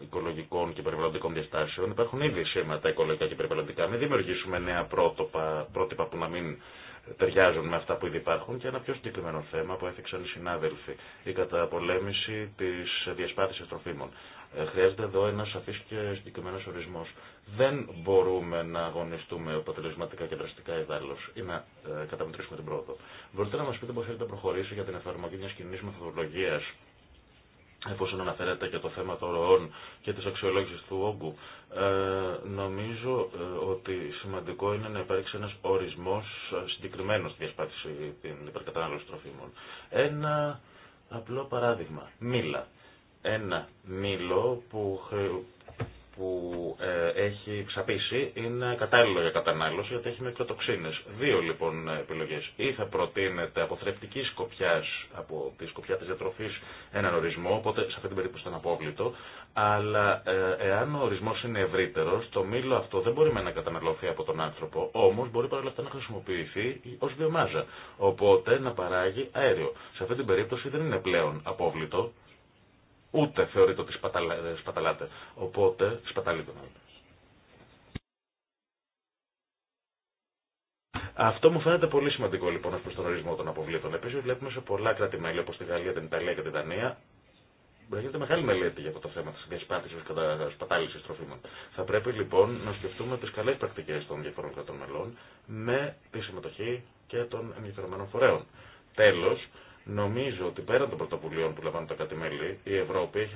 S5: οικολογικών και περιβαλλοντικών διαστάσεων υπάρχουν ήδη σήματα οικολογικά και περιβαλλοντικά. Μην δημιουργήσουμε νέα πρότυπα, πρότυπα που να μην ταιριάζουν με αυτά που ήδη υπάρχουν και ένα πιο συγκεκριμένο θέμα που έθιξαν οι συνάδελφοι, η καταπολέμηση της διασπάθησης τροφίμων. Ε, χρειάζεται εδώ ένα σαφή και συγκεκριμένο ορισμό. Δεν μπορούμε να αγωνιστούμε αποτελεσματικά και δραστικά ή να ε, καταμετρήσουμε την πρόοδο. Μπορείτε να μα πείτε πώ θέλετε να προχωρήσει για την εφαρμογή μια κοινή μεθοδολογία εφόσον αναφέρετε και το θέμα των ροών και τη αξιολόγηση του όγκου, ε, νομίζω ε, ότι σημαντικό είναι να υπάρξει ένα ορισμό ε, συγκεκριμένο στη διασπάθηση την υπερκατανάλωση τροφίμων. Ένα απλό παράδειγμα. Μήλα. Ένα μήλο που, που ε, έχει ξαπίσει είναι κατάλληλο για κατανάλωση γιατί έχει μικροτοξίνες. Δύο λοιπόν επιλογές. Ή θα προτείνεται από θρεπτική σκοπιά, από τη σκοπιά της διατροφής έναν ορισμό, οπότε σε αυτή την περίπτωση ήταν απόβλητο, αλλά ε, εάν ο ορισμός είναι ευρύτερος, το μήλο αυτό δεν μπορεί να καταναλωθεί από τον άνθρωπο, όμως μπορεί παρόλα να χρησιμοποιηθεί ως βιομάζα, οπότε να παράγει αέριο. Σε αυτή την περίπτωση δεν είναι πλέον απόβλητο, ούτε θεωρείται ότι σπαταλά, ε, σπαταλάτε. Οπότε, σπαταλείται Αυτό μου φαίνεται πολύ σημαντικό λοιπόν ω προ τον ορισμό των αποβλήτων. Επίση, βλέπουμε σε πολλά κράτη-μέλη όπω τη Γαλλία, την Ιταλία και την Δανία. Γίνεται μεγάλη μελέτη για αυτό το θέμα τη διασπάθηση και σπατάληση τροφίμων. Θα πρέπει λοιπόν να σκεφτούμε τι καλέ πρακτικέ των διαφορών κρατών μελών με τη συμμετοχή και των ενδιαφερομένων φορέων. Τέλο, Νομίζω ότι πέρα των πρωτοβουλίων που λαμβάνουν τα κατημέλη, η Ευρώπη έχει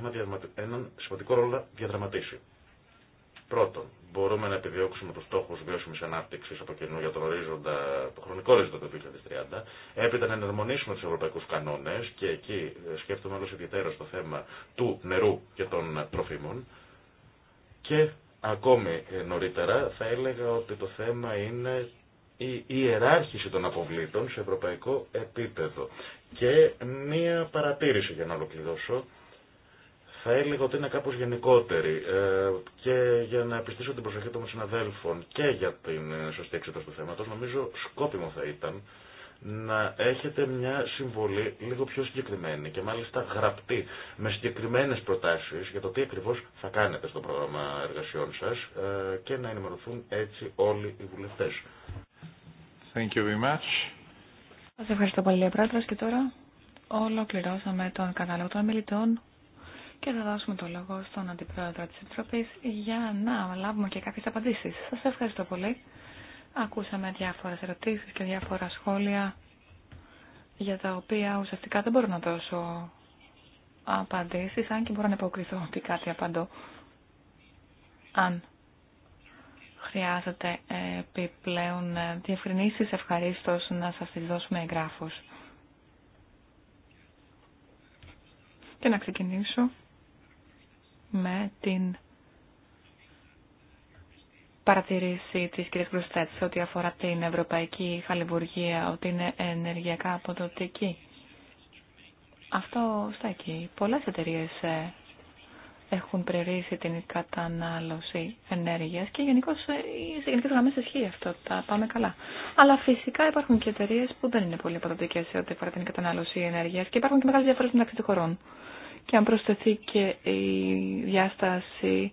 S5: έναν σημαντικό ρόλο να διαδραματίσει. Πρώτον, μπορούμε να επιδιώξουμε του στόχου βιώσιμη ανάπτυξη από κοινού για τον το χρονικό ορίζοντα του 2030. Έπειτα να ενερμονίσουμε του ευρωπαϊκού κανόνε και εκεί ε, σκέφτομαι όλο ιδιαίτερα το θέμα του νερού και των τροφίμων. Και ακόμη ε, νωρίτερα θα έλεγα ότι το θέμα είναι η ιεράρχηση των αποβλήτων σε ευρωπαϊκό επίπεδο. Και μία παρατήρηση για να ολοκληρώσω. Θα έλεγα ότι είναι κάπως γενικότερη ε, και για να επιστήσω την προσοχή των συναδέλφων και για την ε, σωστή εξέταση του θέματος νομίζω σκόπιμο θα ήταν να έχετε μια συμβολή λίγο πιο συγκεκριμένη και μάλιστα γραπτή με συγκεκριμένες προτάσεις για το τι ακριβώς θα κάνετε στο πρόγραμμα εργασιών σας ε, και να ενημερωθούν έτσι όλοι οι βουλευτές.
S1: Thank you very much.
S4: Σας ευχαριστώ πολύ, Πρόεδρος. Και τώρα ολοκληρώσαμε τον κατάλογο των μιλητών και θα δώσουμε το λόγο στον Αντιπρόεδρο της Επιτροπής για να λάβουμε και κάποιες απαντήσεις. Σας ευχαριστώ πολύ. Ακούσαμε διάφορες ερωτήσεις και διάφορα σχόλια για τα οποία ουσιαστικά δεν μπορώ να δώσω απαντήσεις, αν και μπορώ να υποκριθώ ότι κάτι απαντώ. Αν χρειάζεται επιπλέον διευκρινήσεις ευχαρίστως να σας τις δώσουμε εγγράφους. Και να ξεκινήσω με την παρατηρήση της κ. Κρουστέτ ό,τι αφορά την ευρωπαϊκή χαλιβουργία, ότι είναι ενεργειακά αποδοτική. Αυτό στέκει. Πολλές εταιρείες ε, έχουν περιορίσει την κατανάλωση ενέργειας και γενικώ ε, σε γενικέ γραμμέ ισχύει αυτό. Τα πάμε καλά. Αλλά φυσικά υπάρχουν και εταιρείε που δεν είναι πολύ αποδοτικέ σε ό,τι αφορά την κατανάλωση ενέργειας και υπάρχουν και μεγάλε διαφορέ μεταξύ των χωρών. Και αν προσθεθεί και η διάσταση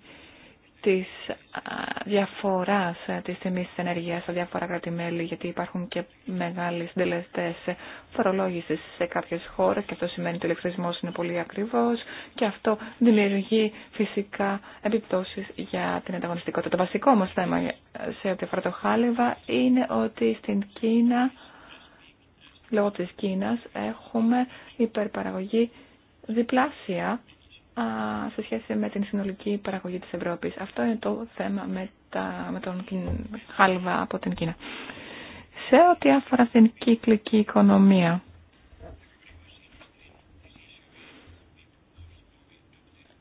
S4: της διαφοράς ε, της τιμής της ενέργειας στα διάφορα κράτη-μέλη, γιατί υπάρχουν και μεγάλοι συντελεστέ φορολόγηση σε κάποιες χώρες και αυτό σημαίνει ότι ο ηλεκτρισμός είναι πολύ ακριβώς και αυτό δημιουργεί φυσικά επιπτώσεις για την ανταγωνιστικότητα. Το βασικό όμως θέμα σε ό,τι αφορά το χάλιβα είναι ότι στην Κίνα, λόγω της Κίνας, έχουμε υπερπαραγωγή διπλάσια σε σχέση με την συνολική παραγωγή της Ευρώπης. Αυτό είναι το θέμα με, τα, τον χάλβα από την Κίνα. Σε ό,τι αφορά την κύκλικη οικονομία,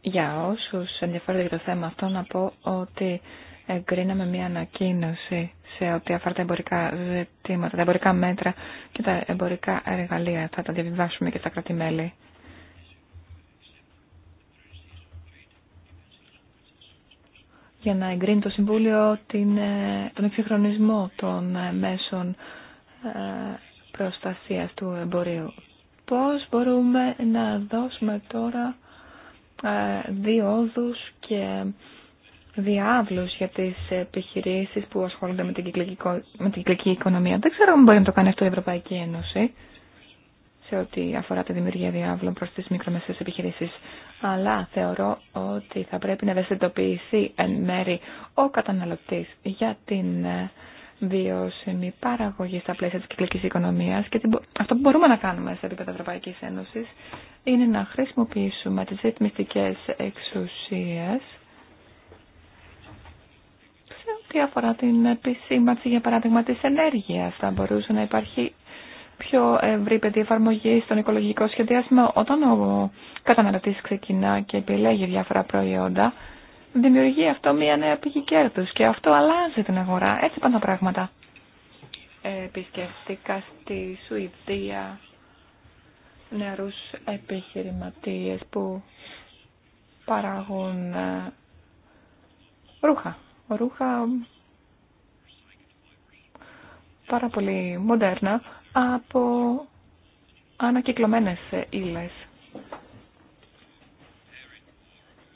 S4: για όσους ενδιαφέρονται για το θέμα αυτό, να πω ότι εγκρίναμε μια ανακοίνωση σε ό,τι αφορά τα εμπορικά ζητήματα, τα εμπορικά μέτρα και τα εμπορικά εργαλεία. Θα τα διαβιβάσουμε και στα κρατημέλη. για να εγκρίνει το Συμβούλιο την, ε, τον εξυγχρονισμό των ε, μέσων ε, προστασίας του εμπορίου. Πώς μπορούμε να δώσουμε τώρα διόδους και διάβλους για τις επιχειρήσεις που ασχολούνται με την κυκλική, με την κυκλική οικονομία. Δεν ξέρω αν μπορεί να το κάνει αυτό η Ευρωπαϊκή Ένωση σε ό,τι αφορά τη δημιουργία διάβλων προς τις μικρομεσαίες επιχειρήσεις. Αλλά θεωρώ ότι θα πρέπει να ευαισθητοποιηθεί εν μέρη ο καταναλωτής για την ε, βιώσιμη παραγωγή στα πλαίσια της κυκλικής οικονομίας και αυτό που μπορούμε να κάνουμε σε επίπεδο Ευρωπαϊκής Ένωσης είναι να χρησιμοποιήσουμε τις ρυθμιστικές εξουσίες σε ό,τι αφορά την επισήμανση, για παράδειγμα, της ενέργειας. Θα μπορούσε να υπάρχει πιο ευρύ εφαρμογή στον οικολογικό σχεδιασμό. Όταν ο καταναλωτή ξεκινά και επιλέγει διάφορα προϊόντα, δημιουργεί αυτό μια νέα πηγή κέρδου και αυτό αλλάζει την αγορά. Έτσι πάνε τα πράγματα. Ε, επισκεφτήκα στη Σουηδία νεαρούς επιχειρηματίες που παράγουν ε, ρούχα. Ρούχα πάρα πολύ μοντέρνα από ανακυκλωμένες ύλες.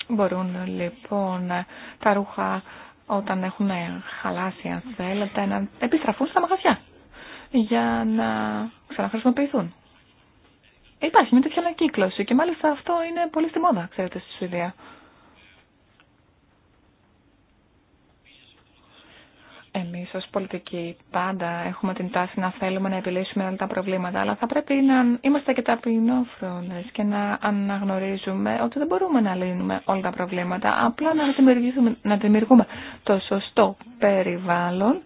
S4: Μπορούν λοιπόν τα ρούχα όταν έχουν χαλάσει αν θέλετε να επιστραφούν στα μαγαζιά για να ξαναχρησιμοποιηθούν. Υπάρχει μια τέτοια ανακύκλωση και μάλιστα αυτό είναι πολύ στη μόδα, ξέρετε, στη Σουηδία. Εμείς ως πολιτικοί πάντα έχουμε την τάση να θέλουμε να επιλύσουμε όλα τα προβλήματα, αλλά θα πρέπει να είμαστε και ταπεινόφρονες και να αναγνωρίζουμε ότι δεν μπορούμε να λύνουμε όλα τα προβλήματα, απλά να, να δημιουργούμε το σωστό περιβάλλον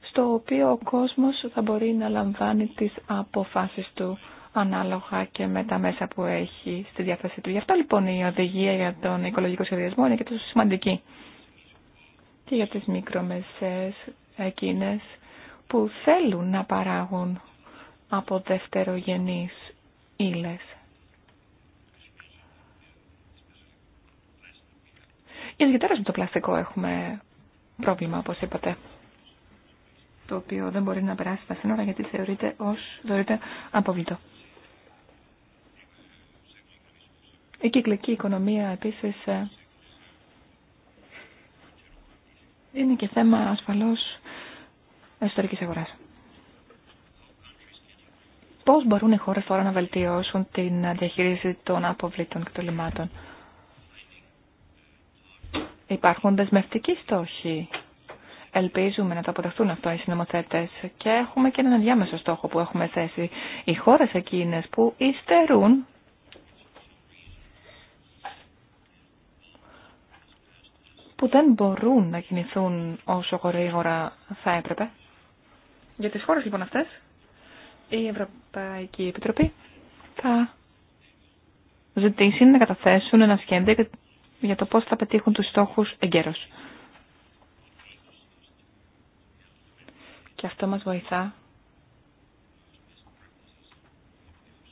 S4: στο οποίο ο κόσμος θα μπορεί να λαμβάνει τις αποφάσεις του ανάλογα και με τα μέσα που έχει στη διάθεσή του. Γι' αυτό λοιπόν η οδηγία για τον οικολογικό σχεδιασμό είναι και τόσο σημαντική και για τις μικρομεσαίες εκείνες που θέλουν να παράγουν από δευτερογενείς ύλες. Ιδιαίτερα με το πλαστικό έχουμε πρόβλημα, όπως είπατε, το οποίο δεν μπορεί να περάσει τα σύνορα γιατί θεωρείται ως θεωρείται αποβλητό. Η κυκλική οικονομία επίσης ε, είναι και θέμα ασφαλώς εσωτερικής αγοράς. Πώς μπορούν οι χώρες τώρα να βελτιώσουν την διαχείριση των αποβλήτων και των λιμάτων. Υπάρχουν δεσμευτικοί στόχοι. Ελπίζουμε να το αποτεχθούν αυτό οι συνομοθέτε. και έχουμε και έναν διάμεσο στόχο που έχουμε θέσει. Οι χώρες εκείνε που υστερούν που δεν μπορούν να κινηθούν όσο γρήγορα θα έπρεπε. Για τις χώρες λοιπόν αυτές, η Ευρωπαϊκή Επιτροπή θα ζητήσει να καταθέσουν ένα σχέδιο για το πώς θα πετύχουν τους στόχους εγκαίρως. Και αυτό μας βοηθά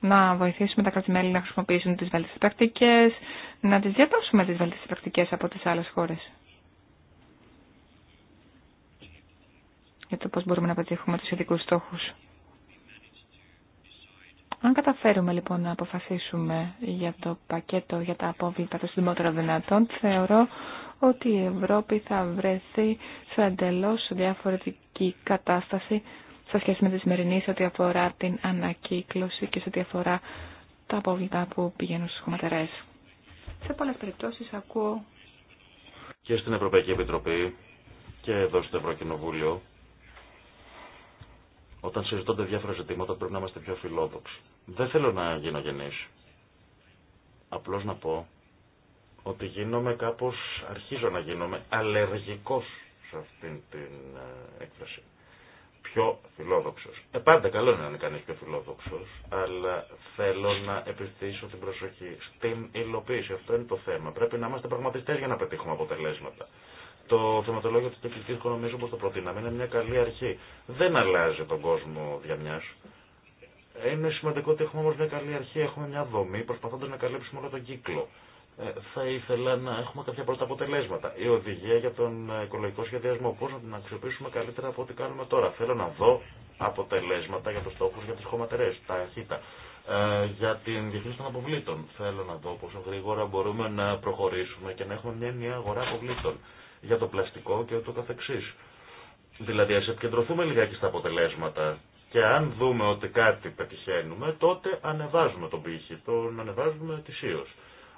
S4: να βοηθήσουμε τα κρατημέλη να χρησιμοποιήσουν τις βέλτιστες πρακτικές, να τις διαδώσουμε τις βέλτιστες πρακτικές από τις άλλες χώρες. για το πώς μπορούμε να πετύχουμε τους ειδικούς στόχους. Αν καταφέρουμε λοιπόν να αποφασίσουμε για το πακέτο για τα απόβλητα των συντομότερο δυνατόν, θεωρώ ότι η Ευρώπη θα βρεθεί σε εντελώ διαφορετική κατάσταση σε σχέση με τη σημερινή σε ό,τι αφορά την ανακύκλωση και σε ό,τι αφορά τα απόβλητα που πηγαίνουν στους χωματερές. Σε πολλές περιπτώσεις ακούω
S5: και στην Ευρωπαϊκή Επιτροπή και εδώ στο Ευρωκοινοβούλιο όταν συζητώνται διάφορα ζητήματα πρέπει να είμαστε πιο φιλόδοξοι. Δεν θέλω να γίνω γενής. Απλώς να πω ότι γίνομαι κάπως, αρχίζω να γίνομαι αλλεργικός σε αυτήν την ε, έκφραση. Πιο φιλόδοξος. Ε, πάντα καλό είναι να είναι κανείς πιο φιλόδοξος, αλλά θέλω να επιστήσω την προσοχή στην υλοποίηση. Αυτό είναι το θέμα. Πρέπει να είμαστε πραγματιστές για να πετύχουμε αποτελέσματα το θεματολόγιο του τουρκικού νομίζω όπω το προτείναμε είναι μια καλή αρχή. Δεν αλλάζει τον κόσμο διαμιά. Είναι σημαντικό ότι έχουμε όμω μια καλή αρχή, έχουμε μια δομή προσπαθώντα να καλύψουμε όλο τον κύκλο. Ε, θα ήθελα να έχουμε κάποια πρώτα αποτελέσματα. Η οδηγία για τον οικολογικό σχεδιασμό, πώ να την αξιοποιήσουμε καλύτερα από ό,τι κάνουμε τώρα. Θέλω να δω αποτελέσματα για του στόχου για τι χωματερέ, τα αρχήτα. Ε, για την διεθνή των αποβλήτων. Θέλω να δω πόσο γρήγορα μπορούμε να προχωρήσουμε και να έχουμε μια νέα αγορά αποβλήτων για το πλαστικό και ούτω καθεξής. Δηλαδή ας επικεντρωθούμε λιγάκι στα αποτελέσματα και αν δούμε ότι κάτι πετυχαίνουμε τότε ανεβάζουμε τον πύχη, τον ανεβάζουμε ετησίω.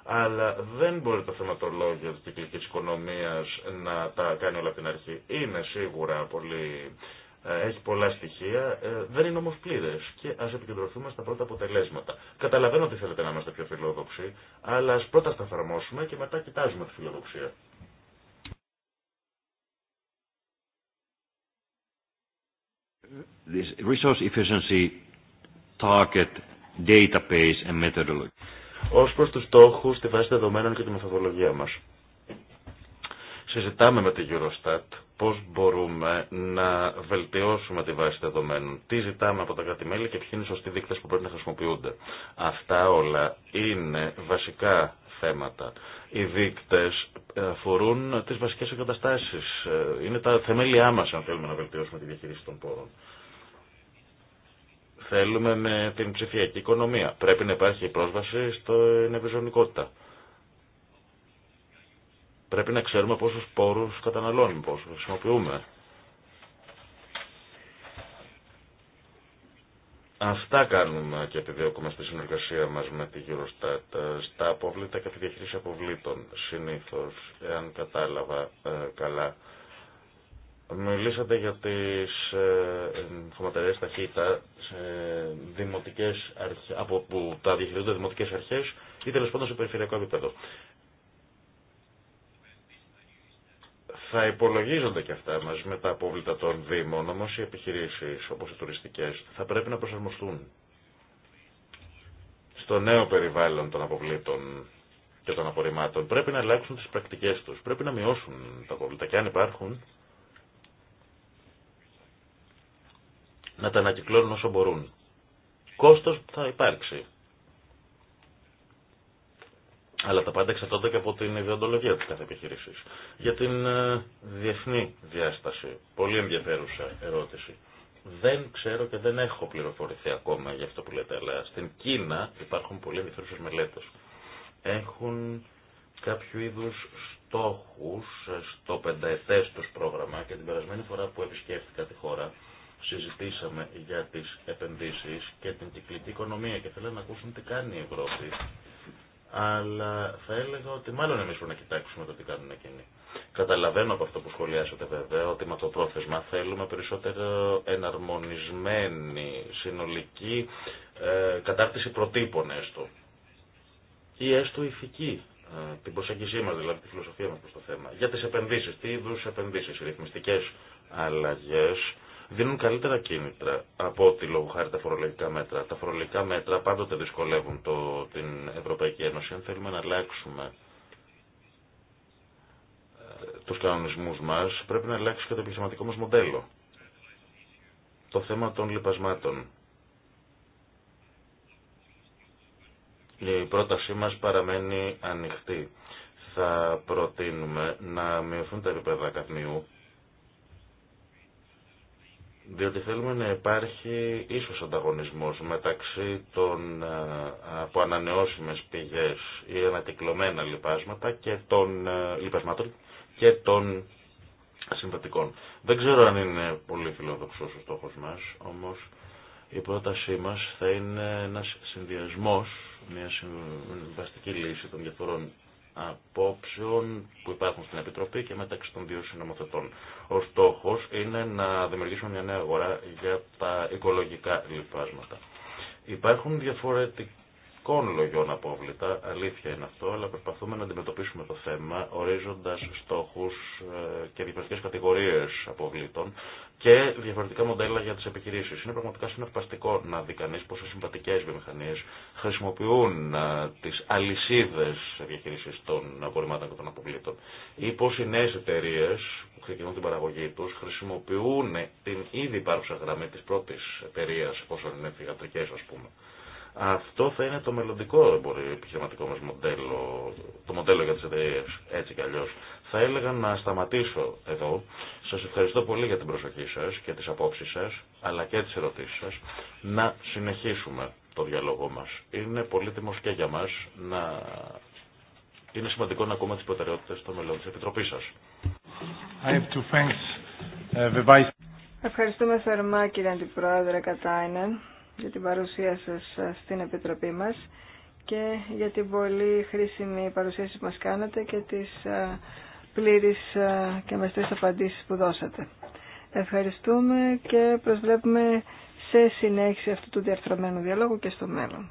S5: Αλλά δεν μπορεί το θεματολόγιο της κυκλικής οικονομίας να τα κάνει όλα από την αρχή. Είναι σίγουρα πολύ ε, έχει πολλά στοιχεία, ε, δεν είναι όμω πλήρε και α επικεντρωθούμε στα πρώτα αποτελέσματα. Καταλαβαίνω ότι θέλετε να είμαστε πιο φιλόδοξοι, αλλά α πρώτα τα εφαρμόσουμε και μετά κοιτάζουμε τη φιλοδοξία. this resource efficiency target database and methodology. Ως προς τους στόχους, τη βάση δεδομένων και τη μεθοδολογία μας. Συζητάμε με τη Eurostat πώς μπορούμε να βελτιώσουμε τη βάση δεδομένων, τι ζητάμε από τα κράτη-μέλη και ποιοι είναι οι σωστοί δείκτες που πρέπει να χρησιμοποιούνται. Αυτά όλα είναι βασικά θέματα. Οι δείκτες ε, αφορούν τις βασικές εγκαταστάσεις. Ε, είναι τα θεμέλια μας αν θέλουμε να βελτιώσουμε τη διαχείριση των πόρων. Θέλουμε με την ψηφιακή οικονομία. Πρέπει να υπάρχει πρόσβαση στην ευρυζωνικότητα. Πρέπει να ξέρουμε πόσους πόρους καταναλώνουμε, πόσους χρησιμοποιούμε. Αυτά κάνουμε και επιδιώκουμε στη συνεργασία μας με τη Eurostat. Ε, στα αποβλήτα και τη διαχείριση αποβλήτων συνήθως, εάν κατάλαβα ε, καλά, μιλήσατε για τις χωματερές ε, ταχύτητα δημοτικές από που τα διαχειρίζονται δημοτικές αρχές ή τέλο πάντων σε περιφερειακό επίπεδο. Θα υπολογίζονται και αυτά μαζί με τα απόβλητα των Δήμων, όμω οι επιχειρήσει όπω οι τουριστικέ θα πρέπει να προσαρμοστούν στο νέο περιβάλλον των αποβλήτων και των απορριμμάτων. Πρέπει να αλλάξουν τι πρακτικέ του. Πρέπει να μειώσουν τα απόβλητα και αν υπάρχουν να τα ανακυκλώνουν όσο μπορούν. Κόστος θα υπάρξει. Αλλά τα πάντα εξαρτώνται και από την ιδεοντολογία τη κάθε επιχείρηση. Για την ε, διεθνή διάσταση, πολύ ενδιαφέρουσα ερώτηση. Δεν ξέρω και δεν έχω πληροφορηθεί ακόμα για αυτό που λέτε, αλλά στην Κίνα υπάρχουν πολύ ενδιαφέρουσε μελέτε. Έχουν κάποιο είδου στόχου ε, στο πενταετέ του πρόγραμμα και την περασμένη φορά που επισκέφτηκα τη χώρα συζητήσαμε για τι επενδύσει και την κυκλική οικονομία και θέλω να ακούσουν τι κάνει η Ευρώπη αλλά θα έλεγα ότι μάλλον εμεί πρέπει να κοιτάξουμε το τι κάνουν εκείνοι. Καταλαβαίνω από αυτό που σχολιάσατε βέβαια ότι με το πρόθεσμα θέλουμε περισσότερο εναρμονισμένη συνολική ε, κατάρτιση προτύπων έστω ή έστω ηθική ε, την προσέγγιση μα, δηλαδή τη φιλοσοφία μα προ το θέμα. Για τι επενδύσει, τι είδου επενδύσει, ρυθμιστικέ αλλαγέ δίνουν καλύτερα κίνητρα από ό,τι λόγω χάρη τα φορολογικά μέτρα. Τα φορολογικά μέτρα πάντοτε δυσκολεύουν το, την Ευρωπαϊκή Ένωση. Αν θέλουμε να αλλάξουμε ε, τους κανονισμούς μας, πρέπει να αλλάξει και το επιχειρηματικό μας μοντέλο. Το θέμα των λοιπασμάτων. Η πρότασή μας παραμένει ανοιχτή. Θα προτείνουμε να μειωθούν τα επίπεδα καθμίου διότι θέλουμε να υπάρχει ίσως ανταγωνισμός μεταξύ των ε, από ανανεώσιμες πηγές ή ανακυκλωμένα λιπάσματα και των ε, λιπασμάτων και των συμβατικών. Δεν ξέρω αν είναι πολύ φιλοδοξός ο στόχος μας, όμως η πρότασή μας θα είναι ένας συνδυασμός, μια συμβαστική λύση των διαφορών απόψεων που υπάρχουν στην Επιτροπή και μεταξύ των δύο συνομοθετών. Ο στόχος είναι να δημιουργήσουν μια νέα αγορά για τα οικολογικά λιπάσματα. Υπάρχουν διαφορετικών λογιών απόβλητα, αλήθεια είναι αυτό, αλλά προσπαθούμε να αντιμετωπίσουμε το θέμα ορίζοντας στόχους ε, και διαφορετικές κατηγορίες αποβλήτων και διαφορετικά μοντέλα για τι επιχειρήσει. Είναι πραγματικά συναρπαστικό να δει κανεί πόσο συμπατικέ βιομηχανίε χρησιμοποιούν ε, τι αλυσίδε διαχείριση των απορριμμάτων και των αποβλήτων ή πώς οι νέε εταιρείε που ξεκινούν την παραγωγή του χρησιμοποιούν την ήδη υπάρχουσα γραμμή τη πρώτη εταιρεία όσο είναι θηγατρικέ, α πούμε. Αυτό θα είναι το μελλοντικό επιχειρηματικό μας μοντέλο, το μοντέλο για τι εταιρείε έτσι κι αλλιώ. Θα έλεγα να σταματήσω εδώ. Σας ευχαριστώ πολύ για την προσοχή σας και τις απόψεις σας, αλλά και τις ερωτήσεις σας. Να συνεχίσουμε το διάλογό μας. Είναι πολύτιμος και για μας να... Είναι σημαντικό να ακούμε τις προτεραιότητες των μελών της Επιτροπής σας.
S1: Uh,
S2: Ευχαριστούμε θερμά κύριε Αντιπρόεδρε Κατάινεν για την παρουσία σας ε, στην Επιτροπή μας και για την πολύ χρήσιμη παρουσίαση που μας κάνατε και τις ε, Πλήρης και μεστές απαντήσεις που δώσατε. Ευχαριστούμε και προσβλέπουμε σε συνέχιση αυτού του διαρθρωμένου διαλόγου και στο μέλλον.